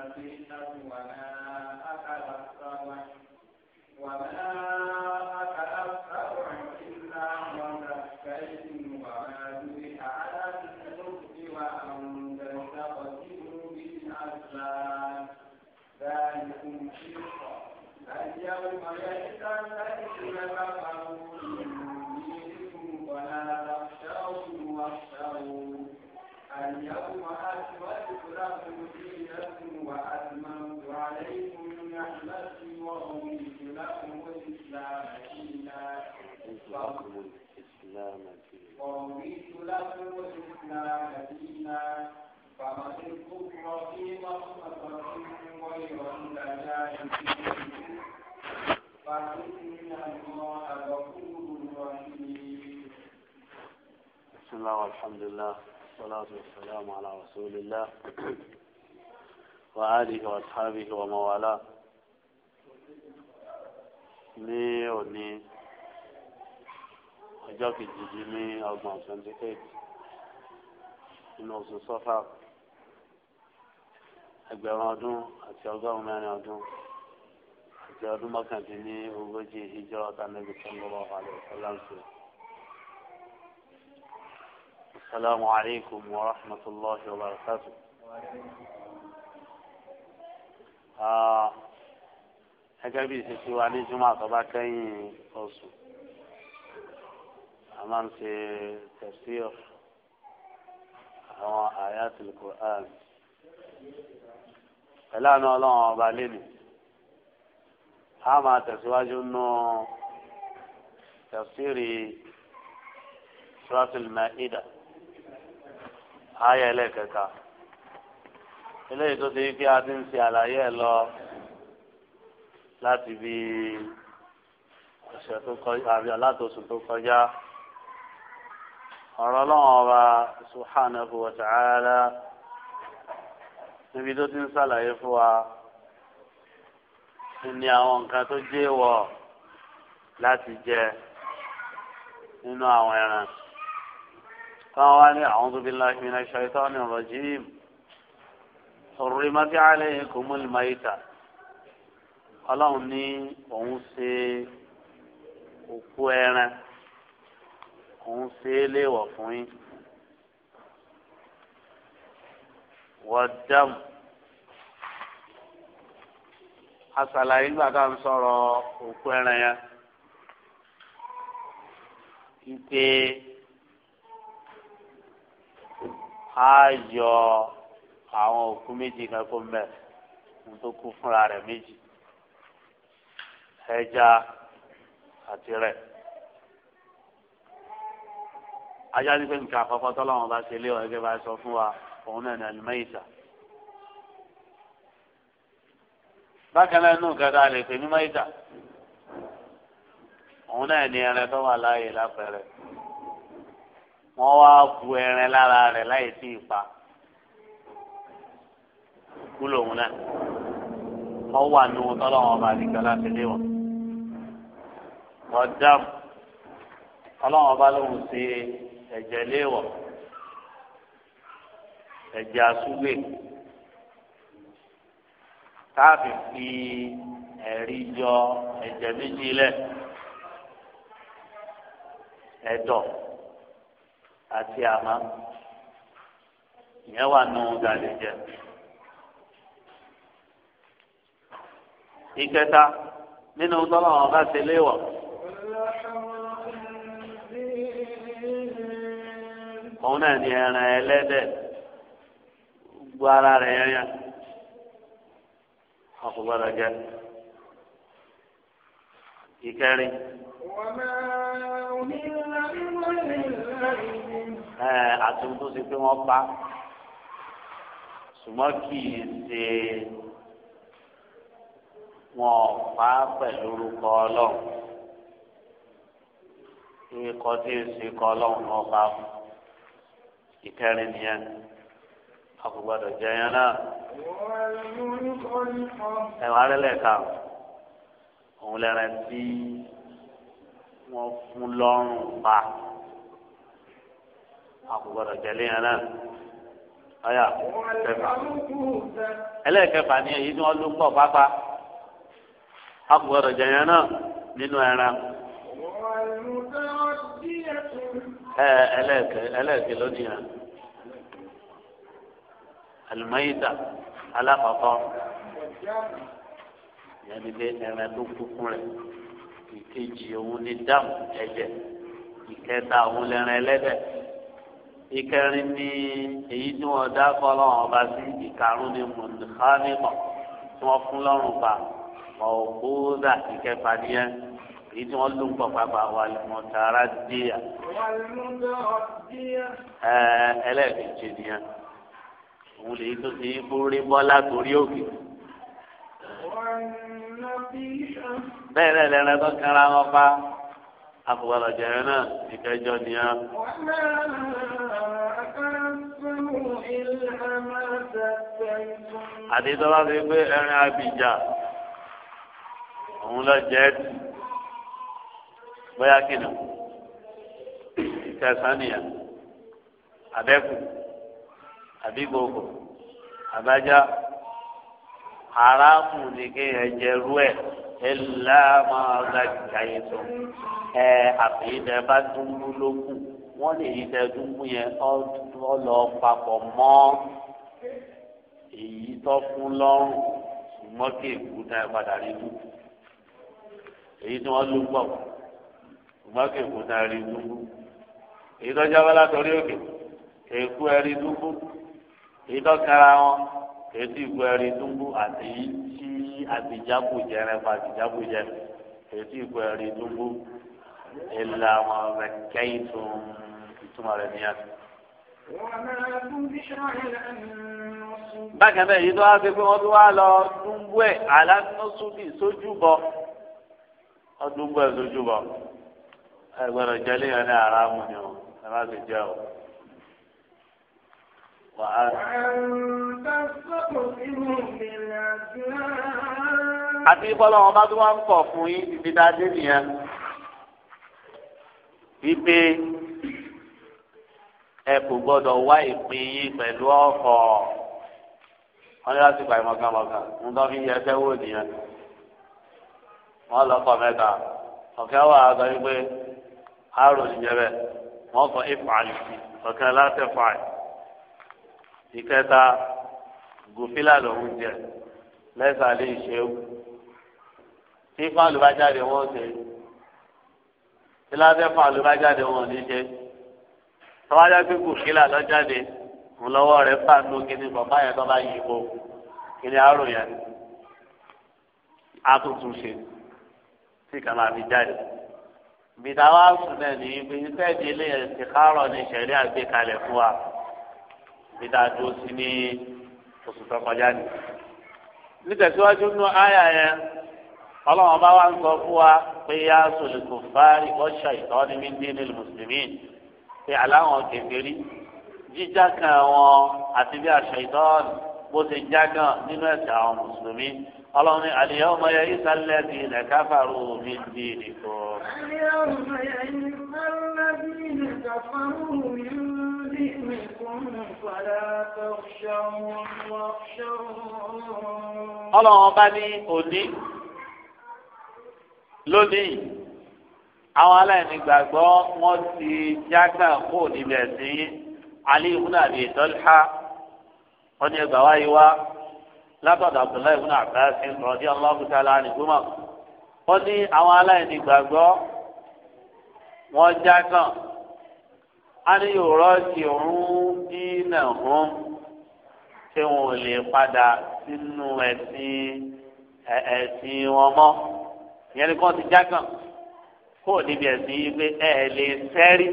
وما أكل وما أكل السمع إلا ومسكين وما ذبح على النصب وأن تستقسموا بالأزلام ذلكم شرك اليوم يئس الذين كفروا من دينكم ولا تخشوهم واخشوا اليوم أكمل أخذي لكم وأتممت عليكم نعمتي ورضيت لكم الإسلام دينا ورضيت لكم الإسلام دينا فمن الكفر في مصمت غير المجاهدين فإن الله غفور رحيم بسم الله والحمد لله والصلاة والسلام على رسول الله وآله وأصحابه ومن والاه ní òní ọjọ́ kejìdín ní ọgbọ̀n twenty eight nínú oṣù sọ́fà ẹgbẹ̀rún ọdún àti ọgọ́rùn-ún mẹ́rin ọdún àti ọdún mọ́kàndínlógójì ìjọ ọ̀tá níbi tó ń bọ̀ wà lọ́sọ̀lá ń السلام عليكم ورحمة الله وبركاته gẹ́gẹ́ bí ìṣesí wa ní jùmọ̀ àtọ́bá kẹ́yìn oṣù a máa ń ṣe tafsir àwọn ayatul Qur'an pẹ̀lú àná ọlọ́run ọba lẹ́nu a máa tẹ̀síwájú nù tafsiri suratul Ma'idah ayé ẹlẹ́kẹta eléyìí tó ti fi adi ń ṣe àlàyé ẹ lọ láti bí ọ̀sẹ̀ tó kọjá tó kọjá ọ̀rọ̀ ọlọ́run ọba subhanahu wa ta'ala níbi tó ti ń ṣàlàyé fún wa ní àwọn nǹkan tó jẹ́ wọ̀ láti jẹ nínú àwọn ẹran. ثواني أعوذ بالله من الشيطان الرجيم حرمت عليكم الميتة ọlọ́run ní òun ṣe òkú ẹran òun ṣe é léèwọ̀ fún yín wọ́dàm asàlàyé nígbà tá à ń sọ̀rọ̀ òkú ẹran yẹn ìpè á yọ àwọn òkú méjì kan kó mẹ ohun tó kú fúnra rẹ̀ méjì ẹja àti rẹ̀ ajá ní pé nǹkan àkọ́kọ́ tọ́lọ́wọ́n bá ṣe lé ọ̀gẹ́ bá sọ fún wa òun náà ní alimẹ́yìíta. bákan náà nù kẹta lè pè mí mẹ́yìíta òun náà ní ẹrẹ tó wà láàyè lápẹẹrẹ wọ́n wá bu ẹran lára rẹ̀ láì sí ipa kú lòun náà wọ́n wà ní ohun tọ́lọ́ wọn bá nìkan láti lé wọn. ọ̀dàm ọlọ́wọ́n bá lóun ṣe ẹ̀jẹ̀ léèwọ̀ ẹ̀jẹ̀ àsúgbè káàfin fi ẹ̀rí jọ ẹ̀jẹ̀ méjì lẹ̀ ẹ̀dọ̀. àti àmà ìyẹn wà nù jẹ. ìkẹta nínú tọ́lọ́wọ́n bá ti léwọ̀. òun náà ni ẹran ẹlẹ́dẹ̀ gbogbo ara rẹ̀ yẹnyẹn wọn jẹ. ìkẹrin. Eh, àtúntò sí pé wọ́n pa ṣùgbọ́n kì í ṣe wọn pa pẹ̀lú orúkọ ọlọ́run ìkọ́ tí ń ṣe kọ́ ọlọ́run náà pa ìkẹrin nìyẹn a jẹ yẹn náà ẹ̀wọ̀n arẹ́lẹ̀ka òun lẹ́rẹ̀ẹ́ tí wọ́n fún lọ́rùn pa àkùgbọ́dọ̀ tẹ̀lé yẹn náà ọ̀yà kẹfà ẹlẹ́ẹ̀kẹfà ni èyí ni wọ́n ló ń pọ̀ pápá àkùgbọ́dọ̀ jẹ̀yẹn náà nínú ẹran ẹlẹ́ẹ̀kẹ lónìí yẹn alimẹ́yìíta alákọ̀ọ́kọ́ yẹn ni pé ẹran tó kúkú rẹ̀ ìkejì òun ni dáàmú ẹ̀jẹ̀ ìkẹta òun lẹ́ran ẹlẹ́dẹ̀ẹ́ ìkẹrin ní èyí tí wọn dá kọlọ ọba sí ìkarùn ní mùsùlùmí tí wọn fún lọ́rùn pa ọgbóòdà ìkẹfà nìyẹn èyí tí wọn lù ń pọ pàpà wà lùmọtara díà ẹ ẹlẹ́ẹ̀kejì nìyẹn òun lè tó ti borí bọ́lá torí òkè. bẹ́ẹ̀ lẹ́lẹ́rẹ́ tó kẹra wọn pa àfọwọ́lá jẹ̀rẹ̀ náà ìkẹjọ nìyà. àdìsọ́ bá fi pé ẹran abìjà òun lọ jẹ́ ẹ́ tì bóyá kìnnà ìkẹsàn nìyà àbẹ́kù àbígbòkò àbájá haramu ni kéèyàn jẹrú ẹ ẹlá máa ga jàyè tó ẹ àbí tẹ bá dúró lókù wọn lè yí tẹ dúró yẹn ọ lọ papọ̀ mọ́ èyí tó fún lọ́rùn ṣùgbọ́n kí èkú tẹ padà rí mú èyí tí wọ́n lù pọ̀ ṣùgbọ́n kí èkú tẹ rí mú èyí tó jábọ́ látọrí òkè èkú ẹ rí dúkú èyí tó kára wọn kèétí ìgbó ẹrí dúnbú àti tí àtìjábù jẹrẹ fún àtìjábù jẹ kèétí ìgbó ẹrí dúnbú ìlà wọn rẹ kẹyìn tó ìtumọ̀ rẹ nìyẹn. bákan náà èyí tó wá fi pé wọ́n tún wá lọ dúnbú ẹ̀ alánúsùbì sójú bọ wọ́n dúnbú ẹ̀ ẹ gbọ́dọ̀ jẹ́ léèyàn ní àrà ni o ẹ má fi jẹ́ o àti bọ́lá wọn bá tún wá ń pọ̀ fún yín ibi tá a dé nìyẹn wípé ẹ kò gbọ́dọ̀ wá ìpín yín pẹ̀lú ọkọ̀ wọ́n ní láti gbà yín mọ̀gánmọ̀gán ń tọ́ fi yẹ ẹsẹ̀ wò nìyẹn wọ́n lọ́kọ̀ mẹ́ta ọ̀kẹ́ wà á sọ wípé àrò nìyẹn bẹ́ẹ̀ wọ́n kọ́ ìfàlì ọ̀kẹ́ láti fàlì ìkẹta gòfìlà lòún jẹ lẹsà lè ṣe é tí fáàlù bá jáde wọn ṣe tí lábẹ fáàlù bá jáde wọn ní ṣe tọ́wájá pé gòfìlà lọ jáde ńlọ́wọ́ rẹ̀ fáàlù kíní bàbá yẹn tó bá yí ipò kíní àrò yẹn á tún tún ṣe tí kàmá fi jáde bìtà wa sùn náà ní ibi iṣẹ́ ìdílé ẹ̀ ti kárọ̀ ní ìṣẹ̀lẹ̀ àgbékalẹ̀ fún wa dídá dúró sí ní oṣù tó kọjá ni. nítẹ̀síwájú nínú àyà yẹn ọlọ́run bá wá ń sọ fún wa pé yá sòlùkù fárí ọ̀ṣà ìtọ́ni mi dín ní mùsùlùmí pé aláwọn kékeré jíjá kan wọn àti bí àṣà ìtọ́ni bó ti já gan nínú ẹ̀sìn àwọn mùsùlùmí ọlọ́run ní àlìyá ọmọ yẹn ìsàlẹ̀ ti ilẹ̀ káfàrú mi dín nìkan. àlìyá ọmọ yẹn ìsàlẹ̀ ti ilẹ̀ káfàrú mi dín nìkan ọlọ́run ọba ní òní lónìí àwọn aláìní gbàgbọ́ wọ́n ti jágbà kó níbẹ̀ sí Ali ibn Abi Talha wọ́n ní ẹgbàá wáyé wá látọ̀dọ̀ Abdullahi ibn Abbas radiyallahu ta'ala anhuma wọ́n ní àwọn aláìní gbàgbọ́ wọ́n jágbà ani yòrò ti rún dínà hàn tí wọn ò lè padà sínú ẹ̀sìn ẹ̀sìn wọn mọ́ ìyẹn ni kàn ti jágàn kó o níbi ẹ̀sìn yìí pé ẹ lè sẹ́rí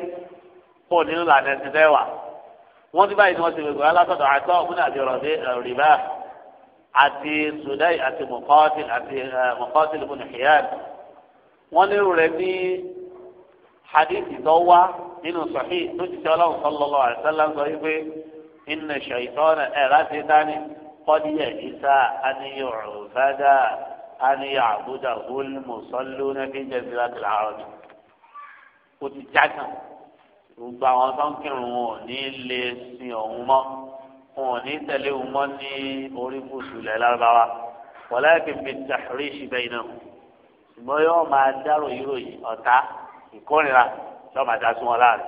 kó o nínú lànà ẹ̀sìn bẹ́ẹ̀ wà wọ́n ti báyìí ni wọ́n ti gbẹ̀gbẹ̀ alásọ̀dọ̀ àti ọ̀gbìn àti ọ̀rọ̀dé rìbá àti sudai àti mọ̀kọ́tì àti mọ̀kọ́tì lùmùnìyàn wọ́n lérò rẹ̀ ní hadith tó wá nínú sọ̀hí tó ti sọ ọlọ́run sọlọ́lọ́ àṣálá sọ wípé iná ṣàìtọ́nà ẹ̀rá ti dání kọ́díyà ìsá àníyàn ọ̀rọ̀fádà àníyàn àbúdà olùmọ̀sọ́lù nàbí jẹ́sílá ti làárọ̀ ni. ó ti jágà gbogbo àwọn tó ń kírun wọn ò ní lè sin òun mọ́ wọn ò ní tẹ̀lé òun mọ́ ní orí gúúsù lárúbáwá wọlé kìí tàhírí ṣì náà ṣùgbọ́n yóò máa dárò yìí ọ̀tá ìkórìíra lọ́mọ àti asún wọn láàrin.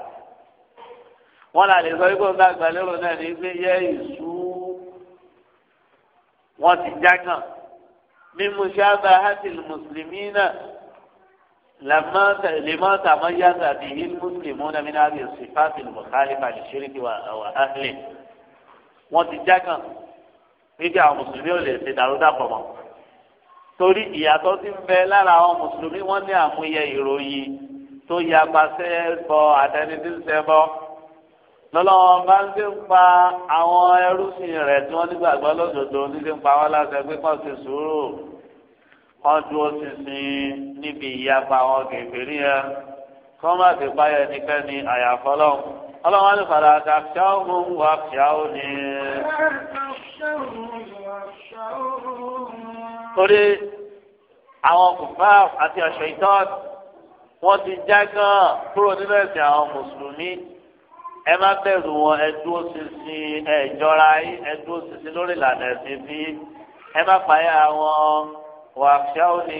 wọ́n là lè sọ pé kóńtà gbàlérò náà ní pé yẹ ìṣú wọ́n ti jágàn mímú sábà hàtìl mùsùlùmí náà lèmọ́ tàmọ́ yàtọ̀ àti ìhìn mùsùlùmí náà mi náà lè sì fáàtìl mùsùlùmí àti ṣíríkì wà áhìlì. wọ́n ti jágàn níbi àwọn mùsùlùmí ò lè ṣe dàrúdàpọ̀ mọ́ torí ìyàtọ̀ ti ń bẹ lára àwọn mùsùlùmí wọ́n ní àmúyẹ ìròyìn tó yà pàṣẹ bọ àtẹnidíṣẹ bọ lọ́lọ́wọ́ bá ń gbé ń pa àwọn ẹrúsìn rẹ̀ tí wọ́n nígbàgbọ́ lódodo nígbà ń pa wọ́n láti ẹgbẹ́ kan ti sùúrù wọ́n dúró ṣinṣin níbi ìyapa àwọn kèfèrí yẹn kọ́ má ti páyọ̀ ẹnikẹ́ni àyàfọ́lọ́ ọlọ́wọ́n ní padà dàkṣà òun wà fìyà ó ní. torí àwọn kùfà àti ọ̀ṣẹ̀ ìtọ́jú wọ́n ti já gan kúrò nínú ẹ̀sìn àwọn mùsùlùmí ẹ má bẹ̀rù wọn ẹdúró ṣinṣin ẹ̀jọ́ra yín ẹdúró ṣinṣin lórí ìlànà ẹ̀sìn bí ẹ má payá wọn wà ní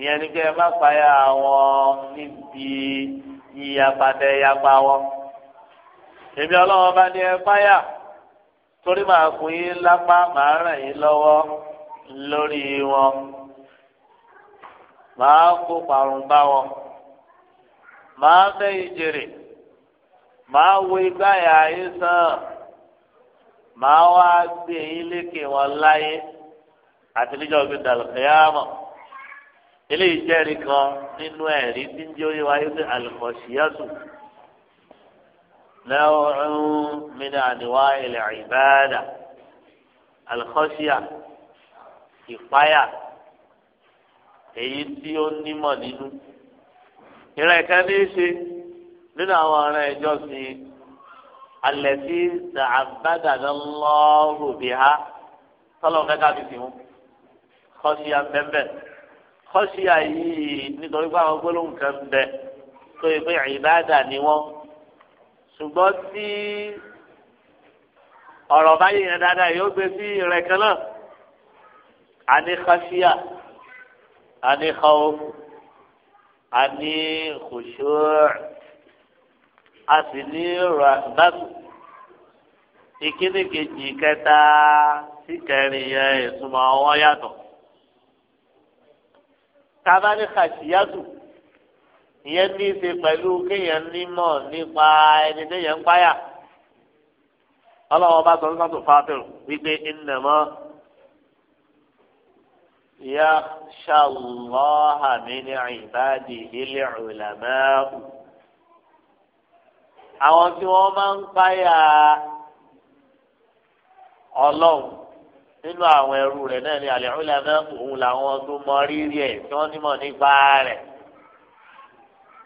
ìyẹn ni pé ẹ má payá wọn níbi ìyàpàdé yapa wọn. èmi ọlọ́wọ́n bá ní ẹ páyà torí màá fún yín lápá màá ràn yín lọ́wọ́ lórí wọn màá kó parun bá wọn màá fẹ́ ìjèrè màá wo igbá yàáyé sàn màá wá gbé yín lékè wọn láyé àtìlẹ́jọ́ gbé dàlùkìyàmọ̀ eléyìí jẹ́rìí kan nínú ẹ̀rí tí ń jẹ́ oyè wáyé pé àlùkọ̀ṣíyàtù lẹ́wọ̀n min àníwá ilẹ̀ ìbáàdà àlùkọ̀ṣíyà ìpáyà èyí tí ó nímọ̀ nínú ìran ìkan ní í ṣe nínú àwọn ará ẹjọ́ sí alẹ́ tí sàbádàdà lọ́rù bí ha tọ́lọ̀ fẹ́ ká fi sìn wọn kọ́síya bẹ́ẹ̀ kọ́síya yìí nítorí pé àwọn gbólóhùn kan bẹ tó yẹ pé ìbáàdà ni wọ́n ṣùgbọ́n tí ọ̀rọ̀ báyìí yẹn dáadáa yóò gbé sí ìrẹ̀ kan náà àní kọ́síya ani khawf ani khushu' a sì ní ràdàtù ìkíni kejì kẹta sí kẹrin yẹn ìtumọ̀ àwọn yàtọ̀ tabani khashiyatu ìyẹn ní í ṣe pẹ̀lú kéèyàn nímọ̀ nípa ẹni téèyàn ń páyà ọlọ́wọ́ bá sọ ní sọ́tò fáfẹ́rù wípé ìnàmọ́. يخشى الله من عباده العلماء àwọn tí wọ́n máa ń páyà Ọlọ́run nínú àwọn ẹrú rẹ̀ náà ni àlẹ ìlànà òun làwọn tó mọ rírì ẹ̀ tí wọ́n nímọ̀ nípa rẹ̀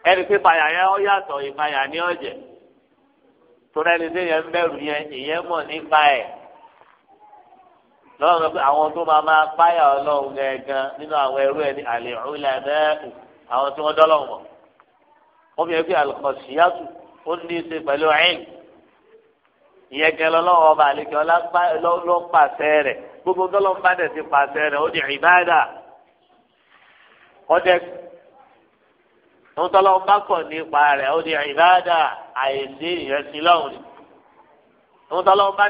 ẹni pé ìpayà yẹn ó yàtọ̀ ìpayà ní ọjẹ tó rẹni tí yẹn ń bẹ̀rù yẹn ìyẹn mọ̀ nípa ẹ̀ lọ́wọ́ pé àwọn tó máa máa páyà ọlọ́run gẹ̀ẹ́gàn nínú àwọn ẹrú ẹni àlè ìrúlẹ̀ bẹ́ẹ̀kù àwọn tí wọ́n dọ́lọ̀ wọ̀. wọ́n fi ẹgbẹ́ àlùkọ̀síyàtù ó ní í ṣe pẹ̀lú ẹ̀yìn. ìyẹn kẹ lọ́wọ́ ọba àlejò ló pàṣẹ rẹ̀ gbogbo dọ́lọ́ bá dẹ̀ ti pàṣẹ rẹ̀ ó di ìbáàdà. ọdẹ tọ́lọ́ bá kọ̀ nípa rẹ̀ ó di ìbáàdà àìsí ìrẹsì lọ́hùn-ún. tọ́lọ́ bá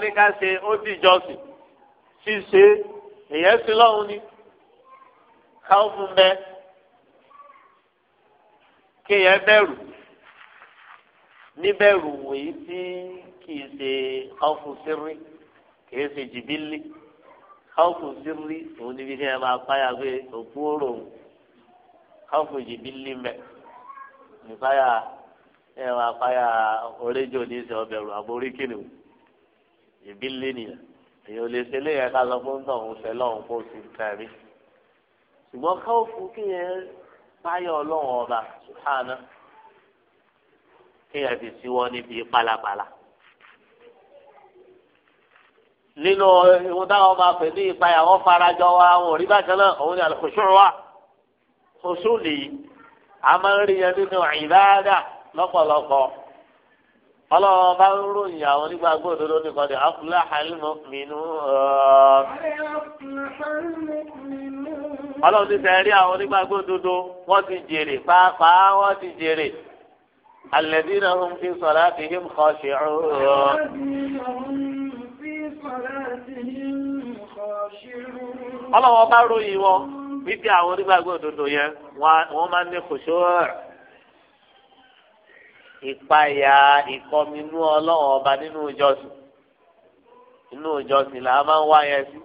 ṣíṣe èyẹ sí lọ́hùn ni káwọn fún bẹ́ẹ̀ kéèyàn bẹ̀rù níbẹ̀rù wòye tí kìí ṣe ọ̀fun sírí kìí ṣe jìbìlì ọ̀fun sírí òun níbi kí ẹ máa páyà pé òkú òrò ọ̀fun jìbìlì mẹ́ nípáyà ẹ máa páyà oréjò ní ìṣe ọbẹ̀rù àbórí kìnìún jìbìlì nìyẹn èyàn lè ṣe lé yẹn ká lọ fún tọ̀ ń fẹ́ lọ́hùn kó sì tẹ̀rí ṣùgbọ́n káwọ́ fún kí báyọ̀ ọlọ́run ọba ṣùkánná kí yẹn fi síwọ́ níbi pálapàla nínú ìwọ táwọn máa pè ní ìpayà wọn farajọ wa wọn ò rí bákan náà òun ni àlùkòṣùrù wa kòṣù nìyí a máa ń rí yẹn nínú ìbáradà lọ́pọ̀lọpọ̀ ọlọ́wọ́ bá ń ròyìn àwọn onígbàgbọ́ òdodo nìkan ní afúláhà mínú. ọlọ́wọ́ ti fẹ́ rí àwọn onígbàgbọ́ òdodo wọ́n ti jèrè pàápàá wọ́n ti jèrè. الذين هم في صلاتهم خاشعون ọlọ́wọ́ bá ròyìn wọn wípé àwọn onígbàgbọ́ òdodo yẹn wọ́n máa ń ní kòṣó ìpayà ìkọminú ọlọ́run ọba nínú ìjọsìn inú ìjọsìn là á máa ń wá yẹn sí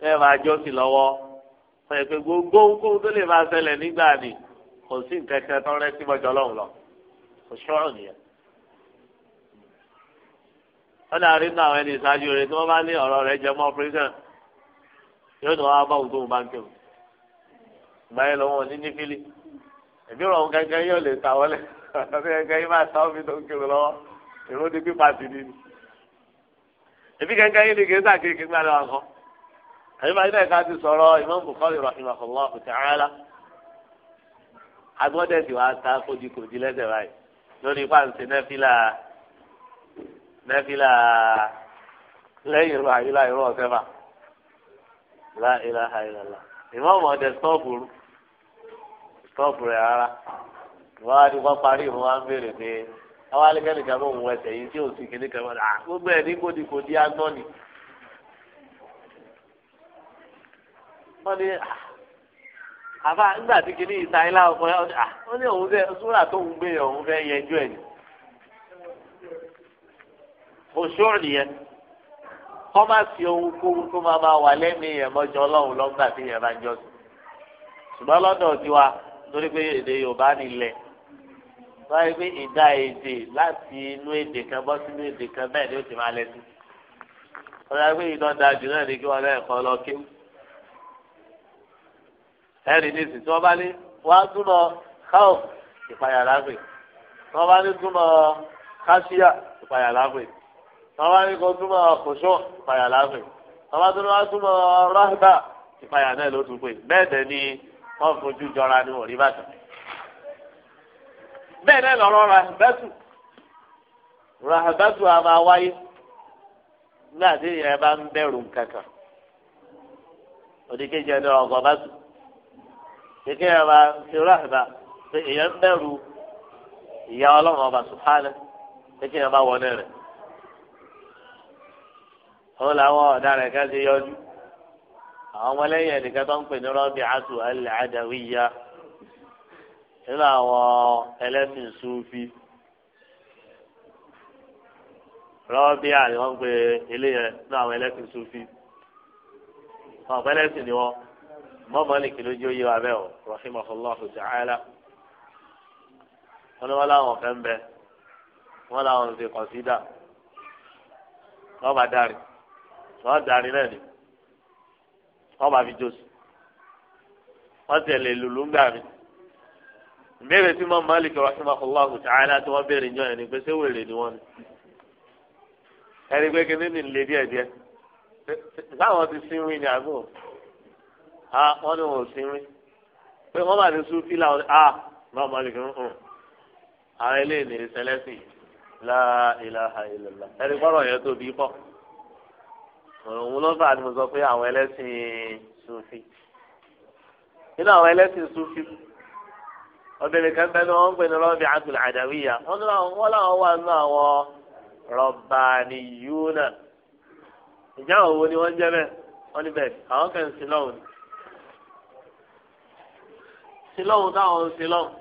bẹ́ẹ̀ máa jọ́sìn lọ́wọ́ fún ẹ pé gbogbo ohun tó lè máa ṣẹlẹ̀ nígbà ni kò sí nǹkan kan tó rẹ́ sí mọ́jọ́ ọlọ́run lọ kò ṣọ́ọ̀rọ̀ nìyẹn. wọ́n dàrí nínú àwọn ẹni ìṣáájú rẹ̀ tí wọ́n bá ní ọ̀rọ̀ rẹ̀ jẹ́ mọ́ prison yóò ní wọ́n á bá òun tó ń bá ń kéwòn ìgbà yẹn lọ́wọ́ ní nífìlì ìbí rọ̀ gẹ́gẹ́ yóò lè ta wọlé gẹ́gẹ́ yìí máa sáwọ́ mi tó ń kiri lọ́wọ́ èrò ní pípa sí ni ni ìbí gẹ́gẹ́ yìí ni gẹ́gẹ́ kékeré gbá lọ́wọ́ kan àbí máa ń ká ti sọ̀rọ̀ Imam Bukhari rahimahullahu ta'ala agbọ́dẹ̀sì wa ta kojikòji lẹ́sẹ̀ báyìí lórí pàǹsẹ̀ nẹ́fìlà nẹ́fìlà lẹ́yìn ìrọ̀ àyílá ìrọ̀ ọ̀sẹ̀ bá la ilaha illallah ìmọ̀ ọ̀mọ̀ ọ̀dẹ̀ sọ́ọ̀bù rú. stọọpù rẹ rárá wọn á ní wọn parí ìfún wa ń béèrè pé àwọn alẹ́kẹ́ni kan yìí tí ò sí kan gbogbo ẹ̀ ní ni. wọ́n ní ah, àbá nígbà tí ah, wọ́n ní òun fẹ́ tó ń gbé òun fẹ́ yẹjú ẹ̀ ni. oṣù nìyẹn kọ́ má fi ohun máa máa wà lẹ́mìí ọlọ́run lọ́gbà tí torí pé èdè yorùbá nílẹ̀ báyìí pé ìdá èdè láti inú èdè kan bọ́ sínú èdè kan bẹ́ẹ̀ ni ó ti máa lẹ́nu ọ̀rọ̀ ẹgbẹ́ yìí náà dájú náà ni kí wọ́n lẹ́ẹ̀kan lọ kéwù ẹ̀rì ní ìsìn tí wọ́n bá ní wọ́n á káwọ̀ ìpayà lágbè tí wọ́n bá ní túnmọ̀ káṣíyà ìpayà lágbè tí wọ́n bá ní kó túnmọ̀ kòṣọ́ ìpayà lágbè tí wọ́n bá túnmọ̀ ráhìbà ìpayà náà ló tún pè bẹ́ẹ̀ bụ fojú jọra ní òrí bàtà bẹ́ẹ̀ náà rahabatu rahabatu a máa wáyé nígbà tí ìyẹn bá ń bẹ̀rù kankan òdìkejì ẹni ọgọ ya kékeré yẹn bá ti rahaba pé ìyẹn ń bẹ̀rù ìyá ọlọ́run ọba sùpánẹ kékeré yẹn bá wọlé rẹ̀ òun làwọn ọ̀daràn kan ti yọjú. àwọn ọmọlẹ́yìn ẹnìkan tó ń pè ní rọ́bì àtù al-Adawiyya nínú àwọn ẹlẹ́sìn Sufi rọ́bì àti wọ́n ń pè eléyẹn nínú àwọn ẹlẹ́sìn Sufi ọ̀pẹ́lẹ́sìn ni wọ́n mọ́mọ́lìkì lójú yé wa bẹ́ẹ̀ o rahimahullahu ta'ala wọn ni wọn làwọn fẹ́ ń bẹ wọn làwọn ń ṣe kọ̀sídà wọn bá darí wọn darí náà ni wọ́n máa fi jósù wọ́n tẹ̀lé lùlù ńgbà mi. ìbéèrè tí mọ́ malik rahimahullahu ta'ala tí wọ́n béèrè jọ ẹni pé ṣé wèrè ni wọ́n ni. ẹni pé kí nínú ìlé díẹ̀ díẹ̀ sáwọn ti sinwi ni àgbo ha wọ́n ní wọn ò sinwi pé wọ́n máa ti sún fílà ọ̀dẹ ah mọ́ malik ń hàn àwọn eléyìí ní sẹlẹ́sì la ilaha illallah ẹni gbọ́dọ̀ yẹn tóbi pọ̀ òun ló fà á ni mo sọ pé àwọn ẹlẹ́sìn sufi nínú àwọn ẹlẹ́sìn sufi obìnrin kan bẹ́ẹ̀ ni wọ́n ń pè ní rọ́bì àtúlù àdàwíyà wọ́n láwọn wà nínú àwọn rọ̀bàníyúnà ìjà àwọn ni wọ́n jẹ́ bẹ́ẹ̀ wọ́n ní bẹ́ẹ̀ àwọn kan sílọ́hùn sílọ́hùn táwọn sílọ́hùn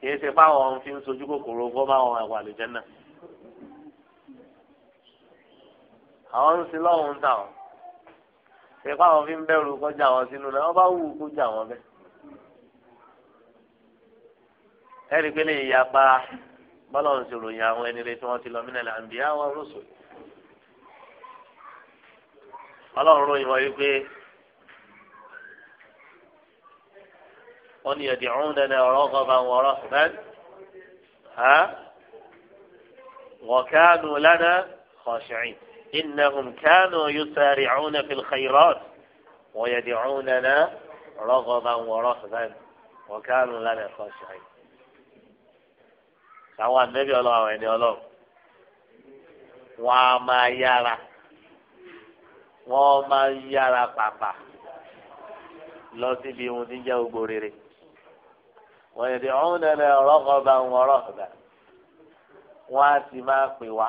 kì í ṣe fáwọn fi ń sojú kòkòrò gbọ́ báwọn ẹ̀wà lè náà. àwọn ń sin lọ́hùn ń tà wọ́n ṣe pé àwọn fi ń bẹ̀rù kọjá wọn sínú náà wọ́n bá wù ú kọjá wọn bẹ́ẹ̀. ẹ̀rí pé lè yapa bọ́lá ń sọ̀rọ̀ yẹn àwọn ẹni rẹ̀ tí wọ́n ti lọ mílẹ̀ làǹbí àwọn rọ̀ṣọ̀. ọlọ́run ròyìn wọ́n wípé wọ́n ní ẹ̀dẹ̀ ọ̀hún dandan ọ̀rọ̀ ọkọ̀ bá wọn ọ̀rọ̀ bẹ́ẹ̀ wọ́n kánú lánàá kọ̀ọ̀ṣẹ̀yìn. إنهم كانوا يسارعون في الخيرات ويدعوننا رغبا ورهبا وكانوا لنا خاشعين àwọn ànábì ọlọ́run àwọn ẹni ọlọ́run wọn a máa yára wọn máa yára pàpà lọ síbi ohun tí ń jẹ́ gbogbo rere wọ́n yẹ di ọ̀hún nana ọ̀rọ̀ kan bá wọn ọ̀rọ̀ kan bá wọn a sì máa pè wá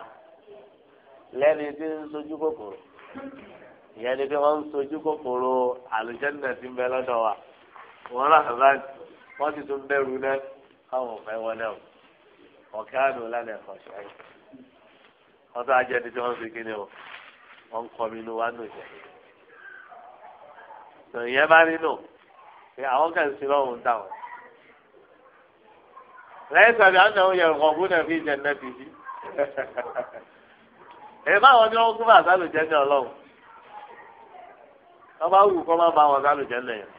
lẹ́ni tí ń sojú kòkòrò ìyẹn ni pé wọ́n ń sojú kòkòrò àlùjẹ́nà ti ń bẹ lọ́dọ̀ wa wọ́n rà bá wọ́n ti tún bẹ̀rù náà káwọn fẹ́ wọlé o ọ̀kẹ́ àdó lálẹ́ ọ̀ṣẹ́ yìí wọ́n tó ajẹ́ ni tí wọ́n fi kíni o wọ́n ń kọ́ mi inú wa nù jẹ́ ìyẹn bá nínú àwọn kan sí lọ́hùn dáhùn lẹ́yìn tàbí àwọn náà yẹ ọ̀gbọ́n náà fi jẹ́ ẹ báwọn ni wọn kú bá àṣà lòjẹ ní Ọlọ́run wọn bá wù kọ́ máa bá wọn àṣà lòjẹ lẹ́yìn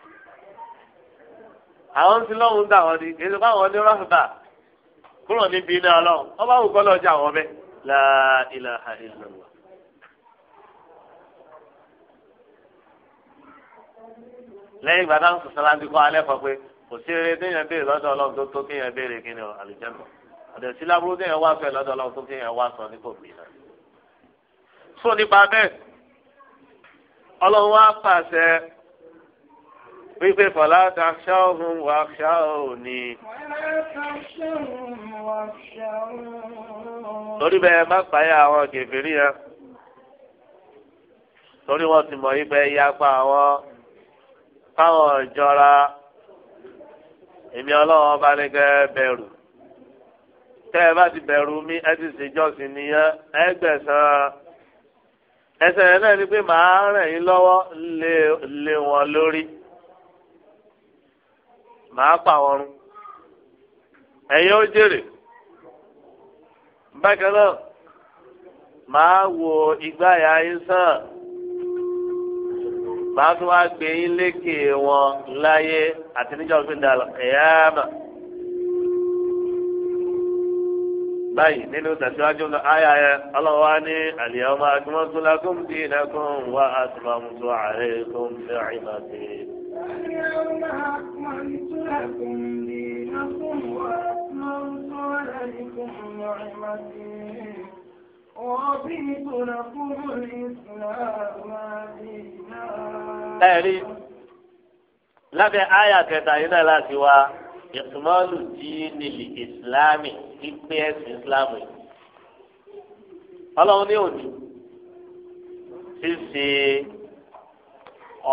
àwọn ti lọ́hùn dà wọn ni èdè báwọn ní rọ́ọ̀bà kúrò níbi iná Ọlọ́run wọn bá wù kọ́ lọ́ọ́ wọn bẹ́ẹ̀ la ilaha illallah. lẹ́yìn ìgbà táwọn sọ̀sọ́ láti kọ́ alẹ́ kọ pé kò sí eré téèyàn béèrè lọ́dọ̀ Ọlọ́run tó tó kéèyàn béèrè kí ni àlùjẹ́nu ọ̀dẹ̀ sí lábúrú téèyàn wá fẹ́ lọ́dọ̀ Ọlọ́run tó kéèyàn wá sọ ní kò gbìyànjú sọ nípa bẹ́ẹ̀ ọlọ́run wá pàṣẹ wípé fọlá kàṣà òun wà ṣá òní. torí bẹ́ẹ̀ má pààyà àwọn kèfèrí yẹn torí wọ́n ti mọ̀ yí yapa àwọn káwọn ìjọra èmi ọlọ́run ọba ní kẹ́ bẹ̀rù tẹ́ ẹ bá ti bẹ̀rù mi ẹ ti ṣèjọ́sìn nìyẹn ẹ ẹsẹ̀ rẹ̀ náà ni pé màá ràn yín lọ́wọ́ lé wọn lórí màá pa wọn run ẹ̀yin ó jèrè bákan náà màá wo ìgbáyà yín sàn màá tún wá gbé yín lékè wọn láyé àti níjọ́ gbé dàlọ́ ẹ̀yà mà. báyìí nínú tẹ̀síwájú lọ ayà yẹ ọlọ́wà ní al-yawma akmaltu lakum dinakum wa atmamtu alaykum ni'mati. al-yawma akmaltu lakum dinakum ẹ̀rí lábẹ́ àyà kẹta yìí náà láti wá ìsúmọ́lù díìnì ìsìlámì ìpè ẹ̀sìn ìsìlámì ọlọ́run ní òní ṣíṣe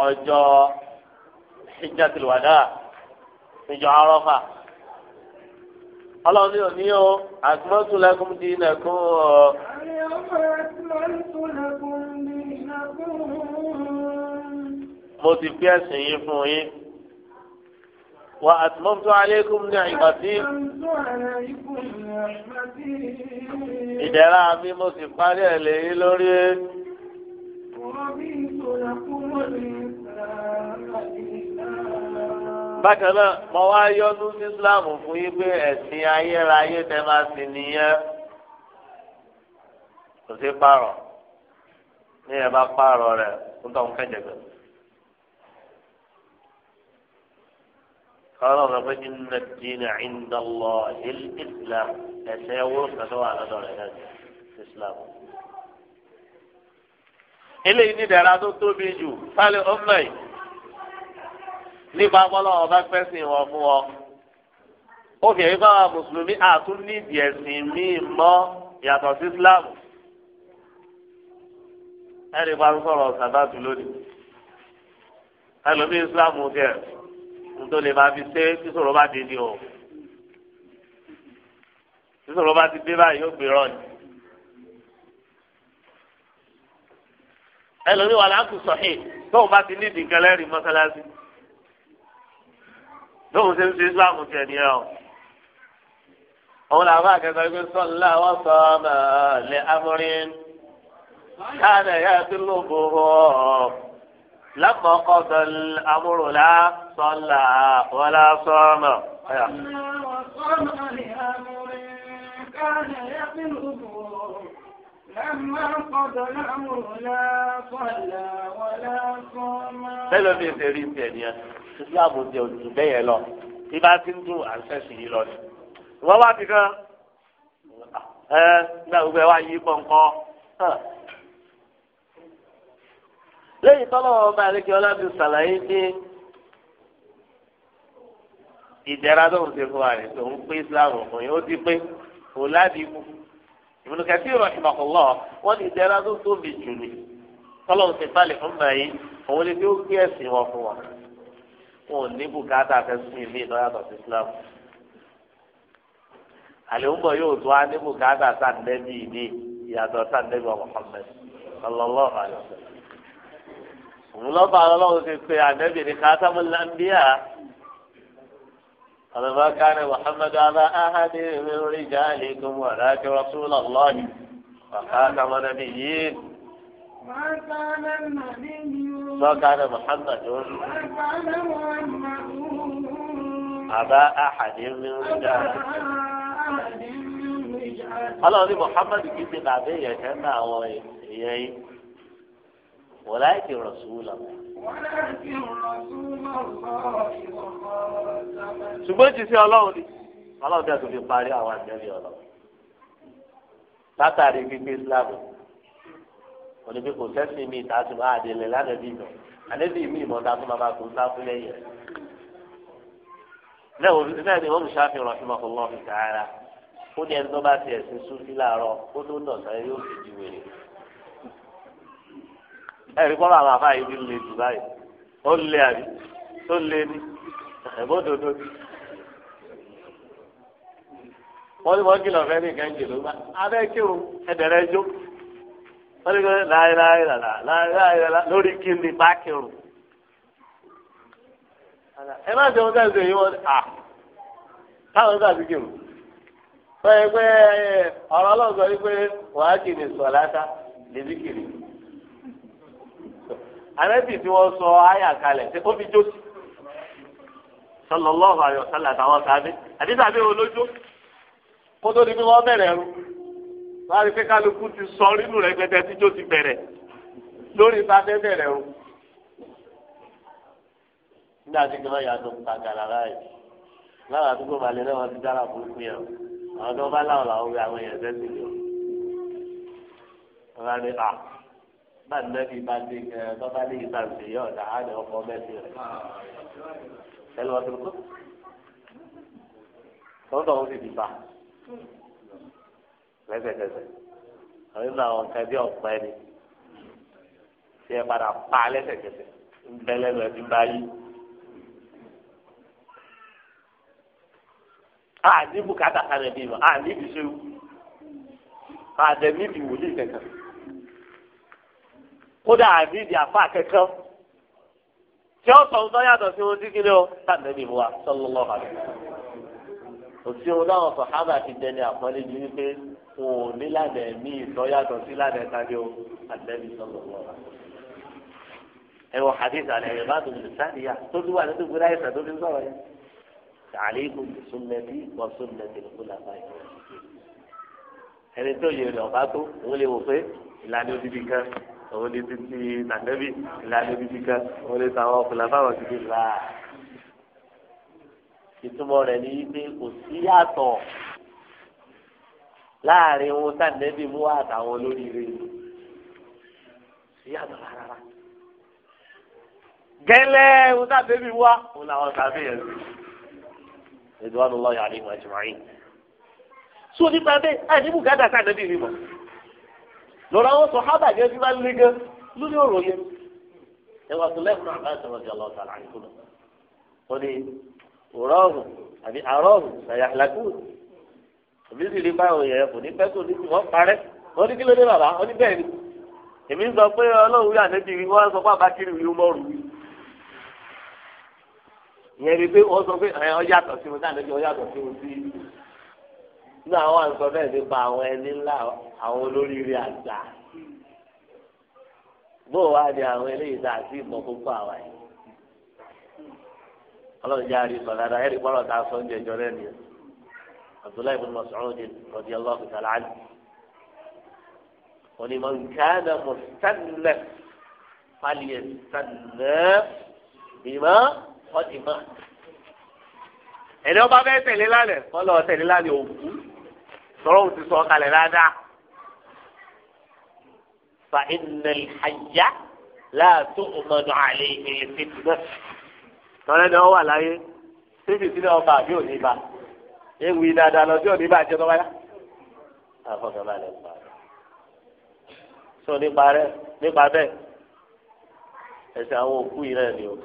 ọjọ́ ìjàtìlúwàdà ìjọ arọ́fà ọlọ́run ní òní o àtúmọ̀tò lẹ́kùn díìnì ẹ̀kún o. mo ti fi ẹ̀sìn yín fún yín. وأتممت عليكم نعمتي إدرا مي مصفاري عليه لوري bákan náà mo wá yọnu sí islam fún yín pé ẹ̀sìn ayérayé tẹ máa sì nìyẹn kò sí pààrọ̀ ní ẹ bá pààrọ̀ rẹ̀ ń tọ́ ń kẹ́jẹ̀ gbẹ̀rẹ̀. قال رب إن الدين عند الله الإسلام أساور فسوى على دور الإسلام eléyìí ní ìdára tó tóbi jù fálẹ ọmọ yìí nípa bọ́lá ọba pẹ́sìn wọn fún ọ ó fi ẹ̀yìn báwa mùsùlùmí àtún nídìí ẹ̀sìn míì mọ́ yàtọ̀ sí islam ẹnì kan sọ̀rọ̀ sàbátù lónìí ẹlòmí islam tiẹ̀ nítorí lè máa fi ṣe sísòro bá dé ni o sísòro bá ti dé báyìí yóò gbé rọ ni. ẹlòmíì wà láǹkù sọ̀hìn tóun bá ti ní ìdìkan lẹ́rìí mọ́sálásí lóun ṣe ń ṣe islámù tiẹ̀ ní ẹ̀ o. òun làwọn akẹ́kọ̀ọ́ ẹgbẹ́ wọ́n sọ ọmọ lẹ́ amúrin káàdà yá sí lóbòrò lọ́kọ̀ọ́kọ́ sọ amúrò láà sọ́là ولا sọ́mọ̀. bẹ́ẹ̀ ló ní ṣe rí tiẹ̀ nìyẹn ìsìláàmù ti òtún bẹ́ẹ̀ yẹn lọ bí bá ti ń dùn àṣẹ̀ṣì yìí lọ ni. wọ́n wá ti kan ẹ nígbà gbogbo ẹ wá yí pọ̀npọ̀ lẹ́yìn tọ́lọ́ ọba àlejò ọlọ́dún ṣàlàyé pé ìdẹ̀ra tó ń ṣe fún wa rẹ̀ tó ń pé islam fún yín ó ti pé kò ládìí mú Ibn Kathir rahimahullah wọ́n ní ìdẹ̀ra tó tóbi jù ní tọ́lọ́run ti falẹ̀ fún mọ̀ yìí òun lè fi ó gbé ẹ̀sìn wọn fún wa wọn ò ní bùkátà fẹsùn ìmí ìdọ́yàtọ̀ sí islam àlèhùnbọ̀ yóò tó a ní bùkátà sàǹdẹ́bì ìdí ìyàtọ̀ sàǹdẹ́bì wa قال ما كان محمد على أحد من رجالكم ولكن رسول الله وخاتم نبيين ما كان محمد ما كان محمد أبا أحد من رجالكم قال أبي محمد كنت بعدية كان هو يعني ولكن رسول الله ṣùgbọ́n ti sí ọlọ́run ni ọlọ́run tẹ̀ tó fi parí àwọn àjẹbí ọlọ́run látàrí gbígbé Islam oníbi kò sẹ́sìn mi ìta tó máa délé lánàbí mi àlébí mi ìmọ̀ta tó máa kó sáfún lẹ́yìn rẹ̀ náà ni wọ́n mú sáfì rahimahullah ta'ala ó ní ẹni tó bá ti ẹ̀sìn súnfì láàárọ̀ ó tó ń dọ̀sán yóò fi di wèrè. ẹ̀rí kọ́ bàbá àfa yìí lè jù báyìí ó lé àbí tó lé ní ẹ̀bọ́dọ̀dọ̀ ni. wọ́n ní wọ́n kìlọ̀ fẹ́ ní nǹkan jèló gbá abẹ́ kírun ẹ̀dẹ̀rẹ̀ jó wọ́n ní kọ́ láyéláyélàlá láyéláyélàlá lórí kíni bá kírun. ẹ má ṣe wọn ṣe yìí à káwọn ká ṣe kírun. wọ́n yẹ pé ọ̀rọ̀ ọlọ́sọ̀ yìí pé wàá kì ní lè bí kiri. àrẹ́bì tí wọ́n sọ àyà kalẹ̀ ṣe ó fi jó sí sọlọ́lọ́ọ̀hún ayọ̀ sálà àtàwọn sábẹ́ àti sábẹ́ olójó kó tó di bí wọ́n bẹ̀rẹ̀ rú wọ́n á rí pé kálukú ti sọ nínú rẹ̀ pẹ́tẹ́ tí jó ti bẹ̀rẹ̀ lórí sábẹ́ bẹ̀rẹ̀ rú. nígbà tí kìlọ̀ yàtọ̀ gbàgàrà láàyè láwọn àdúgbò balẹ̀ náà wọ́n ti dára burúkú yẹn àwọn tó bá láwọn làwọn wí àwọn èèyàn bá nẹ́bí bá dé ẹ bábá ní ìta ṣe yọ ọ̀dà á lè ọkọ mẹ́sì rẹ̀ ẹ lọ sí kó tọ́tọ̀ ó sì ti bá lẹ́sẹ̀kẹsẹ̀ àwọn ìlú àwọn nǹkan bí ọ̀pẹ ni tí ẹ padà pa lẹ́sẹ̀kẹsẹ̀ ń bẹ́ lẹ́nu ẹ̀ ti bá yí. àní bùkátà kan ẹ̀ bí ma àní ìbísẹ́ wù àdẹ̀mí ìbí wòlíì kankan kódà àbídì àfa kankan tí ó sọ̀rọ̀ tó yàtọ̀ sí ohun tí ni ó sàdébì wa sọlọ́lọ́ àbí. òsì ohun táwọn sọ̀hábà ti dẹni àpọ́nlé ju wípé wọn ò ní lànà ẹ̀mí ìtọ́ yàtọ̀ sí lànà ìtàgé o àdébì sọlọ́lọ́ àbí. ẹ wọ hadith àlẹ́ rẹ̀ bá tó lè sáré yá tó tún wà ní tó láyé sàdó fi sọ̀rọ̀ yẹn. àlékún sunnati wa sunnati al-khulafa ẹni tó yẹ lọ́ba tó òun lè wò pé ìlànà òdìdí kan òun ni títí nàdẹ́bí ìlànà ibi kíkà òun ni tàwọn ọkùnrin àbáwọn ti di là. ìtumọ̀ rẹ̀ ni pé kò sí yàtọ̀ láàrin ohun tàdẹ́bí mú àtàwọn olóríire sí yàtọ̀ rárá. gẹ́lẹ́ ohun tàdẹ́bí wá òun làwọn sàbẹ̀yẹ̀ sí. ìdúrà ló lọ́ọ́ yàrá ìmọ̀ ẹ̀jẹ̀ wáyé. sódì bàbá ẹ̀ ní bùkátà sàdẹ́bí mi mọ̀ lọ́rọ̀ àwọn sọ̀hábà yẹn ti máa ń lé gan lórí ọ̀rọ̀ yẹn. ẹ wà tó lẹ́kùn àbá ìṣòro ti ọlọ́ọ̀ tààrà àìkú lọ. ó ní òrọ́ọ̀hùn àbí àrọ́ọ̀hùn ṣàyà àlàkù òbí sì rí báwọn yẹn kò ní pẹ́ tó ní wọ́n parẹ́ wọ́n ní kí ló dé bàbá ó ní bẹ́ẹ̀ ni. èmi ń sọ pé ọlọ́run yà níbi ìwé wọn sọ pé àbákiri ìwé mọ́ rù ìyẹn ni pé wọ́n sọ pé ọ̀yàtọ̀ sí wọn nínú àwọn àǹsọ bẹ́ẹ̀ nípa àwọn ẹni ńlá àwọn olóríire àgbà bó wá di àwọn eléyìí tá a sì mọ púpọ̀ àwa yìí ọlọ́run jẹ́ àrísọ̀ dáadáa ẹ̀rí pọ́nrọ̀ tá a sọ ń jẹ ìjọ rẹ̀ nìyẹn abdullahi bin mas'ud radiyallahu ta'ala anhu wọ́n ní man kana mustannaf falyastannaf bima qadima ẹni ọba bẹ́ẹ̀ tẹ̀lé lálẹ́ kọ́ tẹ̀lé lálẹ́ òkú sọ̀rọ̀ òun ti sọ kalẹ̀ dáadáa. fa iná ìhàjá láàtú ọmọdún àlè ìpele fífi náà. tọ́lẹ́ ni wọ́n wà láyé fífi sílẹ̀ ọba àbí òní bá ewu dáadáa lọ sí òní bá jẹ́ tọ́wáyá. àfọ̀kànbalẹ̀ ń bá rẹ̀. sọ nípa rẹ̀ nípa bẹ́ẹ̀ ẹsẹ àwọn òkú yìí náà ni o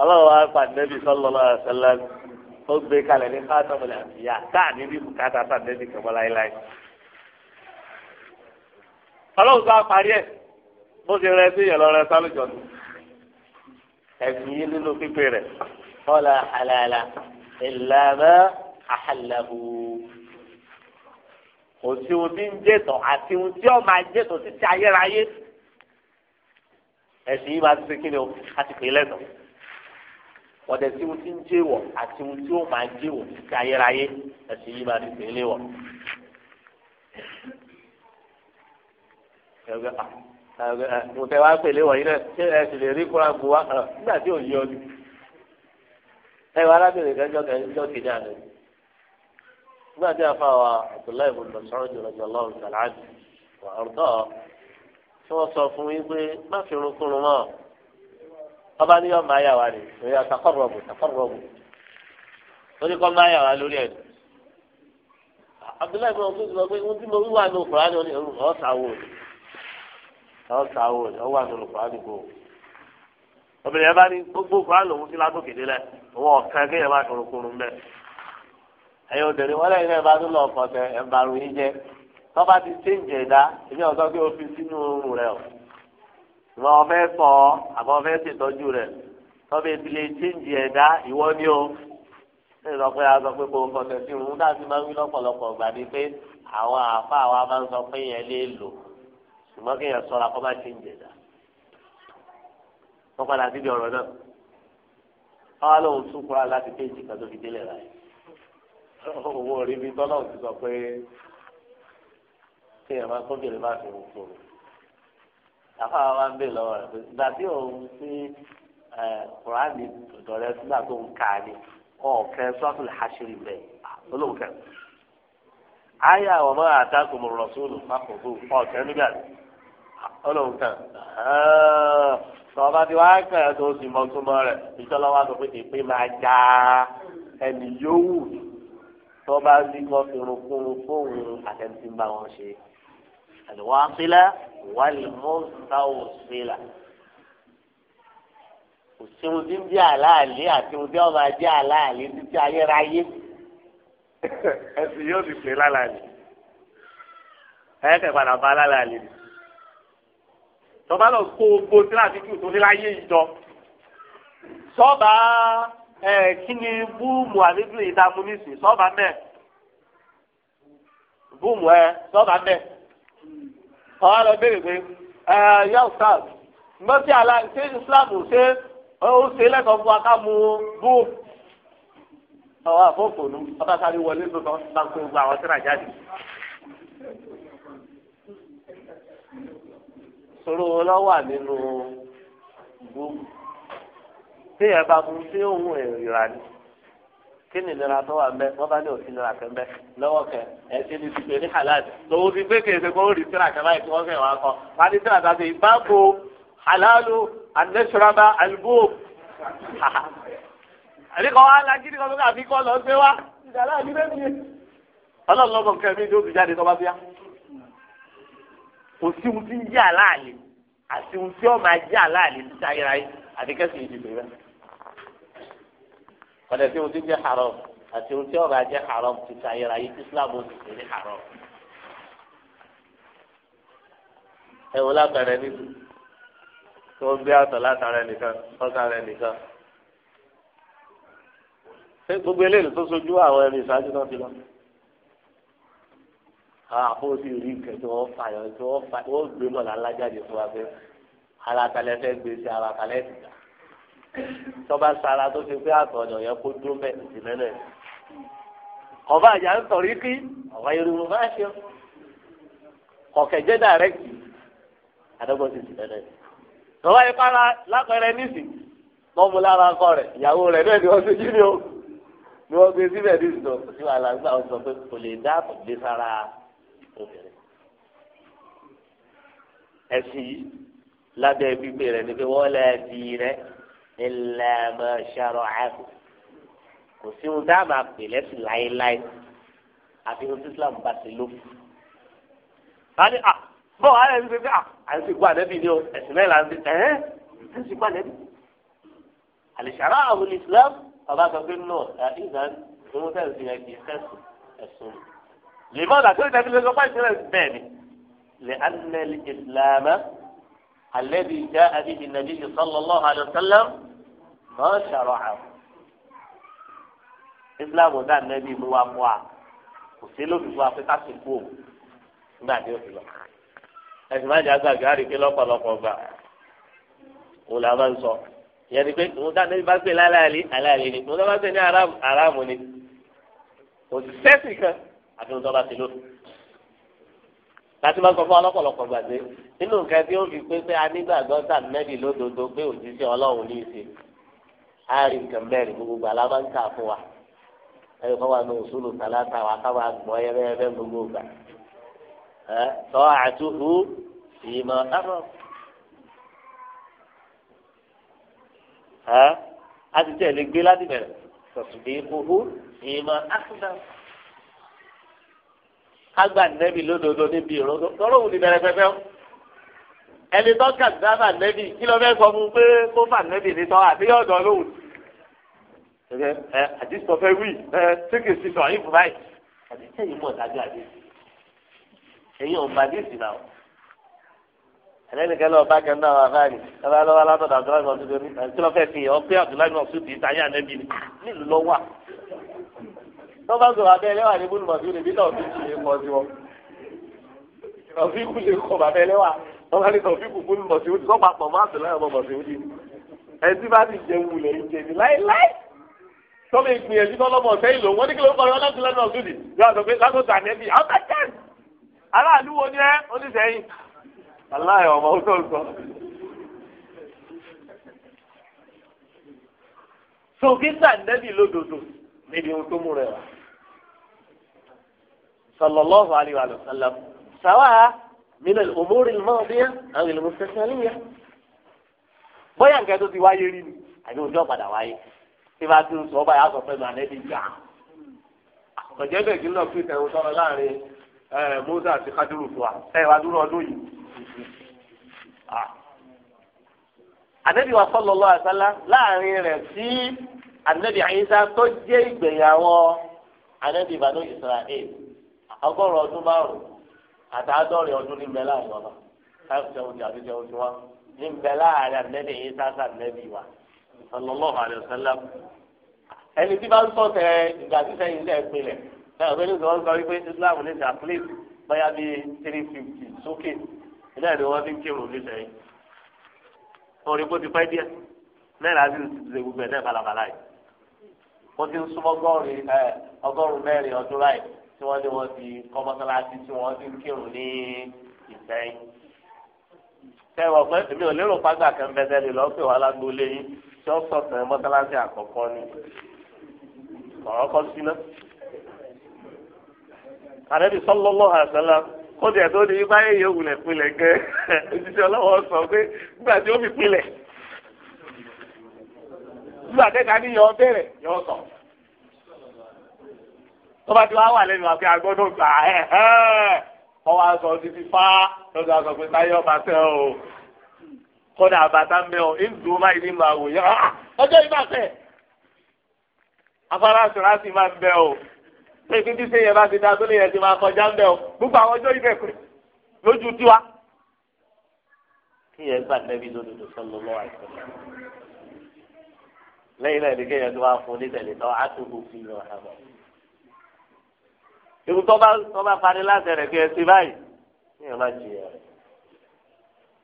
aláwọ apàdébí sọlọlọ àṣẹlẹ ó gbé kalẹ̀ ní káàtọ́mọlẹ̀ àbíyá táà níbi bùkátà sàdébi kẹ̀mọ́ láéláé. ọlọ́run tó a ẹ̀ bó ti rẹ sí ìyẹn lọ́rẹ́ sálójọ ni ẹ̀mí yín nínú pípé rẹ̀ kọ́lá àlàlà ìlànà àhàlàbù òtí ohun tí ń jẹ́tọ̀ àti ohun tí ọ̀ máa jẹ́tọ̀ títí ayérayé ẹ̀sìn yìí máa ti ṣe kí ni o a pè é lẹ́tọ̀ọ́ ọ̀dẹ̀ tí wọ́n ti ń jẹ́ wọ̀ àti wọ́n tí wọ́n máa ń jẹ́ wọ̀ títí ayérayé ẹ̀sìn yìí máa ti ah, ah, pè lé wọ̀. mo tẹ wá pèlè wọ̀nyí náà ṣé ẹ sì lè rí kóra gbó wá ah, nígbà tí ò yí ọ ni. ẹ wọ arábìnrin kẹjọ kẹjọ kìíní àná nígbà tí a fa wa Abdullahi ibn Mas'ud radiyallahu ta'ala anhu wa arda tí wọ́n sọ fún yín pé má fi runkun run mọ́ ọba ní ọmọ ayà wa rè lórí àtàkọrọbù àtàkọrọbù lórí kọ́ máa yà wá lórí ẹ̀. abdullahi bin ọdún sọ pé ohun tí mo wíwà ní òkúra ni ọ̀sàwò ni ọ̀sàwò ni ọwà ní òkúra ni kò. obìnrin yẹn bá ní gbogbo òkúra lòun sí látòkè délẹ̀ òun ọ̀kan kéèyàn máa tọrọ kúrun mẹ́. ẹ̀yin obìnrin wọ́n lẹ́yìn náà bá tún lọ ọkọ̀ tẹ ẹ̀bàrún yín jẹ́ tọ́ bá ti ṣéǹjẹ̀ dá èmi ọ̀sán pé o fi sínú oorun rẹ̀ o ìwọ ọfẹ sọ àbọ ọfẹ ṣètọ́jú rẹ tọbi ìdílé chíńjì ẹ̀dá ìwọ ni o ṣe sọ pé a pé kò kọsẹ sí òun náà máa ń wí lọ́pọ̀lọpọ̀ gbà ní pé àwọn àáfà wa máa ń sọ pé yẹn lè lò ṣùgbọ́n kí yẹn sọra kó má chíńjì ẹ̀dá wọn padà síbi ọ̀rọ̀ náà wọn á lóun tún kúrò láti péjì kan tó fi délé rà yìí owó orí bíi tọ́lọ́ ti sọ pé kí yẹn máa tó bèrè má fi rú fún un àfa wa ń bè lọ́wọ́ rẹ̀ pé ìgbà tí òun sí kùránì ọ̀dọ̀ rẹ̀ nígbà tó ń kà á ní ọ̀kẹ́ sọ́tùlù hashiri bẹ́ẹ̀ olóòkẹ́. ayé àwọn ọmọ àtàkùn mọ̀ rọ̀súlù fàkókò ọ̀kẹ́ nígbà tí olóòkẹ́ tọ́ba tí wàá kẹ́ ẹ̀ tó sì mọ súnmọ́ rẹ̀ ìjọba wa sọ pé èpè máa já ẹnì yówù tọ́ba bí kò fi runkun fóun àtẹ̀ntì bá ṣe àlùwà wàlmọ́sáwòsílà kò sí ohun tí ń jẹ́ àlàálí àti ohun tí wọ́n máa jẹ́ àlàálí yóò sì pè lálàálí ẹ̀ẹ́kẹ̀ padà bá lálàálí ni lọ kó gbogbo tíláàsì kí o tó ní láyé ìjọ sọ́ba ẹ̀ kí ni búùmù àbíbí ìdààmú nísìnyí sọ́ba mẹ́ẹ̀ búùmù ẹ sọ́ba mẹ́ẹ̀ ọ̀hán lọ béèrè pé yóò sáà mọ́tí àlá ṣé islam ṣe ó ṣe lẹ́tọ̀ọ́ fún wa bú ọwọ́ àfọ́kùnrin ọba sáré wọlé tó tán bá àwọn síra jáde. sọ̀rọ̀ ọlọ́wà nínú bú tí ẹ bá mu sí òun ìrìnà kí ni ìnira tó wà mbẹ wọn bá ní òsì ìnira kẹ mbẹ lọ́wọ́ kẹ ẹsẹ ní ti ní halal tòun ti gbé kèsè kó rí tíra kẹ báyìí tí wọn fẹ́ wà kọ wọn ní tíra tàbí báàbò halalu anẹsùrọba alibó àdìkọ wa alágídí kan tó kà fi kọ lọ gbé wa ìdàlá mi bẹ́ẹ̀ ni. ọlọ́run lọ́mọ nǹkan mi ló fi jáde tó bá bíyá kò sí ohun tí ń jẹ́ àlàálẹ̀ àti ohun tí ó máa jẹ́ àlàálẹ̀ títa yẹra yìí àdìkẹ́sì ìdìbò rẹ̀ kọ́lẹ̀ tí o ti jẹ́ haram àti o tí ọ̀rọ̀ ajẹ́ haram ti ta ayẹra yìí islam ó ti pè haram. ẹ wò látàrẹ níbi tó ń bí àtọ̀ látàrẹ nìkan ọ̀tàrẹ nìkan. ṣé gbogbo eléyìí tó sojú àwọn ẹni ìṣáájú náà ti lọ. àpò sì rí nǹkan tí wọ́n fà yọ tí wọ́n gbé mọ̀lá lájáde fún wa fẹ́ gbé sí ara talẹ́ tọ́ba sara tó fi pé àtọ̀nà yẹn kó dún bẹ́ẹ̀ sì lẹ́lẹ̀. ọba àjà ń tọ̀rí kí ọ̀wá irun bá ṣe kọ̀kẹ́jẹ́ dàrẹ́kì adọ́gbọ́n sì sì lẹ́lẹ̀. tọ́ba yìí para lápẹ̀rẹ̀ níìsì wọ́n mú lára akọ rẹ̀ ìyàwó rẹ̀ náà ni wọ́n ti jí ni o ni wọ́n gbé síbẹ̀ níìsì náà sí wàhálà gbà ó sọ pé kò lè dá kò lè sara obìnrin. ẹ̀sìn yìí lábẹ́ gbígbé rẹ̀ ni pé wọ́n lẹ́ẹ̀ di إلا ما شرعه kò sí ohun tá a máa pè lẹ́sìn láéláé àti ohun tí Islam bá ti lò. Báyìí à bọ́ àwọn ẹ̀rí pé à à ń gbọ́ àdẹ́bí ni o ẹ̀sìn náà là ń sìn ẹ́ ń gbọ́ àdẹ́bí. Àlìṣàrá àwọn Islam bàbá sọ pé nù àti ìdán ìwọ́n fẹ́ẹ́ sìn ẹ̀kí ẹ̀sìn ẹ̀sùn. Lèmọ́ àti ìdá tí lọ́sọ̀ pàṣẹ rẹ̀ bẹ́ẹ̀ ni. Lè anẹ́lì Ìsìlámà àlẹ́bí ìjà sallallahu alaihi wasallam. wọn ṣàrọ àwọn islam ọdá nẹbi mú wa fún wa kò sí lóbi fún wa pé ká sì kú o nígbà tí o fi lọ ẹsìn máa jẹ agbàgbé àríkè lọ́pọ̀lọpọ̀ gbà wò la máa ń sọ yẹni pé ọdá nẹbi bá gbé lálàálí àlàálí ni ọdá bá gbé ní aráàmù ni kò sí sẹ́sì kan àti ọdá bá ti lóbi láti máa sọ fún ọlọ́pọ̀lọpọ̀ gbàgbé nínú nǹkan tí ó fi pé pé anígbàgbọ́ tà nẹ́bi lódodo pé òjíṣẹ́ ọlọ́run ní í ṣe àárín nǹkan mẹ́rin gbogbo àlá máa ń kà fún wa ẹni kọ́ wa ní òṣùlù tàlátà wa ká máa gbọ́ yẹ́rẹ́yẹ́rẹ́ gbogbo gbà ẹ tọ́ àtúhù ìmọ̀ ẹ̀rọ. a ti tẹ̀lé gbé láti bẹ̀rẹ̀ tọ̀tùdé gbogbo ìmọ̀ ẹ̀rọ. ká gba nẹ́bí lódodo níbi ìrọ́dọ̀ tọ́lọ́hùn ní bẹ̀rẹ̀ pẹ́pẹ́ o ẹni tó kà dábà nẹ́bì kí ló fẹ́ sọ fún pé kó fà nẹ́bì ní tọ́ àti ọ̀dọ́ lóhùn. ẹ àdìsọ fẹ́ wí ẹ tíkì sí sọ yìí fún báyìí àdìsẹ́ yìí mọ̀ dájú àdé ẹ̀yin ò máa dìsì náà ẹlẹ́nìkẹ́ lọ́ọ́ bá kẹ́ńdà wà báyìí ẹ̀fọ́ lọ́wọ́ alátọ̀dọ̀ àdúrà ìmọ̀ ọ̀sùn lórí kí ló fẹ́ fi ọpẹ́ àdúrà sí wọ́n bá ní sọ fíkù fún mọ̀síwúdì sọ́pà pọ̀ má sì láyọ̀ mọ̀síwúdì ẹtí bá ti jẹun wulẹ̀ ìjẹni láéláé tọ́lá ìgbìyànjú tọ́lọ́mọ sẹ́yìn lòun wọ́n ní kí ló ń bọ̀rọ̀ ọlọ́sùn lẹ́nu ọ̀sùn ni yóò sọ pé lákòóso ànẹ́bí àwọn ká jẹ́ aráàlú wo ni ẹ oníṣẹ́yìn aláì ọmọ ó tó ń sọ. sókè sàǹdẹ́bì lódodo níbi ohun tó mú rẹ̀ wá. sallallahu alaihi wa sallam sáwá. من الأمور الماضية أو المستقبلية bóyá nǹkan tó ti wáyé rí ni àbí ojú ọ̀padà wáyé tí bá ti ń sọ ọba yàtọ̀ pẹ̀lú ànẹ́bí jà ọ̀jẹ́ bẹ́ẹ̀ kí n lọ fi tẹ̀wọ́ sọ̀rọ̀ láàrin Musa àti Kádúrú fún wa ẹ wá dúró ọdún yìí. ànẹ́bí wa sallallahu alaihi wasallam láàrin rẹ̀ sí ànẹ́bí àyíṣá tó jẹ́ ìgbẹ̀yàwó ànẹ́bí ìbàdàn Israel ọgọ́rùn-ún ọdún márùn àtàdọ́rin ọdún ní bẹ́ẹ̀ láàrin ọba five seventy àti seventy one ní bẹ́ẹ̀ láàrin ànẹ́bí yìí sáásà ànẹ́bí wa sallallahu alayhi wa sallam ẹni tí bá ń sọ̀tẹ̀ ìgbà tí sẹ́yìn ilé ẹ̀pinlẹ̀ náà ọ̀gbẹ́ni sọ wọ́n sọ wípé Islam ní sàplis báyà bíi three fifty sókè ilé ẹ̀dẹ̀ wọn ti ń kírun ní sẹ́yìn orí bó ti pẹ́ díẹ̀ mẹ́rin àti ìṣèlú gbogbo balabala yìí tí wọ́n ní wọ́n ti kọ́ mọ́sálásí tí wọ́n ti ń kírun ní ìsẹ́yìn. tẹ́wọ̀ pé èmi ò lérò pàgbà kan bẹ́tẹ́ lè lọ́ọ́ pè wá lágbo léyìn tí wọ́n sọ̀tàn mọ́sálásí àkọ́kọ́ ni ọ̀rọ̀ kọ́ síná. àdébí sallallahu alaihi wasallam kó tiẹ̀ tó di ipá yẹ yóò wulẹ̀ pilẹ̀ gẹ́ ojúṣe ọlọ́wọ́ sọ pé nígbà tí ó fi pilẹ̀ nígbà tẹ́ka ní yọ ọ bẹ̀rẹ̀ yọ ọ sọ̀rọ̀ tó bá ti wá wà lẹ́nu àti agbọ́dọ̀ gbà ẹ̀ ẹ́ wọ́n wá sọ títí fá lọ́dọ̀ àgbà pé táyé ọba tẹ́ o kódà bàtà ń bẹ ọ ìlú báyìí ní màá ọjọ́ ìbá afárá sọ̀rọ̀ àti máa ń bẹ ọ pé kí dísè yẹn bá ti da tó lè yẹn ti máa kọjá ń bẹ ọ gbogbo àwọn ọjọ́ ìbẹ̀ pé lójú tiwa. kí yẹn gbà nẹ́bí lódodo sọ́nù lọ́wọ́ àìsàn lẹ́yìn náà ni kéèyàn tó máa fún un ní á tó gbòòfin lọ́wọ́ àbọ̀ ìwù tọ́ba tọ́ba parí láti rẹ̀ kí ẹ ti báyìí ní ẹ̀ má jìyà rẹ̀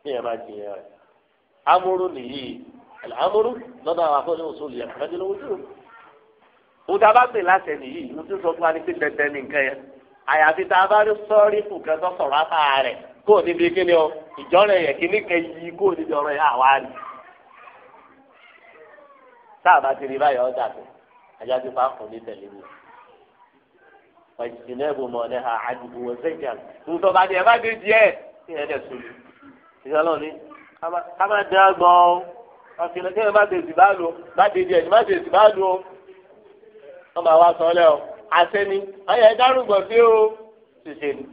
ní ẹ̀ má jìyà rẹ̀ amúrú nìyí amúrú lọ́dọ̀ àwọn afọ́lẹ́ òṣòlù yẹn fẹ́ẹ́ lówó tó o ta bá gbè láti nìyí mo ti sọ fún wa ní pé dandan ní nǹkan yẹn àyàfi tá a bá rí sọ́ọ́rí fún kẹ́tọ́ sọ̀rọ̀ apá rẹ̀ kó o níbi kí ni o ìjọ́rẹ̀ yẹn kí ní kó o níbi ọ̀rọ̀ yẹn àwa ni tá ti rí báyọ̀ ọ́ dàbí àjá ti fa kùn ní tẹ̀lé mi fàjìnnẹ́bù mọ̀lẹ́hà àdìgbò ọ̀sẹ̀jà tuntun bá di ẹ̀ bá di díẹ̀ kí ẹ̀ dẹ̀ sùn. ìṣẹ́lọ́ ni ká má dín agbọ̀n o ọ̀sìn kí ẹ̀ má di èsì bá lò má di díẹ̀ má di èsì bá lò o. wọ́n bá wa sọ ọ́ lẹ́ o àṣẹni ọ̀yẹ́ ẹ̀ dárúgbọ̀ sí o ṣìṣe ni.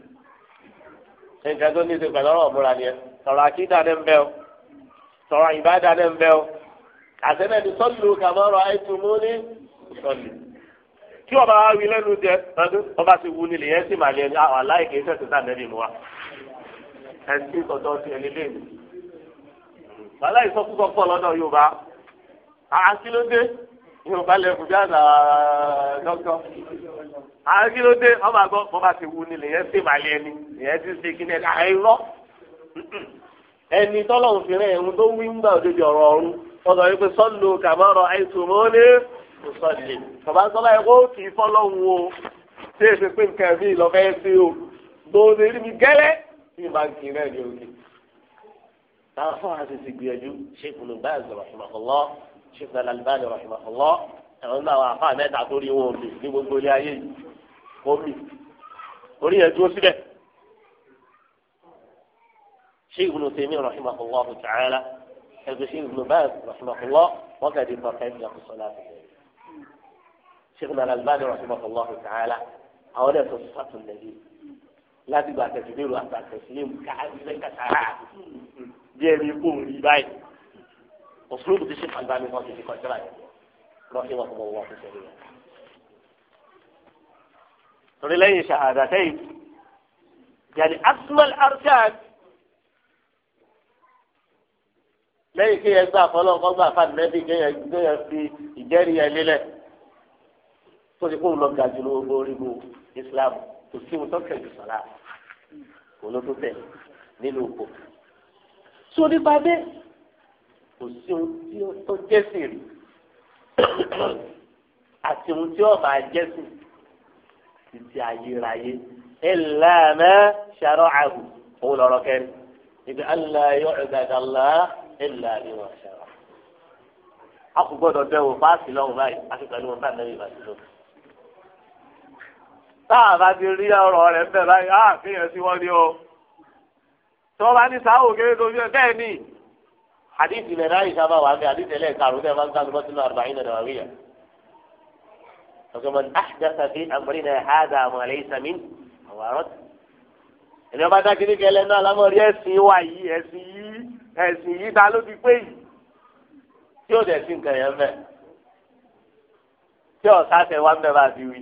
nǹkan tó ní ṣe pẹ̀lú ọ̀rọ̀ ọ̀múra ni ẹ sọ̀rọ̀ àkídà dẹ́ ń bẹ o sọ̀rọ̀ ìbádà dẹ́ ń bẹ o àṣẹ náà ni sọ́ọ̀lù kàmọ́rọ̀ àìtùmú ní sọ́ọ̀lù. tí ọba wa wí lẹ́nu jẹ ọba ti wu nílé yẹn sì máa lé aláìké sẹ̀sẹ̀ náà nẹ́bí mu wa ẹ̀sìn tọ̀tọ̀ ti ẹni lé mi. bàbá ìsọkúsọ pọ̀ lọ́dọ̀ Yorùbá àkílódé Yorùbá lẹ́kùn bí àná àkílódé ọba ọba ti wu yẹn sì máa yẹn ti ṣe kí ah, fi rẹ̀ ẹ̀hún tó wí ọ̀dọ̀ yìí pé kàmọ́rọ̀ àìsùn kò sọ lè bàbá sọlá yẹ kó kì í fọlọ́hún o ṣé èsì pé nǹkan mi lọ fẹ́ ṣe o gbòòdè rí mi gẹ́lẹ́ tí mi bá ń kì í náà ní òkè. táwọn fún wa ti ti gbìyànjú ṣéèkù ló bá ẹ̀sìn rahimahullah ṣéèkù Al-Albani rahimahullah ẹ̀wọ̀n náà àwọn afáà mẹ́ta tó rí wọn mi ní gbogbo ilé ayé yìí kó mi orí yẹn ابن الله تعالى الشيخ ابن باز رحمه الله وقد فقد يقص صلاته شيخنا الألباني رحمه الله تعالى أولا صفات النبي لا تبقى تكبير وأبقى تسليم كأنك ساعة جيب يقوم لباي أسلوب دي شيخ الألباني في كوتراي رحمه الله تعالى رلي شهادتين يعني أصل الأركان ليس كي يزاف قضى فالنبي كي في جارية لله tó ti kó lọ ga jù lọ gbogbo orígun islam kò sí ohun tó kẹjù sọlá kò ló tó bẹ nínú oko tó nípa bẹ kò sí ohun tí ó jẹ́sìn rí àti ohun tí ó jẹ́sìn títí ayérayé ìlànà ṣàrọ àrùn òun lọ̀rọ̀ kẹrin ibi alayọ ìdàgàlà ìlànà ìwà ṣàrọ. a kò gbọ́dọ̀ bẹ wò fáàsì lọ́wọ́ báyìí a ti pẹ̀lú wọn bá nàbí ìbàdí lọ́wọ́ táà bá ti rí ọ̀rọ̀ rẹ̀ ń bẹ̀ báyìí á kéèyàn sí wọ́n ní o. tí wọ́n bá ní sáwò kéré tó fi bẹ́ẹ̀ ni àdìsí rẹ̀ náà ìṣàbà wà ní àdìsí ẹlẹ́ karùn-ún tẹ́ máa ń gbàgbọ́ sínú àrùbáyìn náà wà wíyà. ọ̀sọ̀mọ̀ àṣìjáta fi àgbọ̀nrín náà ha dà mọ̀ àlẹ́ ìsàmì àwọn àrọ́ tì. ẹ̀mí dá kiri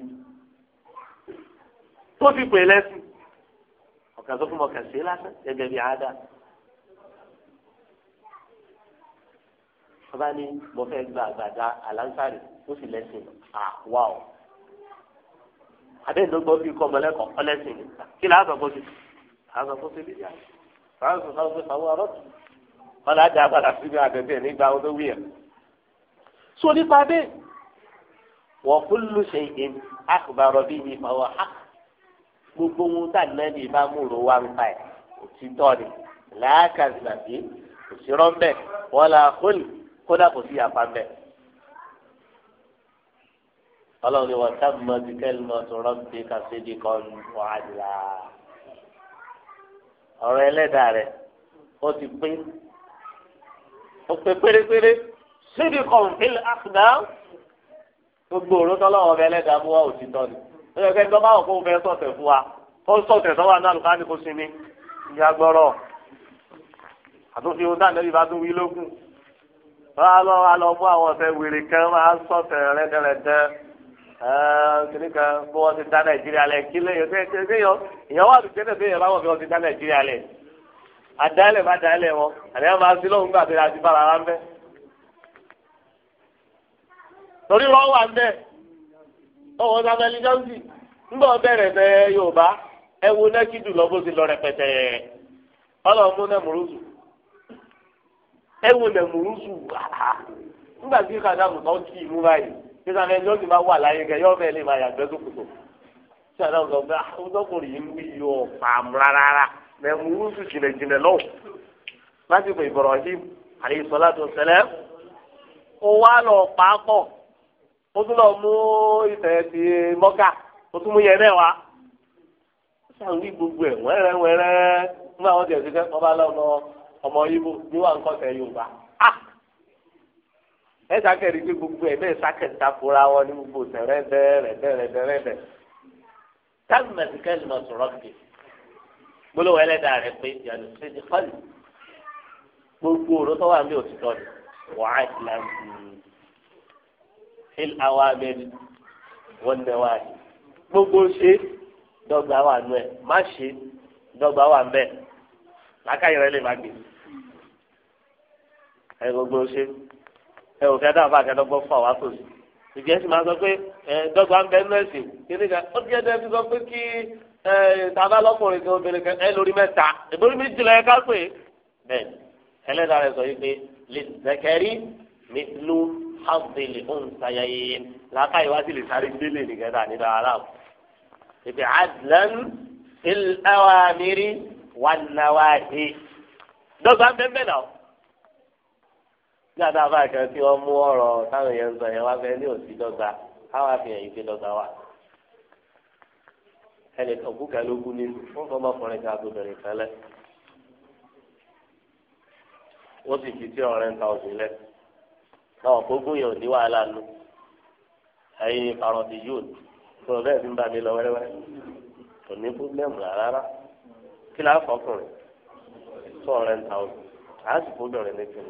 tó ti pè lẹ́sìn ọ̀kà tó fún ọkà sí lásán gẹ́gẹ́ bí àádá. bàbá ní mo fẹ́ gba àgbàdá àlàǹsàrì ó sì lẹ́sìn àwa o. àbẹ́yìn tó gbọ́ bí kọ́ ọmọlẹ́kọ̀ọ́ ọlẹ́sìn ni kí láàbọ̀ kó ti àbọ̀ kó ti bíyà fáwọn sọ fún àwọn arọ́tù wọn láti dá padà síbi àgbẹ̀bẹ̀ nígbà wọn tó wíyà. so nípa bẹ́ẹ̀ wọ́n kúlù ṣe ìgbìn àkùbárọ̀ bíi ìfọwọ́ àkùbárọ̀ gbogbo ohun tá ànábì bá múrò wá ń pa ẹ̀ òtítọ́ ni làákàtúntàbí òṣìrọ́ ń bẹ̀ wọ́lá hólì kódà kò sí àpá ń bẹ̀. ọlọ́run ni wọ́n tábù mọ́ ti kẹ́lí mọ́ tó rọ́bì kàṣídì kan wọ́n á dìlà. ọ̀rọ̀ ẹlẹ́dàá rẹ̀ ó ti pín ó pé pérépéré sídìí kan fílẹ̀ àkùdá gbogbo òrótọ́ lọ́wọ́ ọ̀bẹ ẹlẹ́dàá mú wá òtítọ́ ni ó tó bá wọ̀ kó o sọ̀tẹ̀ fún wa ó sọ̀tẹ̀ sọ́wọ́ àná ní kò sinmi ìyá gbọ́rọ̀ àtúnfi ohun dáná yìí tún wí lókun wọ́n lọ wá lọ mú àwọn ọ̀sẹ̀ wèrè kan máa sọ̀tẹ̀ rẹ́dẹ̀rẹ́dẹ́ kìnìún kan bí wọ́n dá nàìjíríà lẹ̀ kí lẹ́yìn ìyàwó àdùjẹ́ náà bẹ́ẹ̀ báwọn bí wọ́n ti dá nàìjíríà lẹ̀ ọwọ́ sábẹ́lì jáùsì ńgbọ́ bẹ̀rẹ̀ bẹ́ yorùbá ẹ wo nẹ́kídù lọ́bó ti lọ rẹpẹtẹ ọlọ́mú nẹ́mùrúsù ẹ wo nẹ́mùrúsù wàhà ńgbà tí kàdámù kan í mú báyìí kí ẹni wà láyé yọ́ bẹ́ẹ̀ lè máa yàgbẹ́ sókòtò ah, yìí ń yọ pàm lọ́wọ́ ó wá lọ pàápọ̀ ó tún lọ mú ìtẹ̀ ti mọ́kà ó tún mú yẹn náà wá. ó sàn wí gbogbo ẹ̀ wẹ́rẹ́ wẹ́rẹ́ nígbà wọn tiẹ̀ ti fẹ́ ọba lọ́mọ ọmọ ibo níwà ń kọ́sẹ̀ yorùbá. Ah! ẹ sákẹ́rì pé gbogbo ẹ̀ bẹ́ẹ̀ sákẹ́rì ta fura wọn ní gbogbo tẹ̀rẹ́ bẹ́ẹ̀rẹ̀ bẹ́ẹ̀rẹ̀ bẹ́ẹ̀rẹ̀ bẹ́ẹ̀. kálímẹ̀tì kálímẹ̀tì rọ́ọ̀kì gbólóhùn ẹlẹ́dàá rẹ̀ pé yàtọ̀ ti kọ́lì gbogbo òrótọ́ wà ní òtítọ́ ni wàá ìlànà fil awamir wan nawahi gbogbo ṣe dọ́gba wà nù ẹ má ṣe dọ́gba wà ń bẹ lákàyè rẹ lè má gbé ẹ gbogbo ṣe ẹ ò fẹ́ dáhùn fàkẹ́ dọ́gbọ́n fún àwa kò sí ìdí ẹsìn máa sọ pé ẹ dọ́gba ń bẹ nù ẹsìn kíni ká ó ti ẹdẹ fi sọ pé kí ẹ tàbá lọkùnrin kan obìnrin kan ẹ lórí mẹ́ta ìborí mi jìnnà ẹ ká pè é bẹ́ẹ̀ ẹlẹ́dàá rẹ sọ yìí pé lè zẹkẹrí mi lu hazili onsayaye làákà لا wá sí lè sáré délé nìkan tà nínú ara o ìpè adlan ilawamiri wanawahi dọ́gba bẹ́ẹ̀ náà nígbà tá a bá kẹ́ tí wọ́n mú ọ̀rọ̀ táwọn èèyàn ń sọ yẹn wá fẹ́ ní òsì dọ́gba káwá fi hàn yìí pé dọ́gba wà ẹnì kan kú kẹ́ fún ọmọkùnrin kan àbúbẹ̀rẹ̀ kan lẹ́ wọ́n sì fi tí ọ̀rẹ́ ń ta òsì lẹ́sìn. náà gbogbo yẹn ò ní wàhálà nù ẹyin parọti yóò tó o bẹ́ẹ̀ fi ń bá mi lọ wẹ́rẹ́wẹ́rẹ́ kò ní pọblẹmù rárá kí fọkùnrin tó ọ̀rẹ́ ń ta o sì nìkan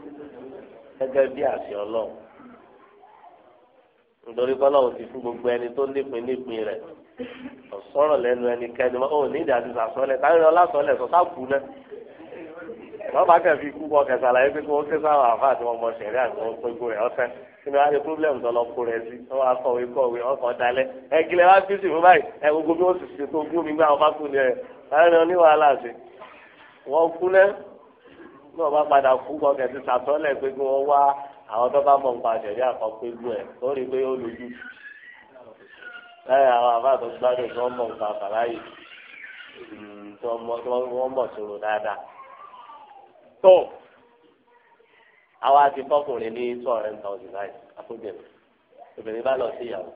gẹ́gẹ́ bí àṣẹ Ọlọ́run nítorí ti fún gbogbo ẹni tó rẹ̀ ọ̀sọ́rọ̀ lẹ́nu ẹnikẹ́ni ó ní ìdí àti sàsọ́lẹ̀ wọ́n bá kẹ́ fi kú bọ́ kẹsà láyé pé kí wọ́n ké sáwọn àfa àti wọn mọ sẹ̀rí àti wọn gbogbo rẹ̀ ọ̀sẹ̀ kí ni pírọ́blẹ̀mù tó lọ kó rẹ̀ sí wọ́n á kọ̀ wí ọkọ̀ dalẹ̀ ẹ kílẹ̀ wá bí sì fún báyìí ẹ gbogbo bí wọ́n sì ṣe tó gún gbá wọn bá kú ni ẹ láàrin oní wàhálà sí. wọ́n kú lẹ́ ní wọ́n bá padà kú bọ́ kẹsì sàtọ́lẹ̀ pé kí wọ́n wá tó àwa ti fọkùnrin ní two hundred thousand nine àkójọ obìnrin bá lọ sí ìyàwó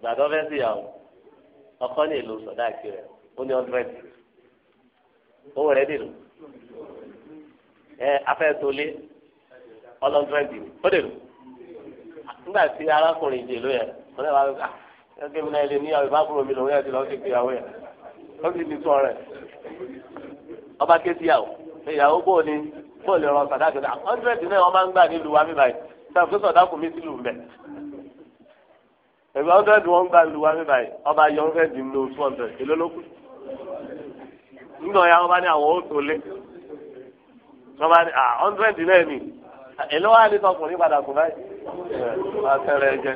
gbàdọ́ fẹ́ sí ìyàwó ọkọ ní ìlú sọ̀dá kiri ó ní hundred owó rẹ̀ dìlù ẹ afẹ́tolé ọlọ́ndrẹ́d ó dìlù nígbà tí arákùnrin dìlù yẹn wọ́n lè wá lọ ká ah, ẹgbẹ́ mi náà ilé níyàwó ìbáfúrò mi lòun yẹn ti lọ́ọ́ sí ìgbéyàwó yẹn ó sì ní tó ọrẹ ọba ké síyàwó ìyàwó bò ní bò lè rọ sàdáàkì náà hundred náà wọ́n máa ń gbà nílùú wa mi báyìí sàfù tó sọ̀dá kù mí sí lùmẹ̀. ẹ̀gbẹ́ hundred wọ́n gbà nílùú wa mi báyìí ọba yọ hundred ní lo two hundred èló ló kù. nígbà ya wọ́n bá ní àwọn òtò lé wọ́n bá ní hundred náà nì èló wa ní tọkùnrin padà kù báyìí. àtẹrẹ jẹ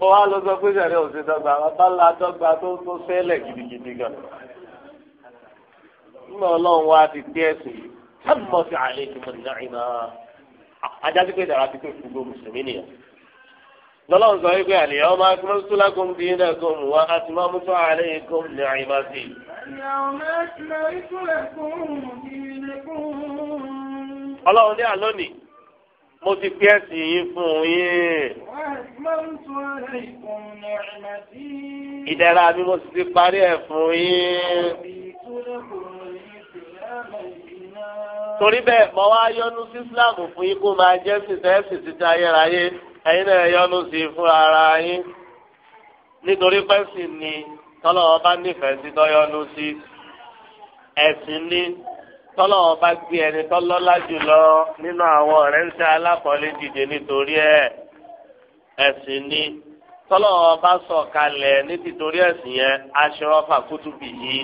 kó wa lọ sọ pé sẹ́ni òsì dọ́gba ọba ńlá dọ́gba tó tó sẹ́lẹ̀ gidigidi gan nígbà ọlọ́run wa ti dé ẹ̀sìn yìí sábà fi àlẹ́ ìtumọ̀ nínú àìmọ́ ajáde pé dàrá ti pé gbogbo mùsùlùmí nìyẹn lọ́lọ́run sọ wípé àlẹ́ ọmọ akínmọ́tò lákòókò bíi náà kò mú wa àti máa mú tó àlẹ́ ìkó ní àìmọ́ sí i. ọlọ́run ní àlọ́ nìí mo ti fi ẹ̀sìn yín fún yín. ìdára mi mo sì ti parí ẹ̀ fún yín torí bẹ́ẹ̀ mọ wá yọ́nú sí islam fún yín kó máa jẹ́ sísẹ́sì títa ayérayé ẹ̀yin náà yọ́nú sí fún ara yín nítorí pẹ́sì ni tọ́lọ́wọ́ bá nífẹ̀ẹ́ sí tọ́yọ́nú sí ẹ̀sìn ni, tọ́lọ́wọ́ bá gbé ẹni tọ́lọ́lá jùlọ nínú àwọn ọ̀rẹ́ ń tẹ́ alákọ̀ọ́lé dìde nítorí ẹ̀ ẹ̀sìn ní tọ́lọ́wọ́ bá sọ̀kalẹ̀ ní tìtorí ẹ̀sìn yẹn aṣọ fàkútùbì yìí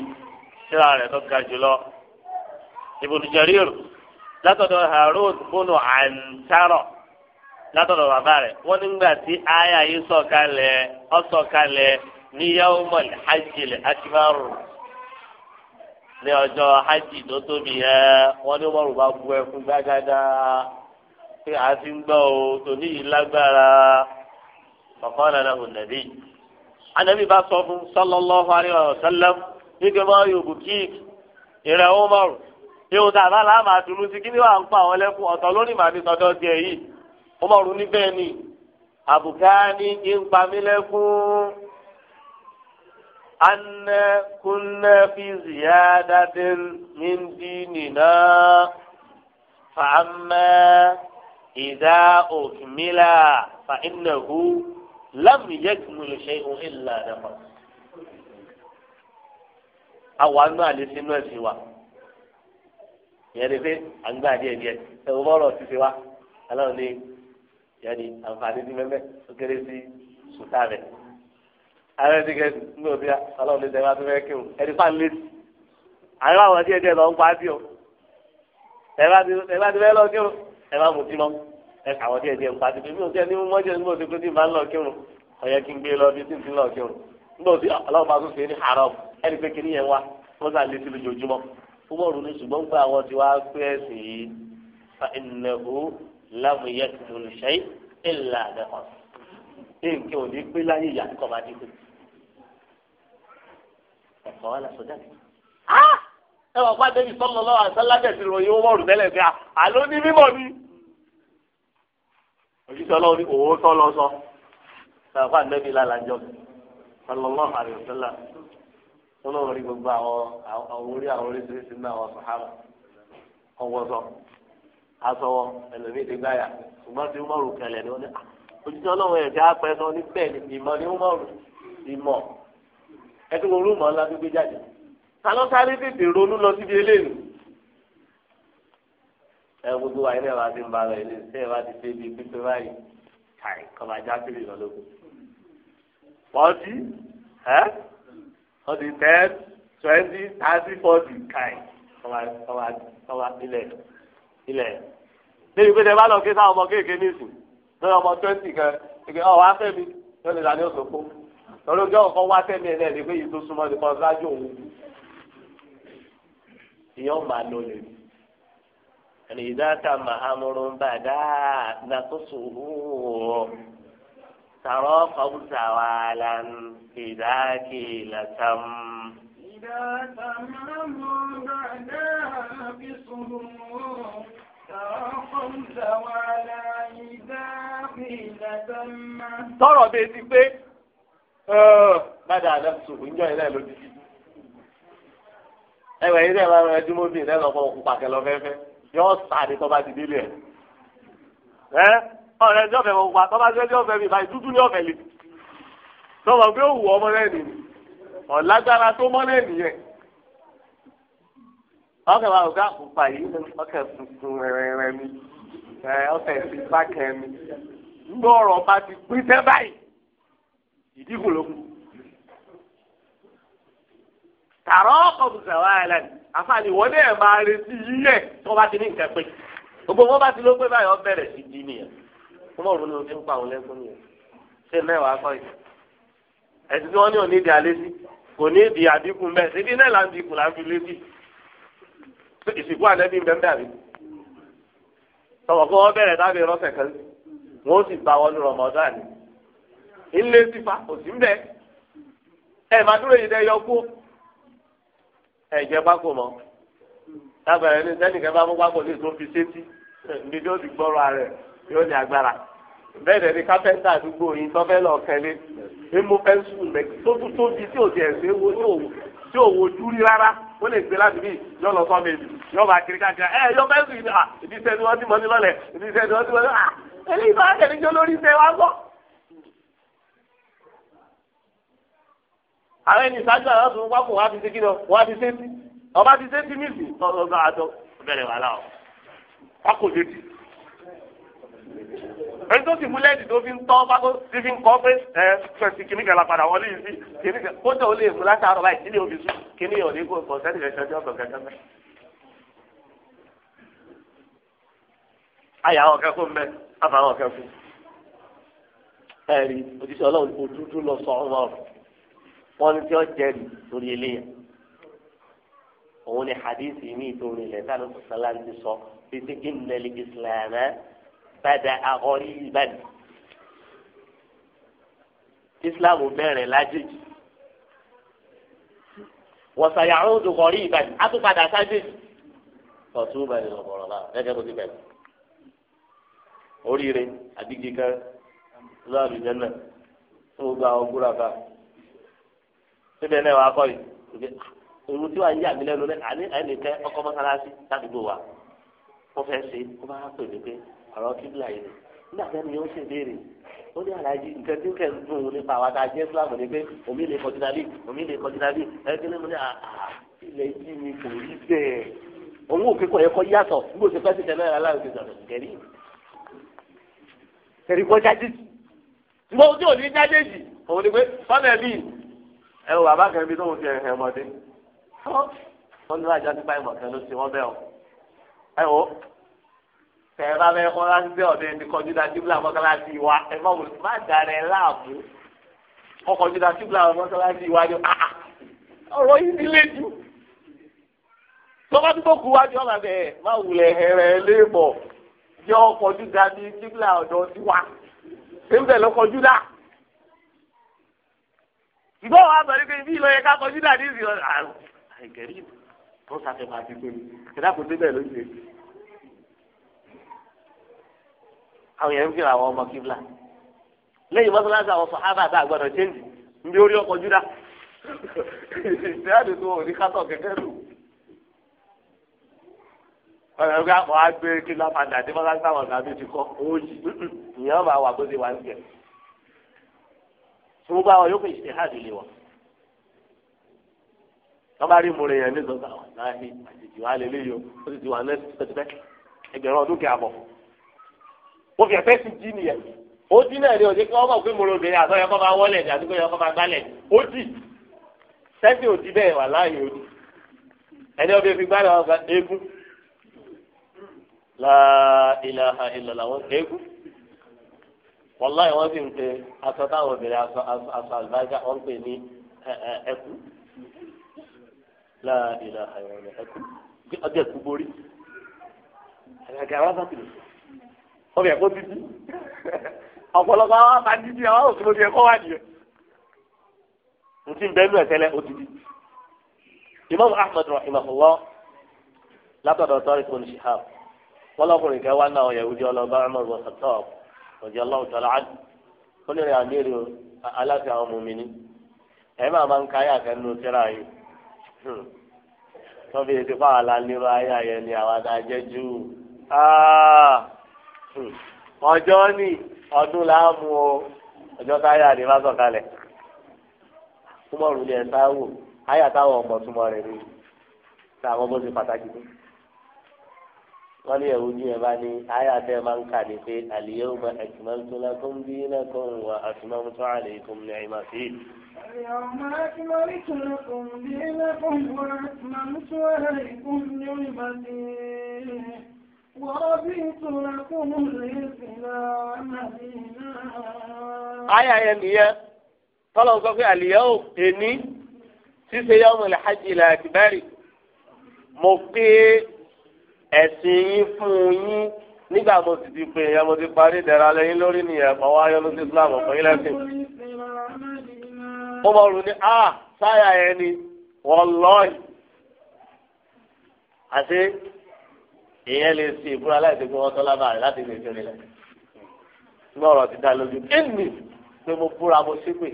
tíra rẹ̀ tó ga jùlọ Ibn Jarir látọ̀dọ̀ Harun bùnú àǹtarọ̀ látọ̀dọ̀ bàbá rẹ̀ wọ́n nígbà tí aya yìí sọ̀kalẹ̀ ọ̀sọ̀kalẹ̀ ní yawmul hajjil akbar ní ọjọ́ hajj tó tóbi yẹn wọ́n ní wọ́n rò bá bu ẹkún gbágádá pé a ti ń gbọ́ o tòní yìí lágbára ọ̀kan lọ́nà ònàbí. anabi bá sọ fún sallallahu alaihi wa sallam kíkẹ́ bá yòókù kíìkì ìrẹ̀ ó mọ̀rùn yóò dà bá láàmà dùnú sí kíni wàá ń pa àwọn ẹlẹ́kùn ọ̀tọ̀ lónìí màmí tọ́jọ́ tiẹ̀ yìí ó mọ̀rùn níbẹ̀ ni àbùká ní kí ń pa mí lẹ́kùn anna kunna fi ziyadatin min dinina fa amma idha ukmila fa innahu lam yakmul shay'un illa àwọn àánú àlè sínú ẹ̀sìn wa ìyẹn ni pé à ń gbà díẹ̀ díẹ̀ wa aláwọ̀ ni ìyẹn ni àǹfààní ní mẹ́mẹ́ ó kéré sí sùtá ti kẹ́ ní òbí aláwọ̀ ni sẹ́wọ́n tó fẹ́ kí òun ẹni fà ń lé sí ààrẹ àwọn díẹ̀ díẹ̀ lọ ń o ẹ̀rọ ti fẹ́ lọ kí òun ẹ̀rọ àmùtí lọ ẹ kàwọn díẹ̀ díẹ̀ nípa tìbí mi ò tẹ ní mo mọjẹ nígbà tó kó tí ìbá ń lọ kírun ọyẹ kí n gbé ti lọ kírun nígbà ẹni pé kiri yẹn wá wọ́n sà lé sí lójoojúmọ́ fúbọ̀rù ní ṣùgbọ́n pé àwọn ti wá pé ẹ̀sìn yìí fa ìnáwó láwọn yẹ kò lè ṣe ìlà àdẹ́kọ̀ nǹkan ò ní pé láyé ìyá kọ̀ máa dínkù ẹ̀kọ́ wa lásán jáde. ẹ wà pa débi sọ́nà lọ́wọ́ àṣálàjẹ̀ ti ròyìn owó ọ̀rùn tẹ́lẹ̀ fẹ́ àló ní mímọ̀ ni. òjíṣẹ́ ọlọ́run ní òwò sọ́ lọ sọ. ṣàfà nẹ́bí lálàjọ sọ́nà lọ́wọ́ àṣálàjẹ̀ tọ́lọ́wọ́ rí gbogbo àwọn àwọn orí àwọn oríṣiríṣi náà wọ́n sàhábà ọwọ́sọ asọwọ ẹlòmíì ti gbáyà ṣùgbọ́n tí umaru kẹlẹ̀ ni wọ́n ní ojútùú ọlọ́wọ́ ẹ̀ tí a pẹ́ sọ ní bẹ́ẹ̀ ni ìmọ̀ ni umaru ìmọ̀ ẹ ti wọ́n rúmọ̀ ńlá tó gbé jáde ta ló sáré tètè ronú lọ síbi eléyìí ẹ gbogbo wa ilé wa ti ń ba lọ ilé iṣẹ́ wa ti ṣe ibi pípẹ́ báyìí kàì kọ́ ọdún ten twenty thirty forty kai ọba ilẹ̀ ilẹ̀. Débi pé tẹ lọ kí sáwọn ọmọ kéèké ní ìsìn ọmọ twenty kan ìgbẹ́ ọ̀ wá fẹ́ mi lórí ìlànà òṣòfò lórí ọjọ́ ọ̀kan wá fẹ́ ẹ̀ tó súnmọ́ ní òun. máa lọ lè Ẹni màhámúrú bàdá nàkóso ترى قوس وعلا إذا قيل تم إذا تمام بعدها بصمود ترى قوس وعلا إذا قيل تم tọrọ bẹ́ẹ̀ ti pé bàdà àdàbùsùn ìjọ ìlà lójijì rẹ dúró bíi rẹ lọ fọ òkú pàkẹ lọ fẹfẹ yọ ọ sáà ní tọ́ ti délé ẹ ọ̀rẹ́ tí ọ̀fẹ́ wọn wà tọ́ba tí ọ̀fẹ́ mi báyìí dúdú ní ọ̀fẹ́ le tọ́ba pé òwú ọmọ náà nìyí ọ̀lágbára tó mọ́ náà nìyẹn ọkẹ́ wa ọ̀gá àkùpà yìí ọkẹ́ funfun rẹ̀rẹ̀rẹ̀ mi ọkẹ́ ti bákẹ́ mi ńgbọ́ ọ̀rọ̀ bá ti pín tẹ́ báyìí ìdíkù ló kù tààrọ́ ọkọ̀ bùsà wà lẹ́nu àfààní wọn náà máa retí yíyẹ tó bá ti ní nǹkan pé gbogbo wọn bá ti ló pé báyọ̀ bẹ̀rẹ̀ sí di nìyẹn fún ọ̀run ni o ti ń pa àwọn lẹ́kún nìyẹn ṣé mẹ́wàá kọ́ yìí ẹ̀sìn tí wọ́n ní òní ìdí alẹ́ sí kò ní ìdí àdínkù mẹ́ ṣé bí náà là ń di ìkùn láti lé sí ìsìnkú ànẹ́bí ń bẹ́ bẹ́ àbí sọ̀rọ̀ kó wọ́n bẹ̀rẹ̀ dábẹ́ rọ́ṣẹ̀ kan wọ́n sì bá wọn rọmọdán ilé sífà kò sí ń bẹ́ẹ̀ ẹ̀ máa dúró yìí dẹ́ yọ kú ẹ̀ jẹ́ pákó mọ́ lábàárẹ̀ ní sẹ́nìkan bá mú pákó lè tó fi níbi ó ti gbọ́rọ̀ rẹ̀ yóò ní agbára bẹ́ẹ̀ dẹ̀ ni kápẹ́ńtà àdúgbò yìí tó fẹ́ lọ kẹ́lé emu pẹ́ńsù mẹ́ tóbi tóbi tí ò tiẹ̀ ṣe wo tí ò wo dúrí rárá ó lè gbé láti bí yọ lọ sọ́ọ́ méjì yọ bá kiri káàkiri ẹ yọ pẹ́ńsù yìí ah ìdí sẹ́ni wọ́n ti mọ́ ní lọ́lẹ̀ ìdí sẹ́ni wọ́n ti mọ́ ní ah eléyìí bá kẹ́lí jọ lórí sẹ́ wá gbọ́. àwọn ẹni ìsájú àwọn tó ń wá fún wa fi ṣe kí lọ wọ́n fi ṣe sí ọba fi ṣe sí mí sí ọ̀ọ́ ẹni tó sì mú lẹ́ẹ̀dì tó fi ń tọ́ bá tí fi ń kọ́ pé ẹ fẹ̀sì kìíní kan la padà wọlé yìí sí kìíní kan kó tó lè mú látàárọ̀ báyìí kí ni òbí sùn kìíní yàn ní kò kọ̀ sẹ́ni rẹ̀ ṣẹ́ni ọ̀sán kankan mẹ́. àyà àwọn kan fún mẹ́ àbá àwọn kan fún. ẹ rí òjíṣẹ́ ọlọ́run kò dúdú lọ sọ ọmọ rẹ̀ wọ́n ní tí ó jẹ́rì lórí eléyà òun ni hadith mi ìtòrin ilẹ̀ tá bàdà àkọrí ìbàdàn islam bẹ̀rẹ̀ lájèjì wọ̀sàyàrá òdò kọrí ìbàdàn àtúpadà sájèjì tọ̀tún bẹ̀rẹ̀ lọ́kọ̀ọ̀rọ̀ náà gẹ́gẹ́ bó ti bẹ̀rẹ̀ oríire àdìgí kan lọ́ọ̀lù jẹ́nà tó gba ọgbúra ká síbẹ̀ náà wàá kọ́ yìí òun tí wàá yí àmì lẹ́nu náà àní ẹnìkẹ́ ọkọ̀ mọ́sálásí ládùúgbò wa wọ́n fẹ́ ṣe wọ́n bá ọ̀rọ̀ kíbla yìí nígbà tẹ́ni yóò ṣe léèrè ó ní àlàyé nǹkan tí ó kẹ́ ń dùn ún nípa àwọn àtàjẹ́ fúlàmù ni pé omi lè kọjú dàbí omi lè kọjú dàbí ẹgbẹ́ ní mo ní ah, ah, ilẹ̀ yìí mi kò rí bẹ́ẹ̀ òun ò kíkọ̀ yẹ kọ́ yàtọ̀ nígbà tí pẹ́sì tẹ̀lé ara láti sọ̀rọ̀ kẹ́rì kẹ́rì kọ́ jáde jì ṣùgbọ́n ojú òní jáde jì òun ni pé fọ́nà ẹ̀mí ẹ wò bàbá kan ibi tó ń fi ẹ̀hẹ̀ ọmọdé tẹ̀ra bẹ́ẹ̀ kọ́ láti gbé ọ̀dẹ ẹni kọjú da kíbla mọ́sálásí wa ẹ má wò má darẹ̀ láàbù ọkọjú da kíbla mọ́sálásí wa ni ah, ah ọ̀rọ̀ yìí nílé jù tọ́ba tó kú wájú ọ̀la bẹ́ẹ̀ má wulẹ̀ hẹ̀rẹ̀ lébọ̀ jẹ́ ọkọjú da ní kíbla ọ̀dọ̀ tiwa ṣéńbẹ̀ lọ́kọjú dà ìgbọ́ wa bẹ̀rẹ̀ pé ibi ìlọyẹ ká kọjú dà ní ìsìn ọ̀la àìkẹ́rì tó sàfẹ́ máa ti pé kí àwọn yẹn ń fìrà àwọn ọmọ kíbla lẹ́yìn mọ́sálásí àwọn sọ̀hábà tá a gbọ́dọ̀ ṣéǹdì ndí orí ọkọ̀ júdà ìṣèjáde tó òní kátọ̀ kẹ̀kẹ́ lò. ọ̀rẹ́ rẹ̀ àwọn agbé kílá padà dé mọ́sálásí àwọn ọ̀gá mi ti kọ́ owó jì ìyẹn bá wà bó ṣe wà ń jẹ. fún bá wọn yóò fi ìṣèjáde lé wọn. wọ́n bá rí múre yẹn ní sọ́sà wọn láàyè àjèjì wa lè léyìí o ó sì ti wà ní ẹgbẹ̀rún ọdún kẹ mo fi ẹ̀fẹ́ sí jí nìyẹn ó dín náà ni òjì kí wọ́n mọ̀ pé mo lóbìnrin àtọ́ yẹ kó máa wọlé ẹ̀jẹ̀ àti pé yẹ kó máa gbálẹ̀ ó dì sẹ́sìn òdì bẹ́ẹ̀ wà láàyè òdì ẹni ọbẹ̀ fi gbálẹ̀ wọn gba eégún la ilaha illallah wọn eégún wàláyé wọn sì ń aṣọ táwọn obìnrin aṣọ aṣọ àlùbáyé wọn pè ní ẹkú la ilaha illallah ẹkú ọjọ́ ẹkú borí àgàgà rábàtì lè sọ ọbẹ̀ ẹ̀kọ́ ti di ọ̀pọ̀lọpọ̀ àwọn máa di di àwọn òṣèlú ti ẹ̀kọ́ wà nìyẹn ntí bẹ́ẹ̀nu ẹ̀sẹ̀lẹ̀ ó ti di. imam ahmed rahimahullah látọ̀dọ̀ tọ́rí fún shihab wọn lọkùnrin kẹ wá náà yẹwùdí ọlọ́ba ahmed wasatab ọ̀jẹ̀ aláwọ̀ tọ́lá àdì ó lè rìn àmì rìn aláṣẹ àwọn mùmíní ẹ̀ máa máa ń káyà àtẹnu síra ayé hmm. ayẹyẹ Hmm. ọjọ́ ní ọdún là á mú o ọjọ́ táyà ni má sọ̀kalẹ̀ túmọ̀ rúlẹ̀ ẹ̀ táwọ̀ àyà táwọn ọmọ túmọ̀ rẹ̀ rí táwọn bó ṣe pàtàkì tó wọ́n ní ẹ̀rù ní ẹ̀bá ní àyà tẹ́ máa ń kà ní pé al-yawma akmaltu lakum dinakum wa atmamtu alaykum ni'mati. al-yawma akmaltu lakum dinakum wa atmamtu alaykum ni'mati. Aya yẹn nìyẹn tọ́lọ̀ sọ pé àlìyáwó èní ṣíṣe yá ọmọ ìlàhájì ilẹ̀ àkìbárì mo pé ẹ̀sìn yín fún yín nígbà mo sì ti pè yẹn mo ti parí ìdẹ̀ra lẹ́yìn lórí nìyẹn pọ̀ wá yọ lóṣù Islam ọ̀pọ̀ yín lẹ́sìn. Mo mọ̀ rò ní a sáyà yẹn ni wọ́n lọ́ọ̀yì èèyàn lè ṣe ìbúra láìsí pé wọ́n tọ́ lábàá rẹ̀ láti lè fẹ́rẹ̀ lẹ̀. ní ọ̀rọ̀ ti dá lójú ẹ̀mí pé mo búra mo ṣépè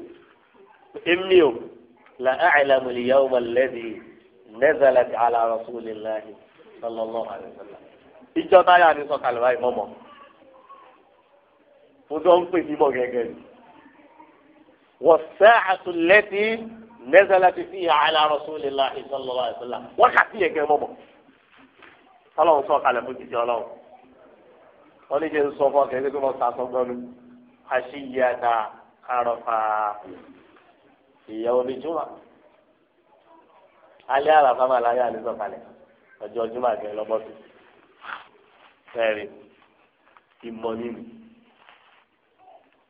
ẹ̀mí o la a'lamu al-yawma alladhi nazalat ala rasulillahi sallallahu alaihi wasallam. ìjọ táyà ni sọ̀kalẹ̀ báyìí mọ́mọ́ mo jọ ń pè mímọ́ gẹ́gẹ́ ni. was-sa'atu allati nazalat fiha ala rasulillahi sallallahu alaihi wasallam wákàtí yẹn gẹ́ mọ́mọ́ ọlọ́run sọ kalẹ̀ fún jíjẹ ọlọ́run wọ́n ní jẹ́ sọ fún ọkẹ́ pé wọ́n sàṣọ gbọ́nu àṣìyàtà àròfà ìyàwó bíi jùmọ̀ alẹ́ àràfà máa láyé àlejò kalẹ̀ ọjọ́ jùmọ̀ àgbẹ̀ lọ́bọ̀tún fẹ́ẹ̀rẹ̀ ìmọ̀ nínú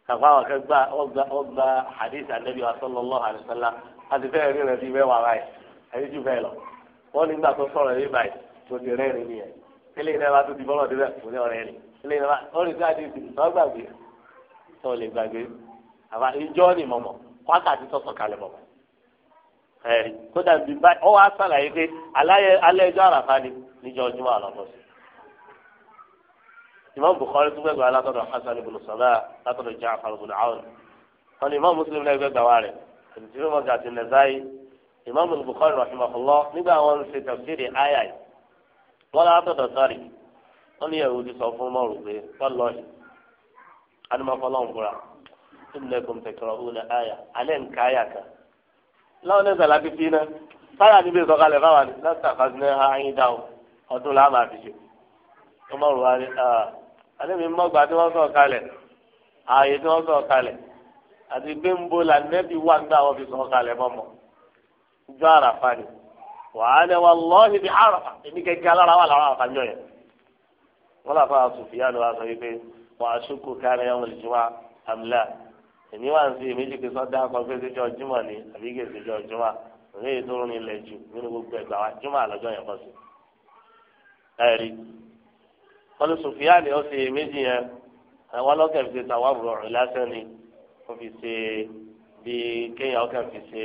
kàfá àwọn akẹgbà ọgbà hadith anabi wa sallallahu alayhi àti fẹ́ẹ̀rẹ̀ rẹ̀ bíi mẹ́wàá báyìí àyíjú bẹ́ẹ̀ lọ wọ́n nígbà tó sọ̀rọ̀ yìí báyìí tó ti rẹ́rìn nìyẹn kílè náà bá tó ti bọ́lọ̀ débẹ̀ kò ní ọ̀rẹ́ rìn kílè náà bá ọ̀rẹ́ tó ti ti tọ́ gbàgbé tó lè gbàgbé àbá ìjọ ni mọ̀mọ́ wákàtí sọ̀sọ̀ kalẹ̀ mọ̀mọ́ ẹ̀rí kódà bí báyìí ọwọ́ àṣàlàyé pé alẹ́ ẹjọ́ àràfà ni níjọ́ ọjọ́ àlọ́bọ̀ sí. imam bukhari tún gbẹgbẹ alátọdọ hasan ibn salah látọdọ jaafar ibn aun wọn ni imam muslim náà gbẹgbẹ wa rẹ ìdílé mọgàtí nẹzáyé imam bukhari rahimahullah nígbà wọn ń ṣe tafsiri ayáyé wọn lọ àtọ̀dọ̀ sáré wọn ní ẹ̀rù ti sọ fún mọ́rù pé wọ́n lọ yìí adumafọlọ́n fura ìnlẹ̀kùn tẹ̀kọ̀rọ̀ òun ní àyà alẹ́ nǹka àyà kan láwọn ní sàlábí fi iná sáyà níbi ìsọ̀kalẹ̀ fáwọn ní láti àfàsínà ayín dáhùn ọdún làá máa fi ṣe wọn mọ̀rù wa ní alẹ́ mi mọ́gbà tí wọ́n sọ̀ kalẹ̀ ààyè tí wọ́n sọ̀ kalẹ̀ àti gbẹ̀mbó la wà ń gbà wọ́n fi sọ̀ kalẹ̀ mọ́mọ́ ìjọ àràfà ni wàhálà wà lọ́ọ̀hì bí àràfà èmi gẹ́gẹ́ alára wà lára àràfà njọ́ yẹn. wọ́n lọ́ọ́ fà sùfìyàn wa sọ wípé wàá ṣùkú kárí ọmọ ìjọba àmìlà èmi wà ń sí èméjì pé sọ́dá kan pé ṣèjọ́ jùmọ̀ ni àbí kì í ṣèjọ́ jùmọ̀ òun èyí tó rún ilẹ̀ jù nínú gbogbo ẹ̀gbà wa jùmọ̀ àlọ́jọ́ yẹn kọ́ sí. ẹ̀rí wọ́n ní sùfìyàn ni ó ṣe èméjì yẹn àwọn ọlọ́kẹ́ fi ṣe tàwọn àbúrò ọ̀rìn lásán ni wọ́n fi ṣe bí kéèyàn ọkẹ́ fi ṣe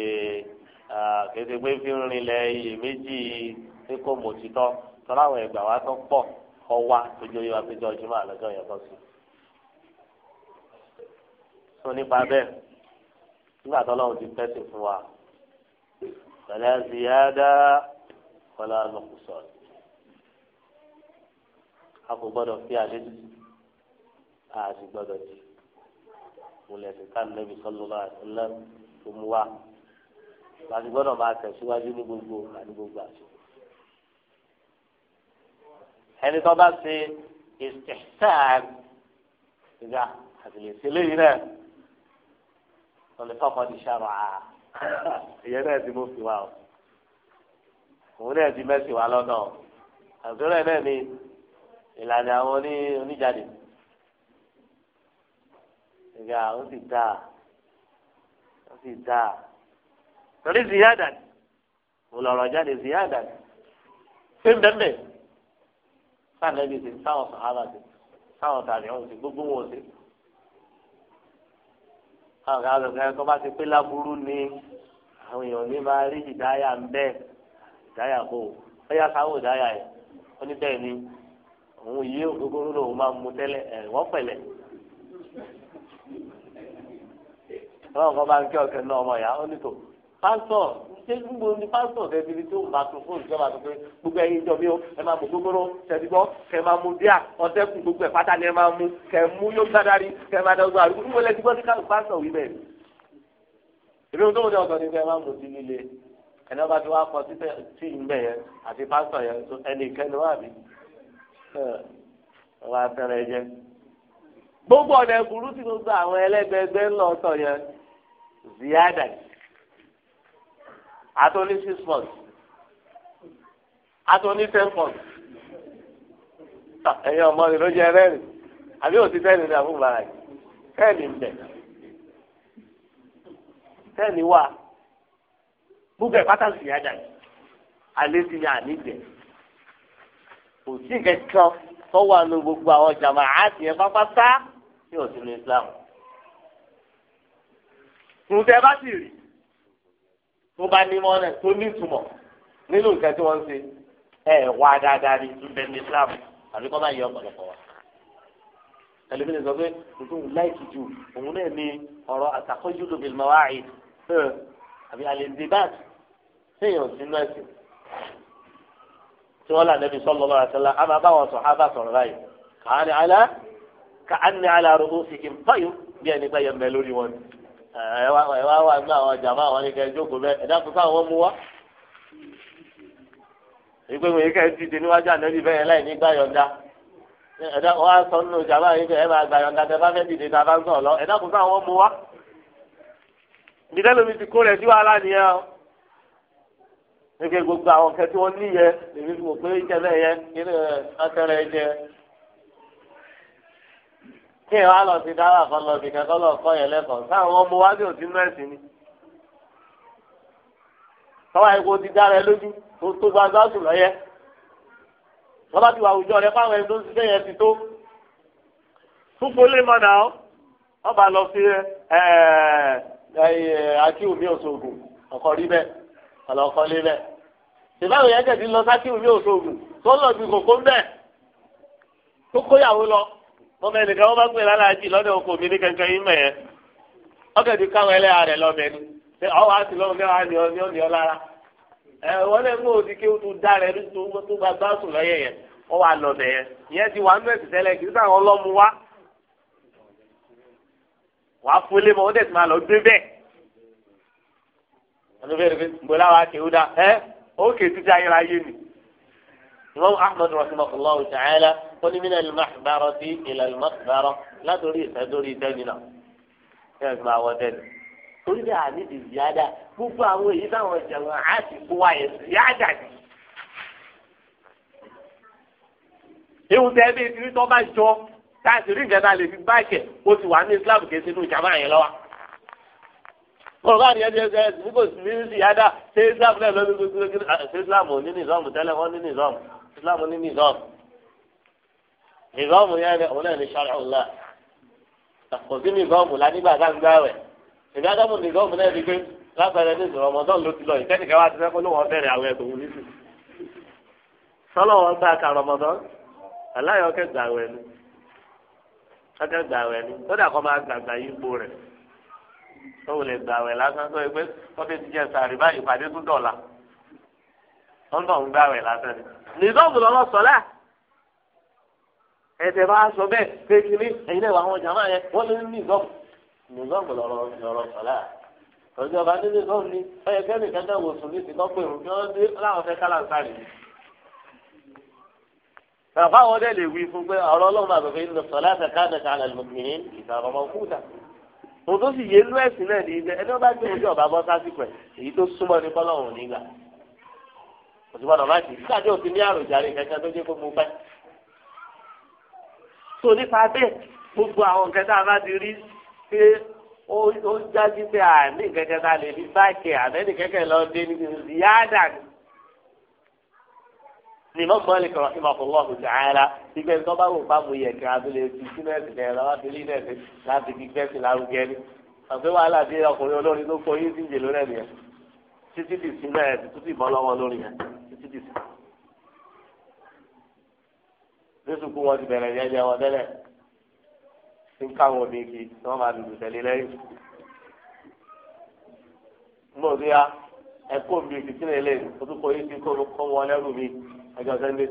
kéde pé fi ń rinlẹ̀ iyèméjì pé kò mọ̀ òtítọ́ tọ́láwọ̀ ẹ̀gbà wa tó pọ̀ kọ́ wá tójú yóò wá pé jọ́jú máa yẹn tó sí. sọ nípa bẹ́ẹ̀ nígbà tó lọ́wọ́ ti pẹ́sì fún wa pẹ̀lẹ́ ziyada kọ́lá lọ́kùsọ̀ a kò gbọ́dọ̀ fi àlejò a sì gbọ́dọ̀ jì mo lẹ̀ sí ká nàbì sallallahu alaihi wasallam tó mú wa láti gbọ́dọ̀ máa tẹ̀síwájú ní gbogbo àti gbogbo àsìkò. ẹni tó bá ṣe ìṣẹ̀ṣẹ̀ ìgbà àti lè ṣe léyìn náà wọ́n lè fọ́kọ́ di ṣàrọ̀ àá ìyẹn náà ti mú fi wá o òun náà ti mẹ́sì wá lọ́nà àbúrò náà ni ìlànà àwọn oníjàde ìgbà ó sì dáa ó sì dáa torí ziyada ni mo lọ̀rọ̀ jáde ziyada ni ṣé ń bẹ́ẹ̀ bẹ́ẹ̀ sáà nẹ́bí sí sáwọn sàhábà sí sáwọn tàbí ọ̀hún sí gbogbo wọn sí àwọn àgbẹ̀gbẹ̀ tó bá ti pé láburú ni àwọn èèyàn ní máa rí ìdáyà ń bẹ́ẹ̀ ìdáyà kò ẹ̀yà sáwọ́ ìdáyà yẹn wọ́n ní bẹ́ẹ̀ ni òun yí ògógóró lòun máa mu tẹ́lẹ̀ ẹ̀ wọ́n pẹ̀lẹ́. kan bá ń kí ọ̀kẹ́ náà ọmọ ìyá ó ní tò pásítọ̀ ṣé gbogbo ní pásítọ̀ tẹ̀sí ni tó máa tún fún ìjọba tó pé gbogbo ẹyin ìjọ mi ó ẹ máa mú gbogbo tẹ̀sí gbọ́ kẹ máa mú díà ọtẹ́ kù gbogbo ẹ̀ pátá ni ẹ máa mú kẹ mú yóò gbádàrí kẹ máa dọ́gba àrùn gbogbo lẹ́sí gbọ́ sí káàkiri pásítọ̀ wí bẹ́ẹ̀ ni. ìlú tó ń dẹ́ ọ̀tọ̀ ni kẹ máa mú sí líle ẹni ọba tí wàá kọ títẹ̀ tí ń bẹ̀ yẹn àti pásítọ̀ yẹn ẹnìkẹ́ni wà mí wà á tẹ̀lé jẹ gbogbo ọ̀nà ẹ̀kúrú tí gbogbo àwọn ẹlẹ́gbẹ̀ẹ́gbẹ́ ńlọ ọ̀tọ̀ àti oní six months àti oní ten months ẹ̀yin ọmọ rẹ̀ ló jẹ rẹ́rìn àbí òsì tẹ́lẹ̀ ní àbúrò bàrà yìí tẹ́lẹ̀ ń bẹ̀ tẹ́lẹ̀ wà gbogbo ẹ̀ pátá sì yá jà yìí alẹ́ ti yà nígbẹ̀ kò sí kẹ̀kẹ́ tọ́wọ́ àánú gbogbo àwọn jàmbá àti ẹ̀ pápátá ní òsì ní Islam tùtẹ́ bá sì rí tó bá ní mọ́nà tó ní ìtumọ̀ nínú nǹkan tí wọ́n ń ṣe ẹ wá dáadáa ní ìtúbẹ̀ ní Islam àbí kọ́ bá yẹ ọ̀pọ̀lọpọ̀ wa. ẹlòmínì sọ pé tuntun láìkì ju òun náà ní ọ̀rọ̀ àtàkọ́jú lóbi mọ́wáì àbí àlèǹdè báàtì séèyàn sí nọ́ọ̀sì tí wọ́n là nẹ́bí sọ́lọ́ lọ́wọ́ àtẹ́lá á máa báwọn sọ̀ ábà sọ̀rọ̀ báyìí kàá ní alá kàá ní alá rògbòsì Eh, ẹ wá wá gbé àwọn jàmbá àwọn ní kẹ́ jókòó bẹ́ẹ̀ ẹ̀dá kó káwọn mú wá. ìpè wòye kẹ́ ẹ dìde níwájú ànábì bẹ́ẹ̀ láì ní gbà yọ̀ǹda ẹ̀dá wá sọ nínú jàmbá yìí kẹ́ máa gbà tẹ bá fẹ́ dìde tá a bá ń sọ̀ lọ ẹ̀dá kó káwọn mú wá. ìdílẹ́lómi ti kó rẹ̀ sí wàhálà nìyẹn o. nígbà gbogbo àwọn kẹ́ tí wọ́n níyẹn èmi kí ẹ wá lọ sí dára kan lọ sí kẹkọọ lọ kọ yẹn lẹ́kọ̀ọ́ sáwọn ọmọ wa bí òsín nọọsì ni tọwọ epo ti dára ẹ lójú tó tó gbangba sùn lọyẹ lọba ti wà àwùjọ rẹ fáwọn ẹni tó ń ṣiṣẹ́ yẹn ti tó fúnfún lè mọ náà ọba lọ sí ẹ ẹ òṣogùn ọkọ rí bẹ́ẹ̀ ọlọkọ lé bẹ́ẹ̀ ṣèbáwò yẹn kẹsì lọ sákíwùmí òṣogùn tó lọ ju kòkó ń tó kóyàwó lọ. mo mẹ nìkan wọn bá oko mi ní kankan yín ti káwọn ni ọ wá sí lọ́wọ́ ni ọ ní ọ ọ lára ẹ wọ́n lẹ́ mú òsì kí o tún dá rẹ̀ lóṣù tó bá gbá sùn lọ́yẹ̀ yẹn ọ wà lọ́bẹ̀ yẹn ìyẹn ti wà ń kì í fúlé ti máa lọ gbé bẹ́ẹ̀ gbọ́dọ̀ wa kì í dá ẹ́ ó kè é títí ayérayé ni Imam Ahmad ó ní mílíọ̀nù mọ́kàbárọ̀ sí ìlànà mọ́kàbárọ̀ látòrí ìfẹ́dórí ìtẹ́nìnà ṣé ẹ̀sìn máa wọ tẹ́lẹ̀ torí bí àní di ziyada gbogbo àwọn èyí táwọn jẹun àti kó wa yẹn ziyada ni. ewu tẹ́ bí ìtìrí tó bá jọ táàsì rí nǹkan tá a lè fi báàkì ti wà ní Islam kìí sínú ìjàmbá yẹn lọ́wọ́ kọ̀ọ̀kan ni ẹni ẹsẹ̀ ẹ̀sìn kò sí ní ìyáda ṣé Islam náà lọ́dún gbogbo ah, ṣé Islam ò ní nìzọ́ọ̀mù tẹ́lẹ̀ wọ́n ní nìzọ́ọ̀mù Islam ní nìzọ́ọ̀mù nìzọ́ọ̀mù yẹn ni òun náà ní sọ́ọ̀lá kò sí nìzọ́ọ̀mù la nígbà tá a ń gbá rẹ̀ ìgbà tó mú nìzọ́ọ̀mù náà ni pé lábẹ́rẹ́ ní ìṣòro ọmọdún ló ti lọ ìtẹ́nìkẹ́ wá ti fẹ́ kó ló wọ́n bẹ̀rẹ̀ àwọn ẹ̀kọ́ wọlé sí sọ́lọ́ wọn gbà ká rọmọdún aláyọ̀ kẹ́ gbà wẹ̀ ni kẹ́ gbà wẹ̀ ni kódà kọ́ máa gbàgbà yípo rẹ̀ tó o lè gbà wẹ̀ lásán tó o pé kọ́fí ti jẹ sàrí báyìí ìpàdé tún dọ̀la ọ̀nà ń gbà wẹ̀ lásán ni nìzọ́ọ̀mù lọ́lọ́ sọ́lá ẹsẹ̀ bá sọ bẹ́ẹ̀ pé kiri ẹ̀yin náà àwọn jàmá yẹn wọ́n lé ní nìzọ́m nìzọ́m lọ́rọ̀ lọ́rọ̀ sọ̀lá tọ́jú ọba ní nìzọ́m ni ọyẹ kẹ́mi kẹ́kẹ́ wò sùn ní ti kọ́ pé òun kí wọ́n dé láwọn fẹ́ kálá sáré ni. bàbá wọn dẹ̀ lè wí fún pé ọ̀rọ̀ ọlọ́run àbẹ̀fẹ́ ń lọ sọ̀lá àtẹ̀kádẹ́ka àlùmọ̀kìnrin ìtàrọ̀ ọmọkúta òun tó sì yé tó nípa bẹ́ẹ̀ gbogbo àwọn nǹkan tá a bá ti rí pé ó ó jáde pé àní kẹ̀kẹ́ tá a lè fi báàkì àbẹ́ni kẹ̀kẹ́ lọ dé ní ìyáàdà ni mọ́ mọ́lì kọ̀rọ̀ sí mọ́kànlọ́ọ̀hù tààlà ìgbẹ́ tó bá wò bá mu yẹ kí abúlé fi sínú ẹ̀sìn kẹrẹ lọ́wọ́ fi lé ẹ̀sìn láti fi gbẹ́sìn lárugẹ ni àgbẹ̀ wàhálà bí ọkùnrin olórin ló kọ yín sí ìjèlú rẹ̀ nìyẹn ẹ̀ títí bọ́ lọ́wọ́ lórí lóṣù kú wọn ti bẹ̀rẹ̀ jẹjẹ wọn tẹ́lẹ̀ tí ń káwọn omi igi tí wọ́n máa lùlù tẹ̀lé lẹ́yìn. mo rí a ẹ̀kọ́ mi igi sílẹ̀ lé orúkọ yìí ti kọ́ wọn lẹ́rù mi ọjọ́ sẹ́ndé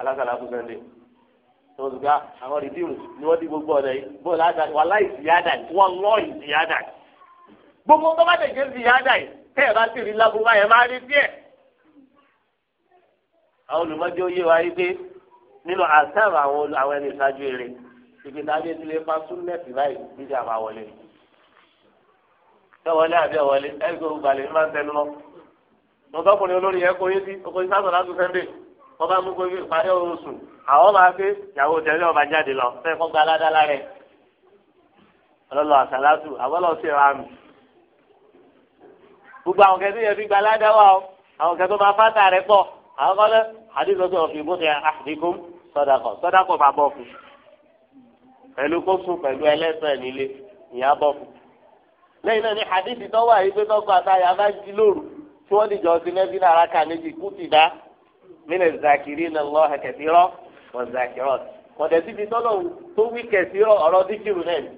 alákàlà fún sẹ́ndé. wọ́n ti gbá àwọn rìdíìmù ni wọ́n di gbogbo ọ̀dọ̀ yìí bó láàdá wà láì ziyada yìí wọ́n lọ́ ìziyada yìí. gbogbo tó bá tẹ̀ jẹ́ ziyada yìí tẹ́ ẹ̀ bá sì rí lábúrú báyẹn máa rí díẹ̀. àwọn olùmọ́jọ́ yé wa yí pé nínú àṣàrò àwọn àwọn ẹni ìṣáájú eré ibi táwọn ẹni lè fa súnmẹ́tì báyìí níbi àwọn àwọlé ẹ wọlé àbí ẹwọlé ẹ gbogbo balẹ̀ ní máa ń tẹnu lọ lọ́sọ̀kùnrin olórí yẹn kò yé sí okòyí sásọ̀ láti sẹ́ńdẹ̀ wọ́n bá mú kó fi parí oṣù àwọn máa fi ìyàwó tẹ̀lé ọba jáde lọ fẹ́ kọ́ gba aládàlá rẹ̀ ọlọ́lọ́ àṣàlátù àbọ́lọ́ sí ra mi gbogbo àwọn kẹ́tí yẹn fi gba aládàwà o àwọn kẹ́tí ó máa fátà pọ̀ àwọn kọ́lẹ́ àdìsọ́sọ́ ọ̀fìn bó àdìkún sọdakọ sọdakọ bá bọ fún pẹ̀lú kó sùn pẹ̀lú ẹlẹ́ṣẹ̀ nílé ìyá bọ fún lẹ́yìn náà ní hadithi tó wà yìí pé tọkọ àtàyà bá jí lóru tí wọn dìjọ sí lẹbi náà araka méjì kú ti dá mílẹ zakiri ní lọ kẹsì rọ wọn zakirọ kọdẹ síbi tọlọ tó wí kẹsì rọ díkìrù náà ni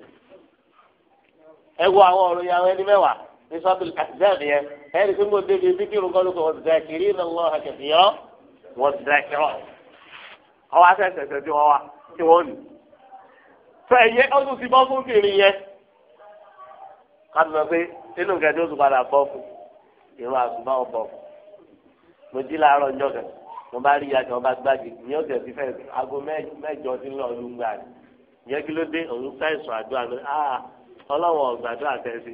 ẹ wo àwọn ọ̀rọ̀ yà ẹni mẹ́wàá ní sọtul azab yẹn ẹ rí mo débi díkìrù kọlùkọ wọn zakiri ní lọ kẹsì rọ wọn zakirọ ọwọ́ asẹ́sẹ̀sẹ̀ tí wọ́n wá tí wọ́n lù. sọ ẹ̀yẹ ọdún ti bọ́ fún kìnìún yẹn ká pé inú kẹtí oṣù padà bọ́ fún ìrún àṣùbá ọ̀bọ̀ mo jí láàárọ̀ ọjọ́ kẹ mo bá rí ìyá kan gbági ìyẹn ọ̀sẹ̀ ti fẹ́ aago mẹ́jọ ti lọ ọdún gbà ní ìyẹn kí ló dé òun sáìsùn àdúrà mi ah ọlọ́wọ́ ọ̀gbàdúrà tẹ̀sí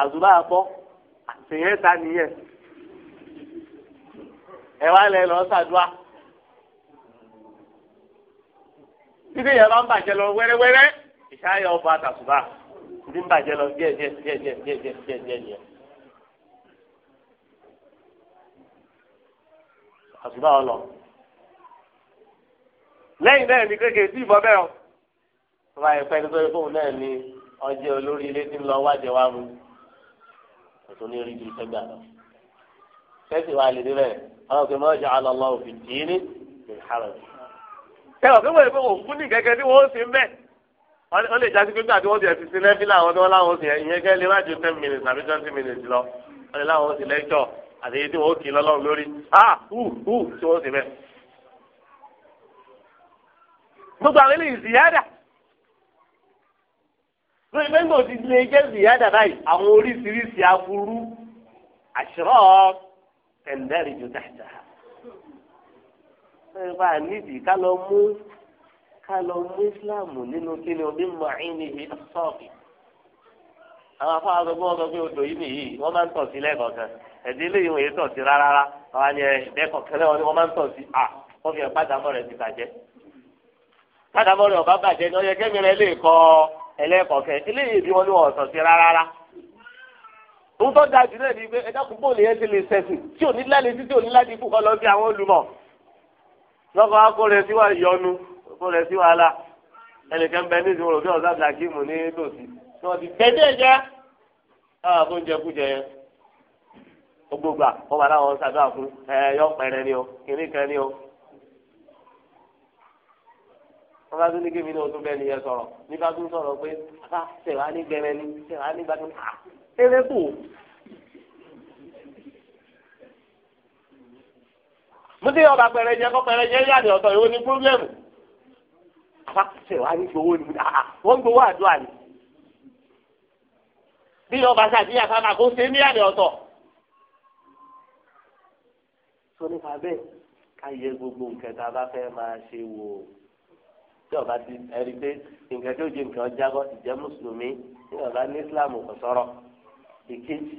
àṣùbá àpọ̀ àtìyẹ́ nìyẹn ẹ wá lẹ lọ ṣàdúrà. ibi yẹn bá ń bàjẹ́ lọ wẹ́rẹ́wẹ́rẹ́ ìṣáyà ọba àtàkùbà ibi ń bàjẹ́ lọ díẹ̀ díẹ̀ díẹ̀ díẹ̀ díẹ̀ díẹ̀ díẹ̀ díẹ̀ díẹ̀. lẹ́yìn náà o tó bá yẹ tó yẹ fóun náà ọjẹ́ olórí ilé tí ń lọ wájẹ wá mu ètò ní orí ju sẹ́gbà lọ ẹ ọ̀ fẹ́wọ̀ ìfẹ́ òkú ní kẹ́kẹ́ tí wọ́n sì ń bẹ̀ wọ́n lè jásí pé tí wọ́n ti ẹ̀sìn sí lẹ́bí làwọn tí wọ́n láwọn sì ìyẹn kẹ́ lè má ju ten minutes àbí twenty minutes lọ wọ́n lè láwọn sì lẹ́jọ́ àti tí wọ́n kì í lọ́lọ́run lórí ah hù hù tí wọ́n sì bẹ̀. gbogbo àwọn eléyìí ziyada lórí mẹ́ńgò ti lè jẹ́ ziyada báyìí àwọn oríṣiríṣi aburú àṣírọ́ tẹ̀ndẹ́rì ju dáadáa bá a nídìí ká lọ mú ká lọ mú ìsìláàmù nínú kíni omi màáyín ní ibi sọ́ọ̀kì. àwọn afọ àgbẹ̀bọ̀ ọ̀dọ́ pé odò yìí nìyí wọ́n máa ń tọ̀ sí lẹ́ẹ̀kọ̀ọ̀kan ẹ̀dín lè yíwọ̀n yìí tọ̀ sí rárá àwọn àni ẹ̀ẹ́dẹ́kọ̀ọ̀kan lẹ́wọ̀n ni wọ́n máa ń tọ̀ sí à wọ́n fi ẹ̀ pàdánù rẹ̀ ti bàjẹ́ kádàbọ̀ rẹ̀ ọba bàjẹ́ ní ọyẹ kẹ́mi rẹ̀ lè kọ́ ẹlẹ́kọ̀ọ́kẹ́ eléyìí bí wọ́n ní wọ́n sọ̀tì rárá. òun tó da náà ni pé ẹ̀dá púpọ̀ lè yẹn ti lè sẹ̀sìn tí ò lọ́kọ̀ akóre sí wa yọnu akóre sí wa la ẹnìkan bẹ ní ìsìn olùdó ọ̀sán àdàkìmù ní tòsí tí wọ́n ti tẹ́tẹ́ jẹ́ káwọn tó ń jẹ kújẹ yẹn gbogbo à wọ́n bá láwọn ṣàdúrà fún ẹ yọ pẹ̀rẹ̀ ni o kìnìún kan ni o. wọ́n bá tún ní kébìnrin o tún bẹ́ẹ̀ ni yẹn sọ̀rọ̀ ní bá tún sọ̀rọ̀ pé bá tẹ̀wá ní gbẹrẹ ni tẹ̀wá ní gbàdúrà. eré mútí ọba pẹrẹ jẹ kọ pẹrẹ jẹ yáni ọ̀tọ̀ ìwọ ni pírọblẹmù àfàkùsẹ wa ní gbowó ni wọn gbowó àdúrà ni bí ọba sàdíyà sábà kó ṣe ní yáni ọ̀tọ̀ sọ nípa bẹ́ẹ̀ ká yẹ gbogbo nǹkan tá a bá fẹ́ máa ṣe wò ó tí ọba ti ẹrí pé nǹkan tí ó nǹkan jágọ ìjẹ́ mùsùlùmí tí ọba ní islam kò sọ̀rọ̀ ìkejì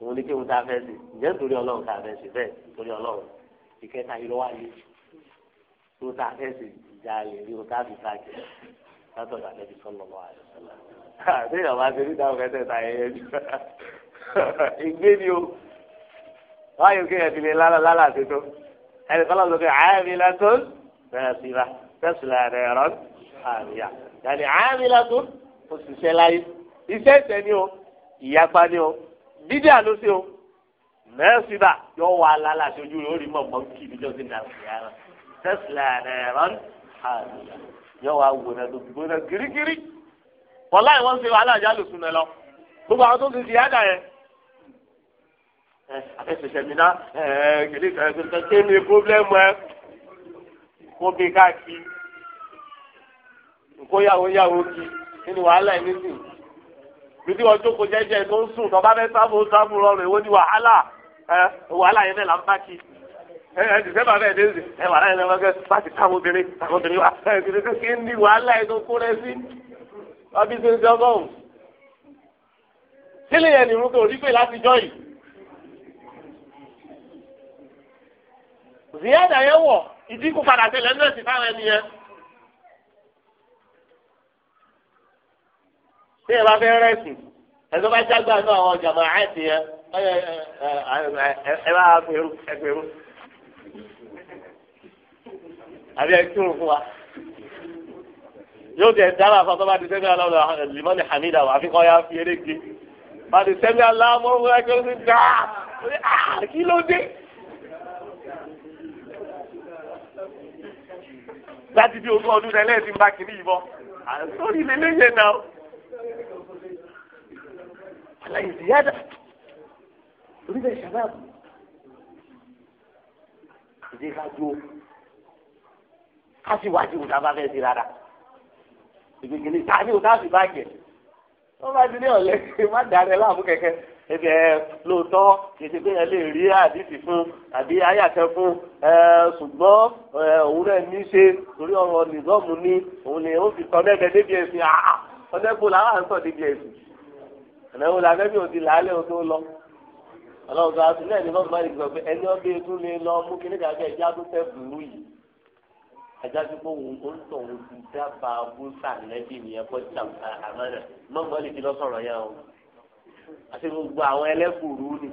òun ni kí wọn tá a fẹ́ ṣe ìjẹ́ nítorí ọlọ́run tá a fẹ́ ṣe nítorí ọlọ́run ìkẹta yìí ló wà lé tó ta ẹsẹ̀ ìjà lè rí o tábì sáàkì látọ̀dọ̀ àlẹ́bí sọ́lọ́ lọ́wọ́ àlẹ́ sọ́lá. àti ìyàwó àti onídàá òkẹ́tẹ̀ ta ẹyẹ jù ìgbé ni o wáyé kéèyàn ti lè lálà tètò ẹnì kan lọ́sọ̀rọ̀ pé àyàmì látún bẹ́ẹ̀ sí ra tẹ́sílà rẹ̀ rán àríyá yàtì àyàmì látún ó sì iṣẹ́ ìṣẹ́ ni o ìyapa ni o dídí àlọ́ sí o mẹ́sìbà yóò wà lálẹ́ àṣojú rẹ̀ ó rí mọ̀mọ́ kí ibi jọ́sìn náà fi ara tẹ́sílà ẹ̀rọ́n àlùyà yóò wà wò náà tó gbóná kirikiri. wọ́n láì wọ́n ṣe wàhálà àjá lùsùn náà lọ gbogbo àwọn tó ti di àdá yẹn. àfẹsẹ̀sẹ̀ mi ná kìlì kẹ̀kẹ́ kí ni pọ́blẹ́mù ẹ kó bí káàkiri nkó yàwó kí kí wàhálà ẹ bí tí wọ́n jókòó jẹ́jẹ́ tó ń sùn tó bá fẹ́ sáfù sáfù rọrùn èwo ni wàhálà ẹ wàhálà yẹn náà ń bá kí ẹ dìsẹ́mbà bẹ́ẹ̀ dé ẹ wàhálà yẹn náà lọ́gẹ́ bá ti táwọn obìnrin táwọn obìnrin wa ẹ kìí ṣe kí ni wàhálà yẹn tó kó rẹ sí ọbí ṣe ń ṣe ọgọ́rùn. sílẹ̀ yẹn nìrú kò láti jọ yìí. ziyada yẹn wọ̀ ìdínkù padà tẹ̀lé náà sì táwọn ẹni yẹn. bí ẹ bá fẹ́ rẹ̀ sìn tó bá jágbá náà àwọn jàmáà ẹ̀ ẹ bá pẹ̀rú ẹ pẹ̀rú àbí ẹ kírun fún wa yóò tẹ̀ dára fọ́tọ́ bá ti sẹ́mi aláwọ̀ limani hamida wà àfi kọ́ ya fi eré gbé bá ti sẹ́mi aláwọ̀ wọ́n ẹgbẹ́ ló ti dá kí ló dé. láti bí ogún ọdún náà lẹ́yìn ń bá kiri ìbọn àtúntò ìlẹ́lẹ́yìn náà. aláìsí yàtọ̀. torí bẹ́ẹ̀ ṣàbáàbù ìdí ká jó ká sì wájú òun tábà fẹ́ẹ́ sí rárá ìgbègbè ní tani òun táà fi bá jẹ wọ́n bá ti ní ọ̀lẹ́ má darẹ̀ láàmú kẹ̀kẹ́ ebi ẹ lóòótọ́ kìí pé ẹ lè rí àdìsí fún àbí ayàtẹ fún ẹ ṣùgbọ́n ẹ òun náà ní í ṣe torí ọ̀rọ̀ nìzọ́ọ̀mù ní òun lè ó fi tọ́lẹ́gẹ débi ẹ̀sìn àá làwọn à débi ẹ̀sìn ọ̀nẹ́gbò làwọn ẹ̀mí ò làálẹ̀ òun tó lọ ọlọ́run tó a ti lẹ́yìn lọ́sùn báyìí gbọ́ pé ẹni ọ́ bíi tún lè lọ mú kí nígbà bẹ́ẹ̀ já tó fẹ́ burú yìí ajá tó kó òun ó ń tọ̀ òun ti dábàá búrúkà lẹ́bí nìyẹn kọ́ tí àmọ́ rẹ̀ mọ́gbọ́n lè fi lọ sọ̀rọ̀ yẹn o àti gbogbo àwọn ẹlẹ́kùrú ni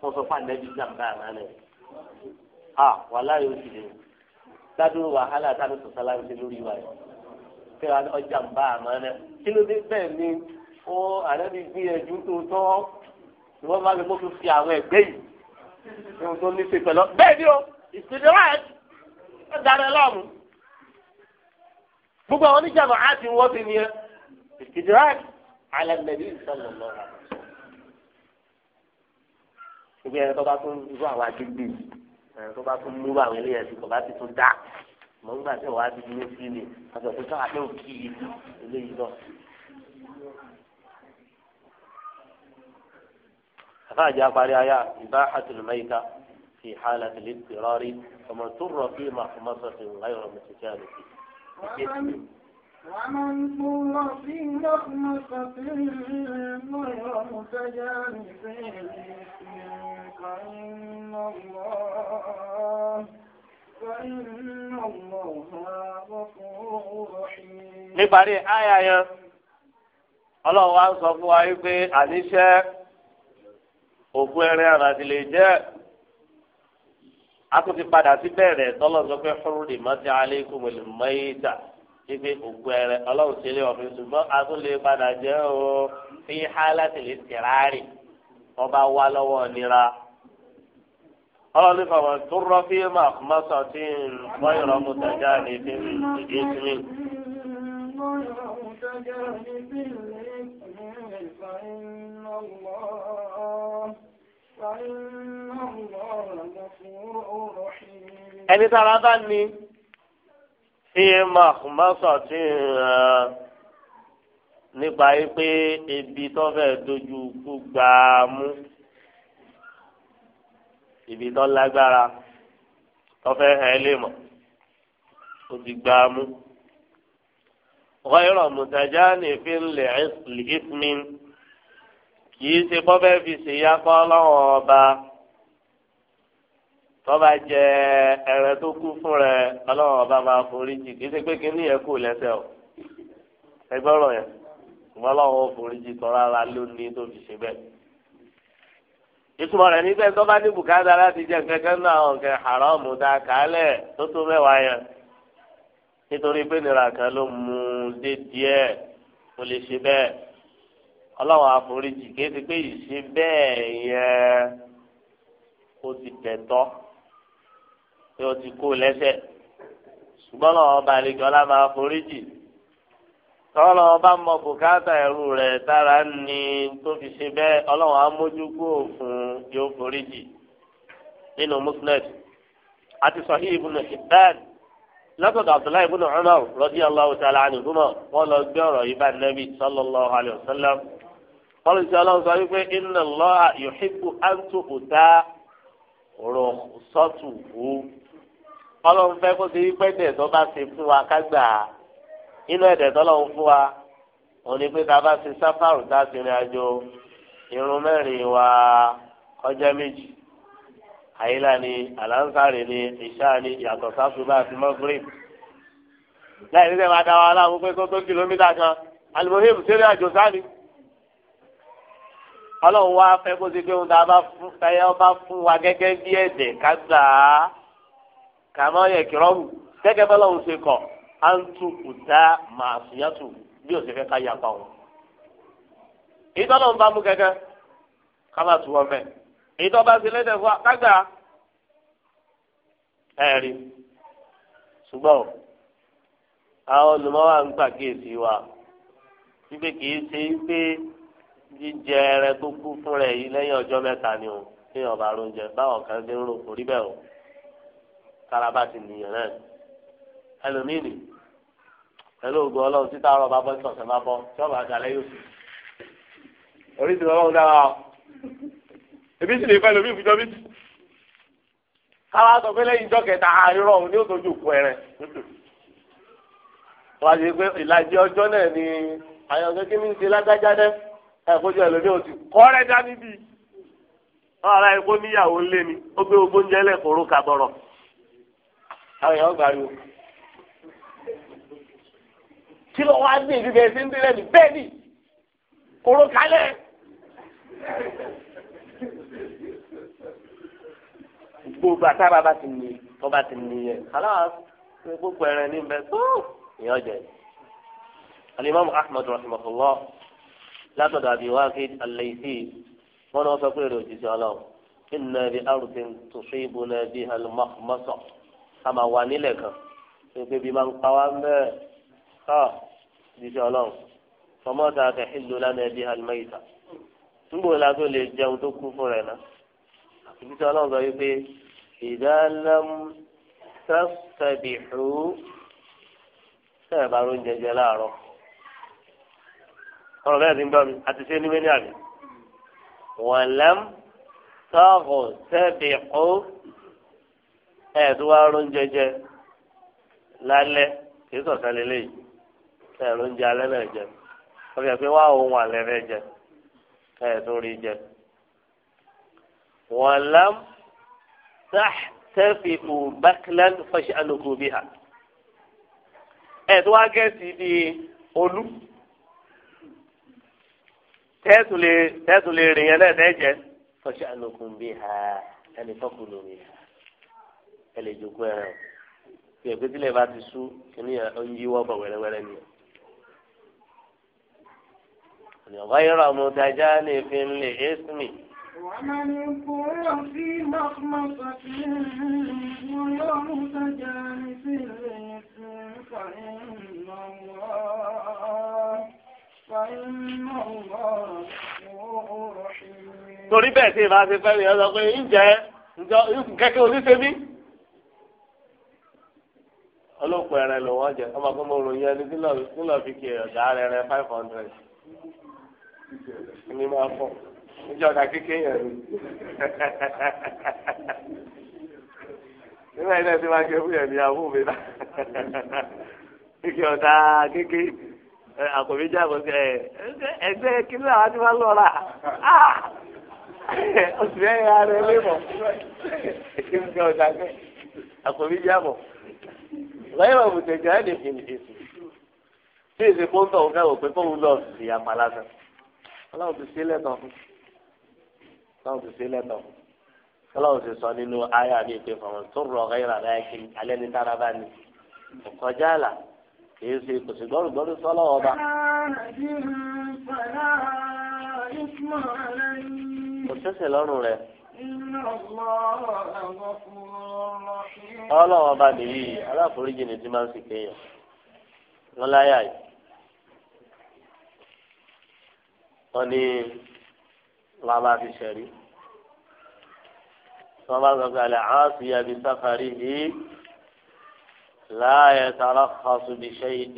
wọ́n sọ fún àlẹ́bí jàmbá àmọ́ rẹ̀ a wà láyé oṣù lè dádúró wàhálà táwọn sọ̀tà láyé oṣù lórí wa yìí kí ọjà ń bá àmọ́ rẹ̀ kí ló dé bẹ́ẹ̀ ni ó àlẹ́bí gbìyànjú tó tọ́ ṣùgbọ́n máa ń lè fi fi àwọn ẹgbẹ́ yìí ní ohun tó ní ṣe pẹ̀lú bẹ́ẹ̀ ni o ìsinmi right ẹ darẹ lọ́ọ̀mù gbogbo àwọn oníjàmbá á ti wọ́n ti ní ẹ ìsinmi right alẹ́ nàbí ìsọ̀lọ̀ lọ́wọ́ gbogbo ẹni tó bá tún irú àwọn agbègbè ẹni tó bá tún mú àwọn eléyà sí kò bá ti tún dá mọ̀ nígbà tí wọ́n á ti ní sílẹ̀ àti ọ̀sẹ̀ tó wà ní òkì eléyìí àbájá parí ayá ibahatul mayta fi halatil ittirari ọmọ tó rọ fí mahmasatin ghayra mutakallif. ومن مر في مخمصة غير متجانف فإن الله فإن الله غفور رحيم. níparí àyà yẹn ọlọ́run wa ń sọ fún wa wípé àníṣẹ́ òkú ẹrẹ àbàtì lè jẹ àtúntì padà sí bẹ̀rẹ̀ tọ́lọ́sọ pé fúru lè má ti alẹ́ kó wọlé mẹ́ta ibi òkú ẹrẹ ọlọ́run ti lé ọ̀fin ṣùgbọ́n àtúntì padà jẹ́ o fi hálàtì lè tẹ̀ráàrì ọba wá lọ́wọ́ nira ọlọ́run fọwọ́ tó rọ́ fí máa má sọ tí ń bọ́ ìrọ̀ mu tẹ̀já ní fi ìdí sí فإن الله ẹni tára bá ní fi màkùmásà tí ń nípa yìí pé ibi tó fẹ́ dojú kú gbàámú ibi tó lágbára tó fẹ́ hàn ẹ́ lè mọ̀ ó ti gbàámú. غير متجانف لإثم kìí ṣe kọ́ fi ṣèyá kọ́ ọba tọ́ba jẹ ẹrẹ tó kú fún rẹ ọlọ́wọ́ ọba máa forí jì kìí ṣe pé kínní yẹn kù lẹ́sẹ̀ o ẹgbẹ́ ọ̀rọ̀ yẹn ṣùgbọ́n ọlọ́wọ́ forí jì tọ́ rárá lónìí tó fi ṣe bẹ́ẹ̀. ìtumọ̀ rẹ̀ níbẹ̀ tọ́ba ní bùkátà láti jẹ kẹ́kẹ́ náà ọ̀kẹ́ haramu dá kálẹ̀ tó tó mẹ́wàá yẹn nítorí pé nira kan ló mú un dé díẹ̀ ọlọ́run àforíjì kéde pé ìṣe bẹ́ẹ̀ yẹn ó ti tẹ̀tọ́ pé ti kó lẹ́sẹ̀ ṣùgbọ́n lọ́wọ́ ọba àlejò ọlá máa foríjì tọ́lọ́ ọba mọ bùkátà ẹrú rẹ̀ tára ní tó fi ṣe bẹ́ẹ̀ ọlọ́run amójúkú òfin yóò foríjì nínú muslim àti abdullahi lọ gbé ọ̀rọ̀ yìí bá alayhi wa قال إن شاء الله تعالى إن الله يحب أن تؤتى رخصته قال إن فاكو سيبقى ديتو ما سيبقوا كذا إنه ديتو لهم فوا òní pé tá a bá ṣe sáfàrù tá a ṣe rìn àjò irun mẹ́rin wa ọjọ́ méjì àyílà ni àlàǹsàrè ni ìṣá ni yàtọ̀ sáfùbá àti mọ́gírì láì ní sẹ́ máa dá wa láàmú pé tó tó kìlómítà kan alimohim ṣeré àjò sáni ọlọ́run wá fẹ́ kó ṣe pé òun tá a bá fún fẹ́ ọba fún wa gẹ́gẹ́ bí ẹ̀dẹ̀ ká gbà á kà má yẹ kìrọ́rù gẹ́gẹ́ bá lọ́run ṣe kọ̀ á ń tu kùtà màá ṣìyàtù bí ó ṣe fẹ́ ká yapa òun. ìtọ́lọ́run bá mú gẹ́gẹ́ ká má tu wọn bẹ́ẹ̀ ìtọ́ bá ṣe lẹ́dẹ̀ fún wa ká gbà á. ẹ rí ṣùgbọ́n àwọn olùmọ́wà ń gbàgé sí wa wípé kì í ṣe pé jíjẹ ẹrẹ fún rẹ yìí lẹ́yìn ọjọ́ mẹ́ta ni o lẹ́yìn ọba oúnjẹ báwọn kan ti ń rò kò rí bẹ́ẹ̀ o káraba ti nìyẹn náà ẹlòmíì nì pẹ̀lú ògùn ọlọ́run títà ọ̀rọ̀ bá bọ́ sí ọ̀sẹ̀ bá bọ́ tí ọba àgàlẹ́ yóò sì oríṣiríṣi ọlọ́run dára o ebi sì lè fẹ́ lómi ìfúnjọ́ bí tì káwá sọ pé lẹ́yìn ìjọ kẹta àìrọ̀ ah, òun ni ó tó jòkó ẹ̀rẹ̀ wọ́n á ṣe pé ìlàjì ọjọ́ náà ni àyọ̀kẹ́ kí ni ń ṣe lágbájá náà ẹ̀kọ́jọ́ ẹlòmíì ò ti kọ́rẹ́ dání bí wọ́n ara ẹ̀kọ́ níyàwó ńlé ni ó gbé ogbó ń jẹ́lẹ̀ kóró kàbọ̀rọ̀ àwọn èèyàn gbà rí o. kí ló wá dé ibi bẹ́ẹ̀ sí ń délẹ̀ ní bẹ́ẹ̀ ni kóró kalẹ̀. gbogbo àtàrà bá ti ní ọba ti ní yẹn aláwa gbogbo ẹ̀rẹ̀ ní bẹ́ẹ̀ tó ìyànjẹ. alimami ahmed rahimahullah látọ̀dọ̀ àbí wákìd àlẹ́sì wọn ni wọ́n sọ pé èrè òjijì ọlọ́run ìnà bí arúgbìn tó ṣe ibò náà bí alimọ́sọ̀ a máa wà nílẹ̀ kan pé bí máa ń pa wá mẹ́ẹ̀ ká òjijì ọlọ́run fọmọ́tà àtẹ̀hìlú lánàá bí alimọ́ìta nígbò la tó lè jẹun tó kú fún rẹ̀ náà òjijì ọlọ́run sọ wípé ìdálẹ́mú tẹ́sítẹ́bì hù tẹ́ẹ̀ bá ló jẹjẹ láàárọ̀ ọ̀rọ̀ bẹ́ẹ̀ ti ń gbọ́ mi àti ṣé ní mẹ́ni àbí. wọ́n lẹ́m tọ́ọ̀hù tẹ́bi kú ẹ̀ẹ́dúwà oúnjẹ jẹ lálẹ́ kì í sọ̀tẹ́ lélẹ́yìí ẹ̀ẹ́dúwà oúnjẹ alẹ́ náà jẹ ọ̀rọ̀ yẹn pé wá òun àlẹ́ rẹ jẹ ẹ̀ẹ́dúwà orí jẹ. wọ́n lẹ́m tẹ́fi kù bákílẹ́n fọ́ṣẹ́ alùpùpù bíhà ẹ̀ẹ́dúwà gẹ̀ẹ́sì bíi olú tẹ́sùn lè tẹ́sùn lè rìn yẹn lẹ́ẹ̀dẹ́ jẹ́ fọṣẹ àlòkùn bíi ha ẹni tọ́kù lómi ẹ lè jogún ẹran fi ẹgbẹ́ tí lè bá ti sú kìíní ọ̀hún yíwọ́ bọ̀ wẹ́rẹ́wẹ́rẹ́ ni. ọ̀nà yọrọ mo dájá lè fi ń lè ésìmì. ومن قرأ في مخمصة غير متجانس لإثم فإن الله torí bẹ́ẹ̀ tí ìbá ṣe fẹ́ràn yẹn sọ pé ǹjẹ́ kẹ́kẹ́ oníṣẹ́ bí. ọlọ́pàá ẹ̀rẹ̀ ló wọ́n jẹ ọmọ pé mo ròyìn ẹni tí lọ́ọ́ fi kí ọ̀gá rẹ̀ rẹ̀ five hundred ní máa fọ́ níjọ́ ọ̀gá kékeré yẹn nígbà yìí náà ti máa ṣe fún yẹn ní àbúrò náà kí ọ̀gá kékeré àkòbí jábọ̀ sí ẹ ẹgbẹ́ kí ló àwọn tí wọ́n lọ rà oṣù ẹ̀ yà rẹ̀ lébọ̀ kí ló ń sọ àkòbí jábọ̀ lẹ́yìn ọ̀bùn tẹ̀jọ́ ẹ̀ lè fi èsì tí èsì pọ́ńtọ̀ ọ̀gá wò pé fóun lọ sí àmà lásán ọlọ́run ti ṣe lẹ́tọ̀ fún ọlọ́run ti ṣe lẹ́tọ̀ fún ọlọ́run ti sọ nínú ayé àbí ìpè fọ̀mọ̀ tó rọ̀ ọ̀gá yìí rà láyé kí alẹ́ ní tára bá ní ọ̀kọ́jà là kì í ṣe kò sì gbọ́rù gbọ́rù sọ́lọ́ ọba. kò sẹ́sẹ̀ lọ́rùn rẹ̀. ọlọ́wọ́ ọba nìyí aláforíjì ni ti máa ń sì kéèyàn wọ́n láyà yìí. wọ́n ní wọ́n bá fi ṣẹ̀rí. لا يترخص بشيء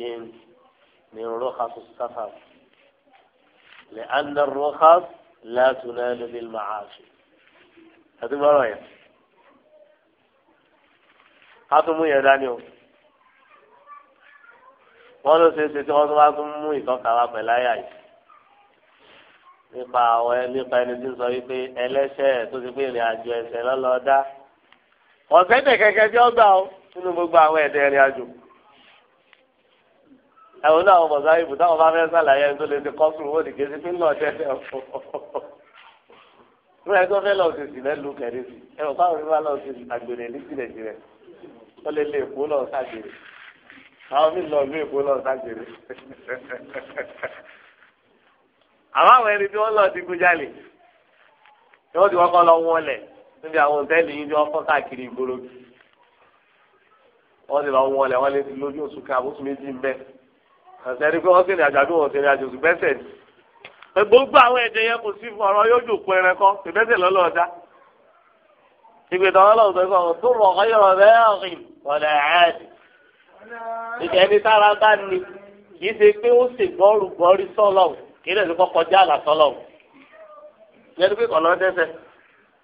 من رخص السفر لأن الرخص لا تنال بالمعاصي هذا ما رأيك هذا مو يدانيو wọ́n ló ṣe é ṣe tí wọ́n tún bá tún mú ìtọ́ka wa pẹ̀lú àyà yìí nípa àwọn nípa ẹni tí ń sọ wípé ẹlẹ́ṣẹ̀ tó ti pé ìrìn àjò ẹ̀ṣẹ̀ lọ́lọ́ọ́dá ọ̀sẹ̀ kẹ̀kẹ́ tí ó ó nínú gbogbo àwọn ẹ̀dẹ̀ ẹ̀rìn àjò. ẹ̀wọ̀n náà àwọn bọ̀dá ibù táwọn bá sàlàyé ẹni tó lè ti kọ́sùn owó nìké sí pé ńlọ fún un. ẹgbẹ́ fẹ́ lọ sí sí lẹ́lu kẹrin sí ẹ̀rọ fáwọn orí lọ sí àgbèrè ní sílẹ̀ jìrẹ̀ ó lè lè èkó lọ ságbèrè àwọn mí lọ lú èkó lọ ságbèrè. àwọn àwọn ẹni tí wọ́n lọ ti wọ́n kọ́ níbi àwọn òtẹ́ẹ̀lì yìí ni wọ́n fọ́n káàkiri ìgboro wọ́n ti lọ wọlé wọ́n lé lójú oṣù kan àbúṣù méjì ń bẹ́ ọ̀sẹ̀ ni pé wọ́n sì ní àjọ àbí wọ́n sì ní àjọ oṣù bẹ́sẹ̀ ni gbogbo àwọn ẹ̀jẹ̀ yẹn kò sí fún ọ̀rọ̀ yóò jòkó ẹran kan kò bẹ́sẹ̀ lọ́lọ́ ọ̀dá ìgbèdàn ọlọ́run tó sọ̀rọ̀ tó rọ̀ ọ̀yọ̀ rẹ̀ rìn wọlé ẹ̀ẹ́dì ìjẹni tára bá ní kì í ṣe pé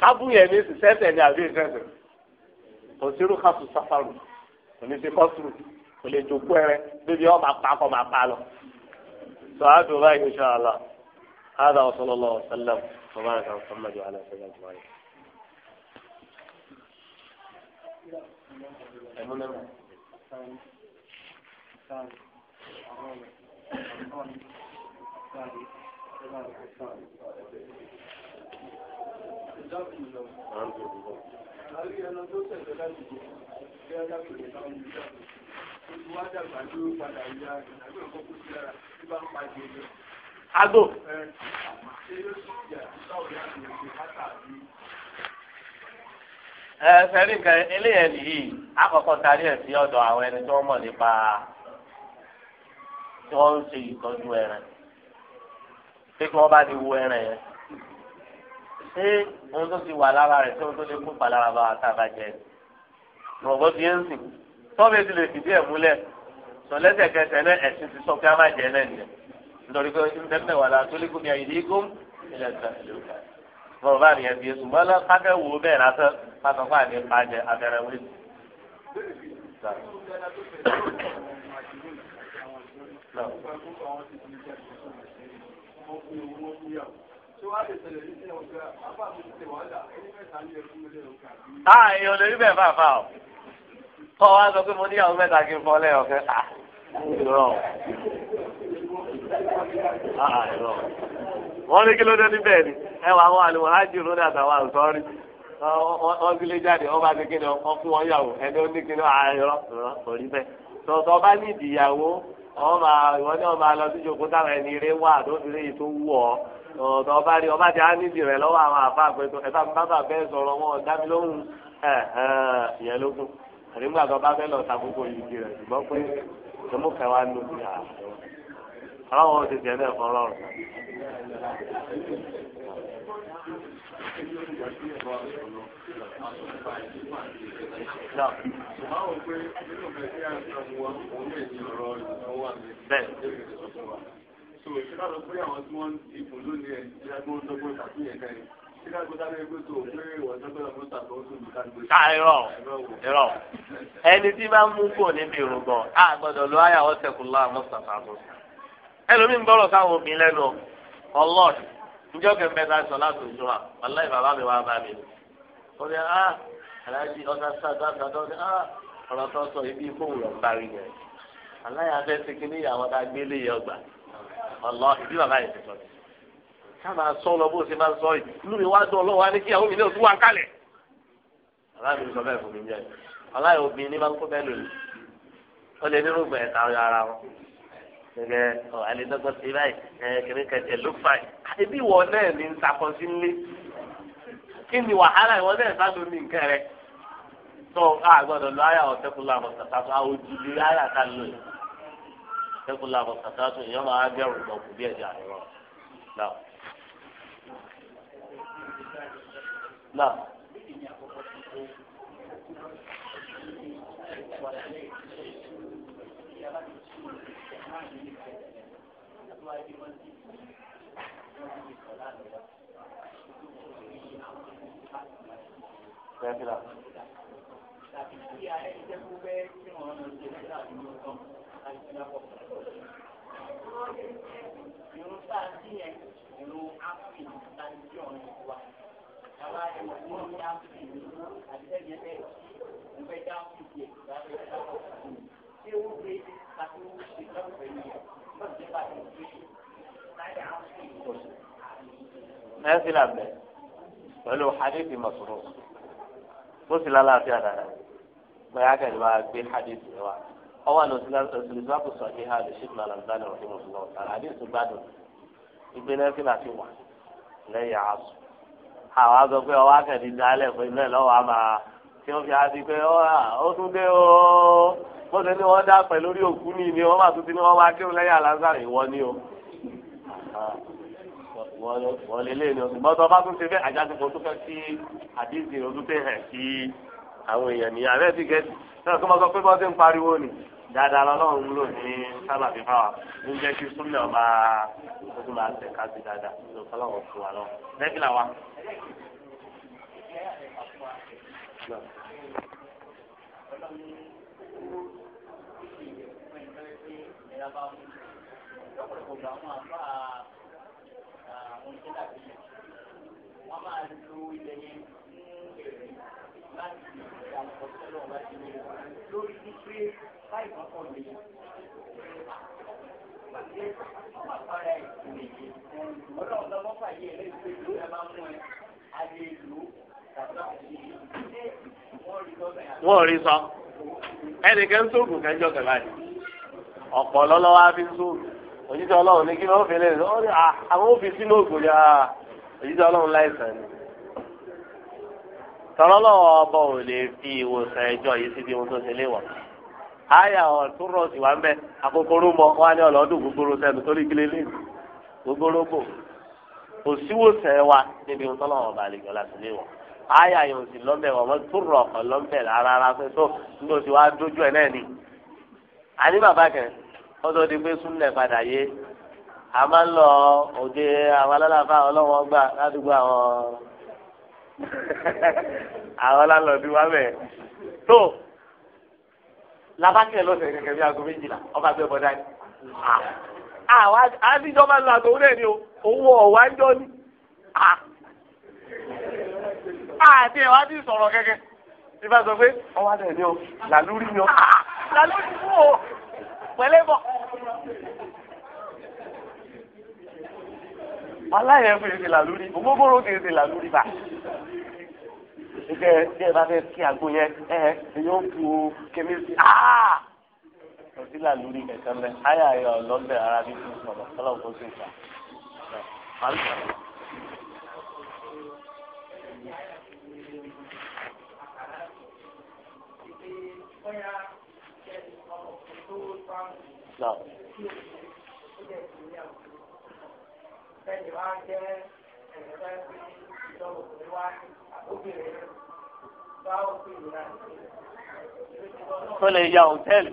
kábù yẹn ní sẹ́sẹ̀ ní àbí ìsẹ́sẹ̀ kò sírú káfù sáfàrù kò ní sí kọ́sùrù kò lè jòkó ẹrẹ bíbí ọ máa pa kọ́ máa pa lọ. sọ àdùn báyìí insha Allah hàdà ọ̀sán lọ́wọ́ sẹ́lẹ̀m ọba nǹkan sọ́mọ́jú alẹ́ sẹ́lẹ̀m báyìí. ẹ̀mú mẹ́mọ́. Thank you. Agbo. Ẹ sẹ́rí nǹkan eléyẹ̀ nìyí, àkọ́kọ́ tarí ẹ̀ sí ọ̀dọ̀ àwọn ẹni tí wọ́n mọ̀ nípa tí wọ́n ń ṣe ìtọ́jú ẹran. Pé kí wọ́n bá ti wo ẹran yẹn ṣé ohun tó ti wà lára rẹ̀ ṣé ohun tó lè kó palára bá wa tá a bá jẹ rọ̀bọ̀ ti ń sìn tọ́bẹ̀ ti lè fìdí ẹ̀ múlẹ̀ sọ̀lẹ́sẹ̀kẹsẹ̀ náà ẹ̀sìn ti sọ pé a má jẹ náà nìyẹn nítorí pé ìfẹ́fẹ́ wà lára tó lé gómìnà yìí dé góm ilẹ̀ ìgbà bọ́ọ̀ bá nìyẹn fi èsùn bọ́lá kákẹ́ wò bẹ́ẹ̀ lásán pátá fún àdé pàjẹ abẹ́rẹ́ wí. No a ah, èèyàn lórí bẹ́ẹ̀ bá fa o kọ́ wa sọ pé mo níyàwó mẹ́ta kí n fọ́ lẹ́yìn ọ̀fẹ́ ah, ah, wọ́n ní kí ló dé níbẹ̀ ni ẹ wà wọ́n àlùwọ̀ láti ìrún ní àtàwọn àǹsọ́rí wọ́n sílé jáde wọ́n bá ti kí ni wọ́n fún wọn yàwó ẹni ó ní kí ni à kò rí bẹ́ẹ̀ tọ̀tọ̀ bá ní ìdìyàwó ìwọ́n náà máa lọ ìjókòó táwọn ẹni eré wà tó fi léyìí tó wù ọ́ tọ̀tọ̀ ọba rí ọba ti á nídìí rẹ̀ lọ́wọ́ àwọn àfa àgbẹ̀tọ̀ ẹ̀fà bàbà bẹ́ẹ̀ sọ̀rọ̀ wọn ọ̀dá mi lóhùn ìyẹn lógún àdéhùn àgbà bá fẹ́ lọ ta ìdí rẹ̀ ṣùgbọ́n pé tòmú kẹwa ń lò sí àwọn òṣèṣì ẹ̀ náà fọ́nrọ́ Bẹ́ẹ̀ so ìṣẹ́lá lọ pé àwọn tí wọ́n ipò lónìí ẹ̀ ṣe agbóhùn tó gbọ́n tàbí ẹ̀ka ẹ̀ ṣe lágbo dáná ẹgbẹ́ tó pé ìwọ̀n tó gbọ́dọ̀ mú tàbí ó tún lù ká gbé. ká irọ́ irọ́ ẹni tí bá mú kò níbi ìrùngbọ̀n á gbọ́dọ̀ lọ àyà ọ̀sẹ̀ kù lọ́ àwọn sàfàbọ̀. ẹlòmíì ń bọ̀rọ̀ sáwọn obìnrin lẹ́nu ọlọ́ọ̀d njọ́ kẹfẹ́ ta sọ láti ojú wa wàláì bàbá mi wá bá mi. ó ní á aláàjì ọ̀sà sàdó àtàdọ́ ní á ọ̀rọ̀ tó sọ ibi ìfowópamọ́ parí yẹn. aláyà fẹ́ ti ìyàwó ta gbélé yẹn ọlọ ìdí bàbá yìí ti sọ ni ká máa sọ lọ bó ṣe máa sọ yìí inú mi wá dùn ọlọ́wọ́ ní kíyàwó mi náà tún wá kálẹ̀ ọlá mi sọ bẹ́ẹ̀ fún mi jẹ ọlá yìí obìnrin máa ń kó bẹ́ẹ̀ lòlù ó lè nínú gbẹ̀ ẹ̀ka ara wọn gẹ́gẹ́ ọ alẹ́dọ́gbọ́n ti báyìí ẹ̀ kìnìún kẹ̀kẹ́ ló fà yìí àbí ìwọ náà ní nsàkọsí ńlé kí ni wàhálà ìwọ náà sádùn ní nǹkan rẹ tó a gbọ́dọ̀ lọ àyà ọ̀tẹ́kùnlá mọ̀ kẹ́kọ̀ọ́ làbọ̀ kàtàtù ìyá máa bẹ̀rù lọ́kù bí ẹ̀jẹ̀ àìrọ̀ náà ìrún tá a dín yẹn ìrún áfì tá a dín ọ̀run wa àwa ìrún nẹ́ẹ̀sì làbẹ̀ pẹ̀lú hadith masoro ó sì lálàáfíà dáadáa gbẹ̀yà kẹ́lẹ́ wa gbé hadith wa ọwọ́ àná òṣèlú àkùsọ̀ ìhà àdìsíkù làlàbàlẹ̀ ọ̀hìn ọ̀sùn náà tààrà àdìsù gbádùn ìgbéná fìlà ti wà lẹ́yìn àásù. àwọn àgọ pé ọwọ́ akẹ́ni dálẹ̀ fún ilé lọ́wọ́ àmà tí wọ́n fi adi pé ó tún dé o bó ṣe ní wọ́n dá pẹ̀ lórí òkú ni ni wọ́n máa tún ti ní wọ́n máa kírun lẹ́yìn àlázàrì ìwọ ni o. wọ́n lé lé ní oṣù mọ́tò ọba tún ṣe fẹ́ àjàdùkọ̀ tó fẹ́ kí àwọn èèyàn ní abẹ́ ti gẹ̀ẹ́sì náà kó máa sọ pé bọ́sẹ̀ ń pariwo ni dáadáa lọ́lọ́run ń lò ní sábàbí fáwa ló ń jẹ́ kí súnmọ́ ọba tó tún máa tẹ̀ka sí dáadáa ló fọlọ́wọ́ fún wa lọ. lẹ́bìlà wa. Wọ́n máa lo ọlọ́run bá ti ní lórí pípé láìpẹ́ wọ́n rí lọ́bẹ̀ àti. Wọ́n sóògùn kẹjọ kẹlá yìí. Ọ̀pọ̀ lọ́lọ́wọ́ á fi sóògùn. Òjíṣẹ́ ọlọ́run ní kí fi lè rí. Ah, àwọn òfin sínú yà. Ah, ọlọ́run láìsàn ni. tọ́lọ́ lọ́wọ́ ọba ò lè fi ìwòsàn ẹjọ́ yìí síbi ohun tó ṣe léwọ̀. àyà ọ̀tún rọ̀ sí wa ń bẹ́ akókóró mọ wá ní ọlọ́dún gbogbooro sẹ́nu torí kílé ní gbogbooro bò kò síwòsàn wa níbi ohun tọ́lọ́ ọba àlejò láti léwọ̀. àyà yòó sì lọ́mbẹ̀ wọ́n tún rọ̀ ọ̀kan lọ́mbẹ̀ rárá pé tó ní oṣù wa dójú ẹ̀ náà ni. àní bàbá kẹ ọdọ di pé súnlẹ̀ padà yé a máa ń lọ òde àwọn alálàfà ọlọ́wọ́n gbà ládùúgbò àwọn lálọ́ọ̀dù wa bẹ̀ tó labakẹ́ lọ́sẹ̀ kẹ̀kẹ́ bí aago méjìlá ọba bẹ́ẹ̀ bọ́dá ni àwa àdìjọba ńlá tó rẹ̀ ni o owó ọ̀wá ń jọ ni àti ẹ̀wá ti sọ̀rọ̀ kẹ́kẹ́ ìfà sọ pé ọwọ́ àdẹ̀ ni o làlúrí ni o làlúrí fún o pẹ̀lẹ́ bọ̀. aláyẹ̀ fún èsì làlúrí ògbógbóró kì í ṣe làlúrí bá ìgbẹ́ ẹ̀ bá fẹ́ kí àgbo yẹn ẹ̀ ẹ̀ yóò bu kémi sí aa ah! òsílà lórí kẹ̀kẹ́ mẹ́ ayé ayé ọ̀lọ́bẹ̀ ara bí fún sọ̀rọ̀ kọ́lọ́ kó sì fà. No tó lè ya hòtẹ́ẹ̀lì.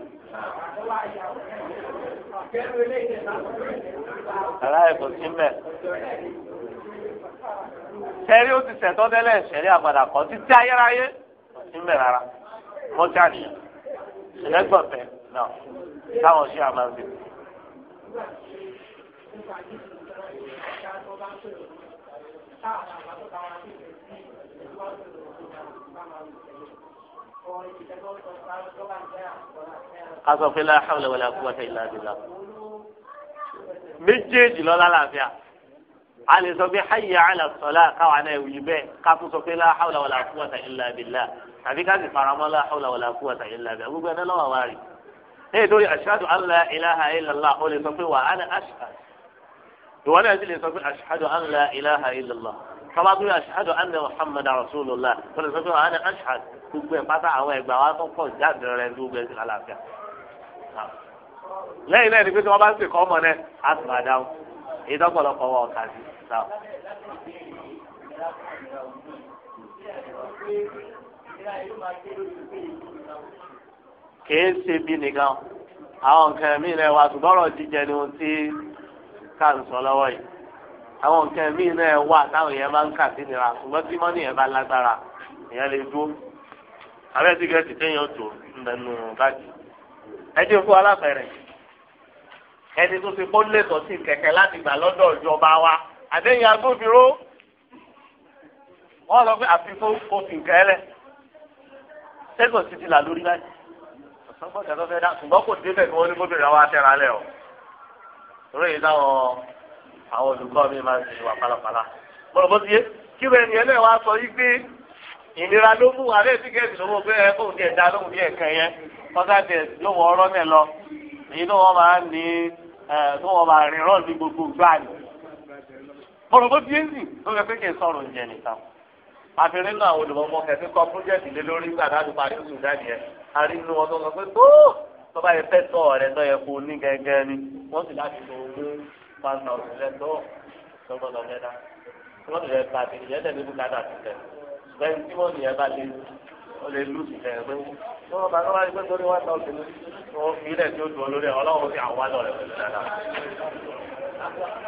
Àrà ẹ̀kọ́ sí mẹ́. Sẹ́rí ó ti sẹ̀tọ́ tẹ́lẹ̀ sẹ́rí àgbàdà kan títí ayérayé kò sí mẹ́ rárá. Wọ́n ti àníyàn. Ìrẹ́gbọ̀fẹ́ náà táwọn ṣe àmà ń bè. Thank you asọ̀fin la hawla wala quwwata illa billah méjèèjì lọ́la làáfíà a lè sọ pé hayya ala salat káwa náà wí bẹ́ẹ̀ ká tún sọ pé la hawla wala quwwata illa billah tàbí ká sì faramọ́ la hawla wala quwwata illa billah gbogbo ẹni lọ́wọ́ wa rí ẹ lórí ashhadu an la ilaha illallah o lè sọ pé wa ana ashhadu ìwọ náà sì lè sọ pé ashhadu an la ilaha illallah kaba tó yà ashhadu anna muhammadu rasulullah kọlẹ sọ pé wà á ní ashhadu gbogbo ẹ pátá àwọn ẹgbẹ àwọn akọkọ jáde rẹ gbogbo ẹ lálàáfíà lẹ́yìn náà ni pé tí wọn bá ń pè kọ ọmọ náà á sì máa dáhùn èyí wọn ọkà sí kìí ṣe bí nìkan àwọn nǹkan mìíràn wà ṣùgbọ́n ọ̀rọ̀ jíjẹ ni ohun tí ká ń sọ lọ́wọ́ yìí àwọn nǹkan míì náà wà táwọn èèyàn máa ń kà sí nira ṣùgbọ́n tí mọ́nì yẹn bá lágbára èèyàn lè dúró abẹ́ sìgẹ́tì téèyàn tó nínú báàgì ẹ jẹ́ fún alábẹ̀rẹ̀ ẹni tó ti kó lẹ́tọ̀ọ́ sí kẹ̀kẹ́ láti gbà lọ́dọ̀ ìjọba wa àdéhùn agbófinró wọ́n lọ pé àfikún òfin kẹ́lẹ̀ sẹ́gọ̀ ti ti là lórí báyìí ọ̀sán gbọ́dọ̀ lọ́fẹ́ dá ṣùgbọ́n kò débẹ̀ kí wọ́n ní gómìnà wa tẹ́ra lẹ̀ ọ́ àwọn olùkọ́ mi máa ń ṣe wà pálapàla. bọ́lá bó ti yé kí wẹ́n yẹn lẹ́wọ̀ aṣọ yìí gbé ìnira ló mú àbẹ́ tíkẹ́ẹ̀tì lówó pé ẹ kóun tiẹ̀ lóhùn bí ẹ̀kan yẹn kọ́sá tiẹ̀ wọ ọ̀rọ̀ náà lọ èyí tó wọ́n máa ń ní tó wọ́n máa rìn rọ́ọ̀ ní gbogbo gbà ní. bọ́lá bó ti yé sì ló fẹ́ kí n sọ̀rọ̀ ìjẹ nìkan. àfihàn rí inú wọn tó one thousand lẹ́tọ́ lọ́gbọ́n lọ mẹ́ta wọ́n ba àtẹnìyẹ tẹ̀lé bí kádà ti tẹ̀ bẹ́ẹ̀ tí wọ́n nìyẹn bá lé wọ́n lè lù sílẹ̀ pé wọ́n bá lọ́wọ́ ẹgbẹ́ torí one thousand wọ́n fi ilẹ̀ tí ó dùn ọ lórí ọlọ́run ti àwọn alọ́ rẹ̀ pẹ̀lú dáadáa.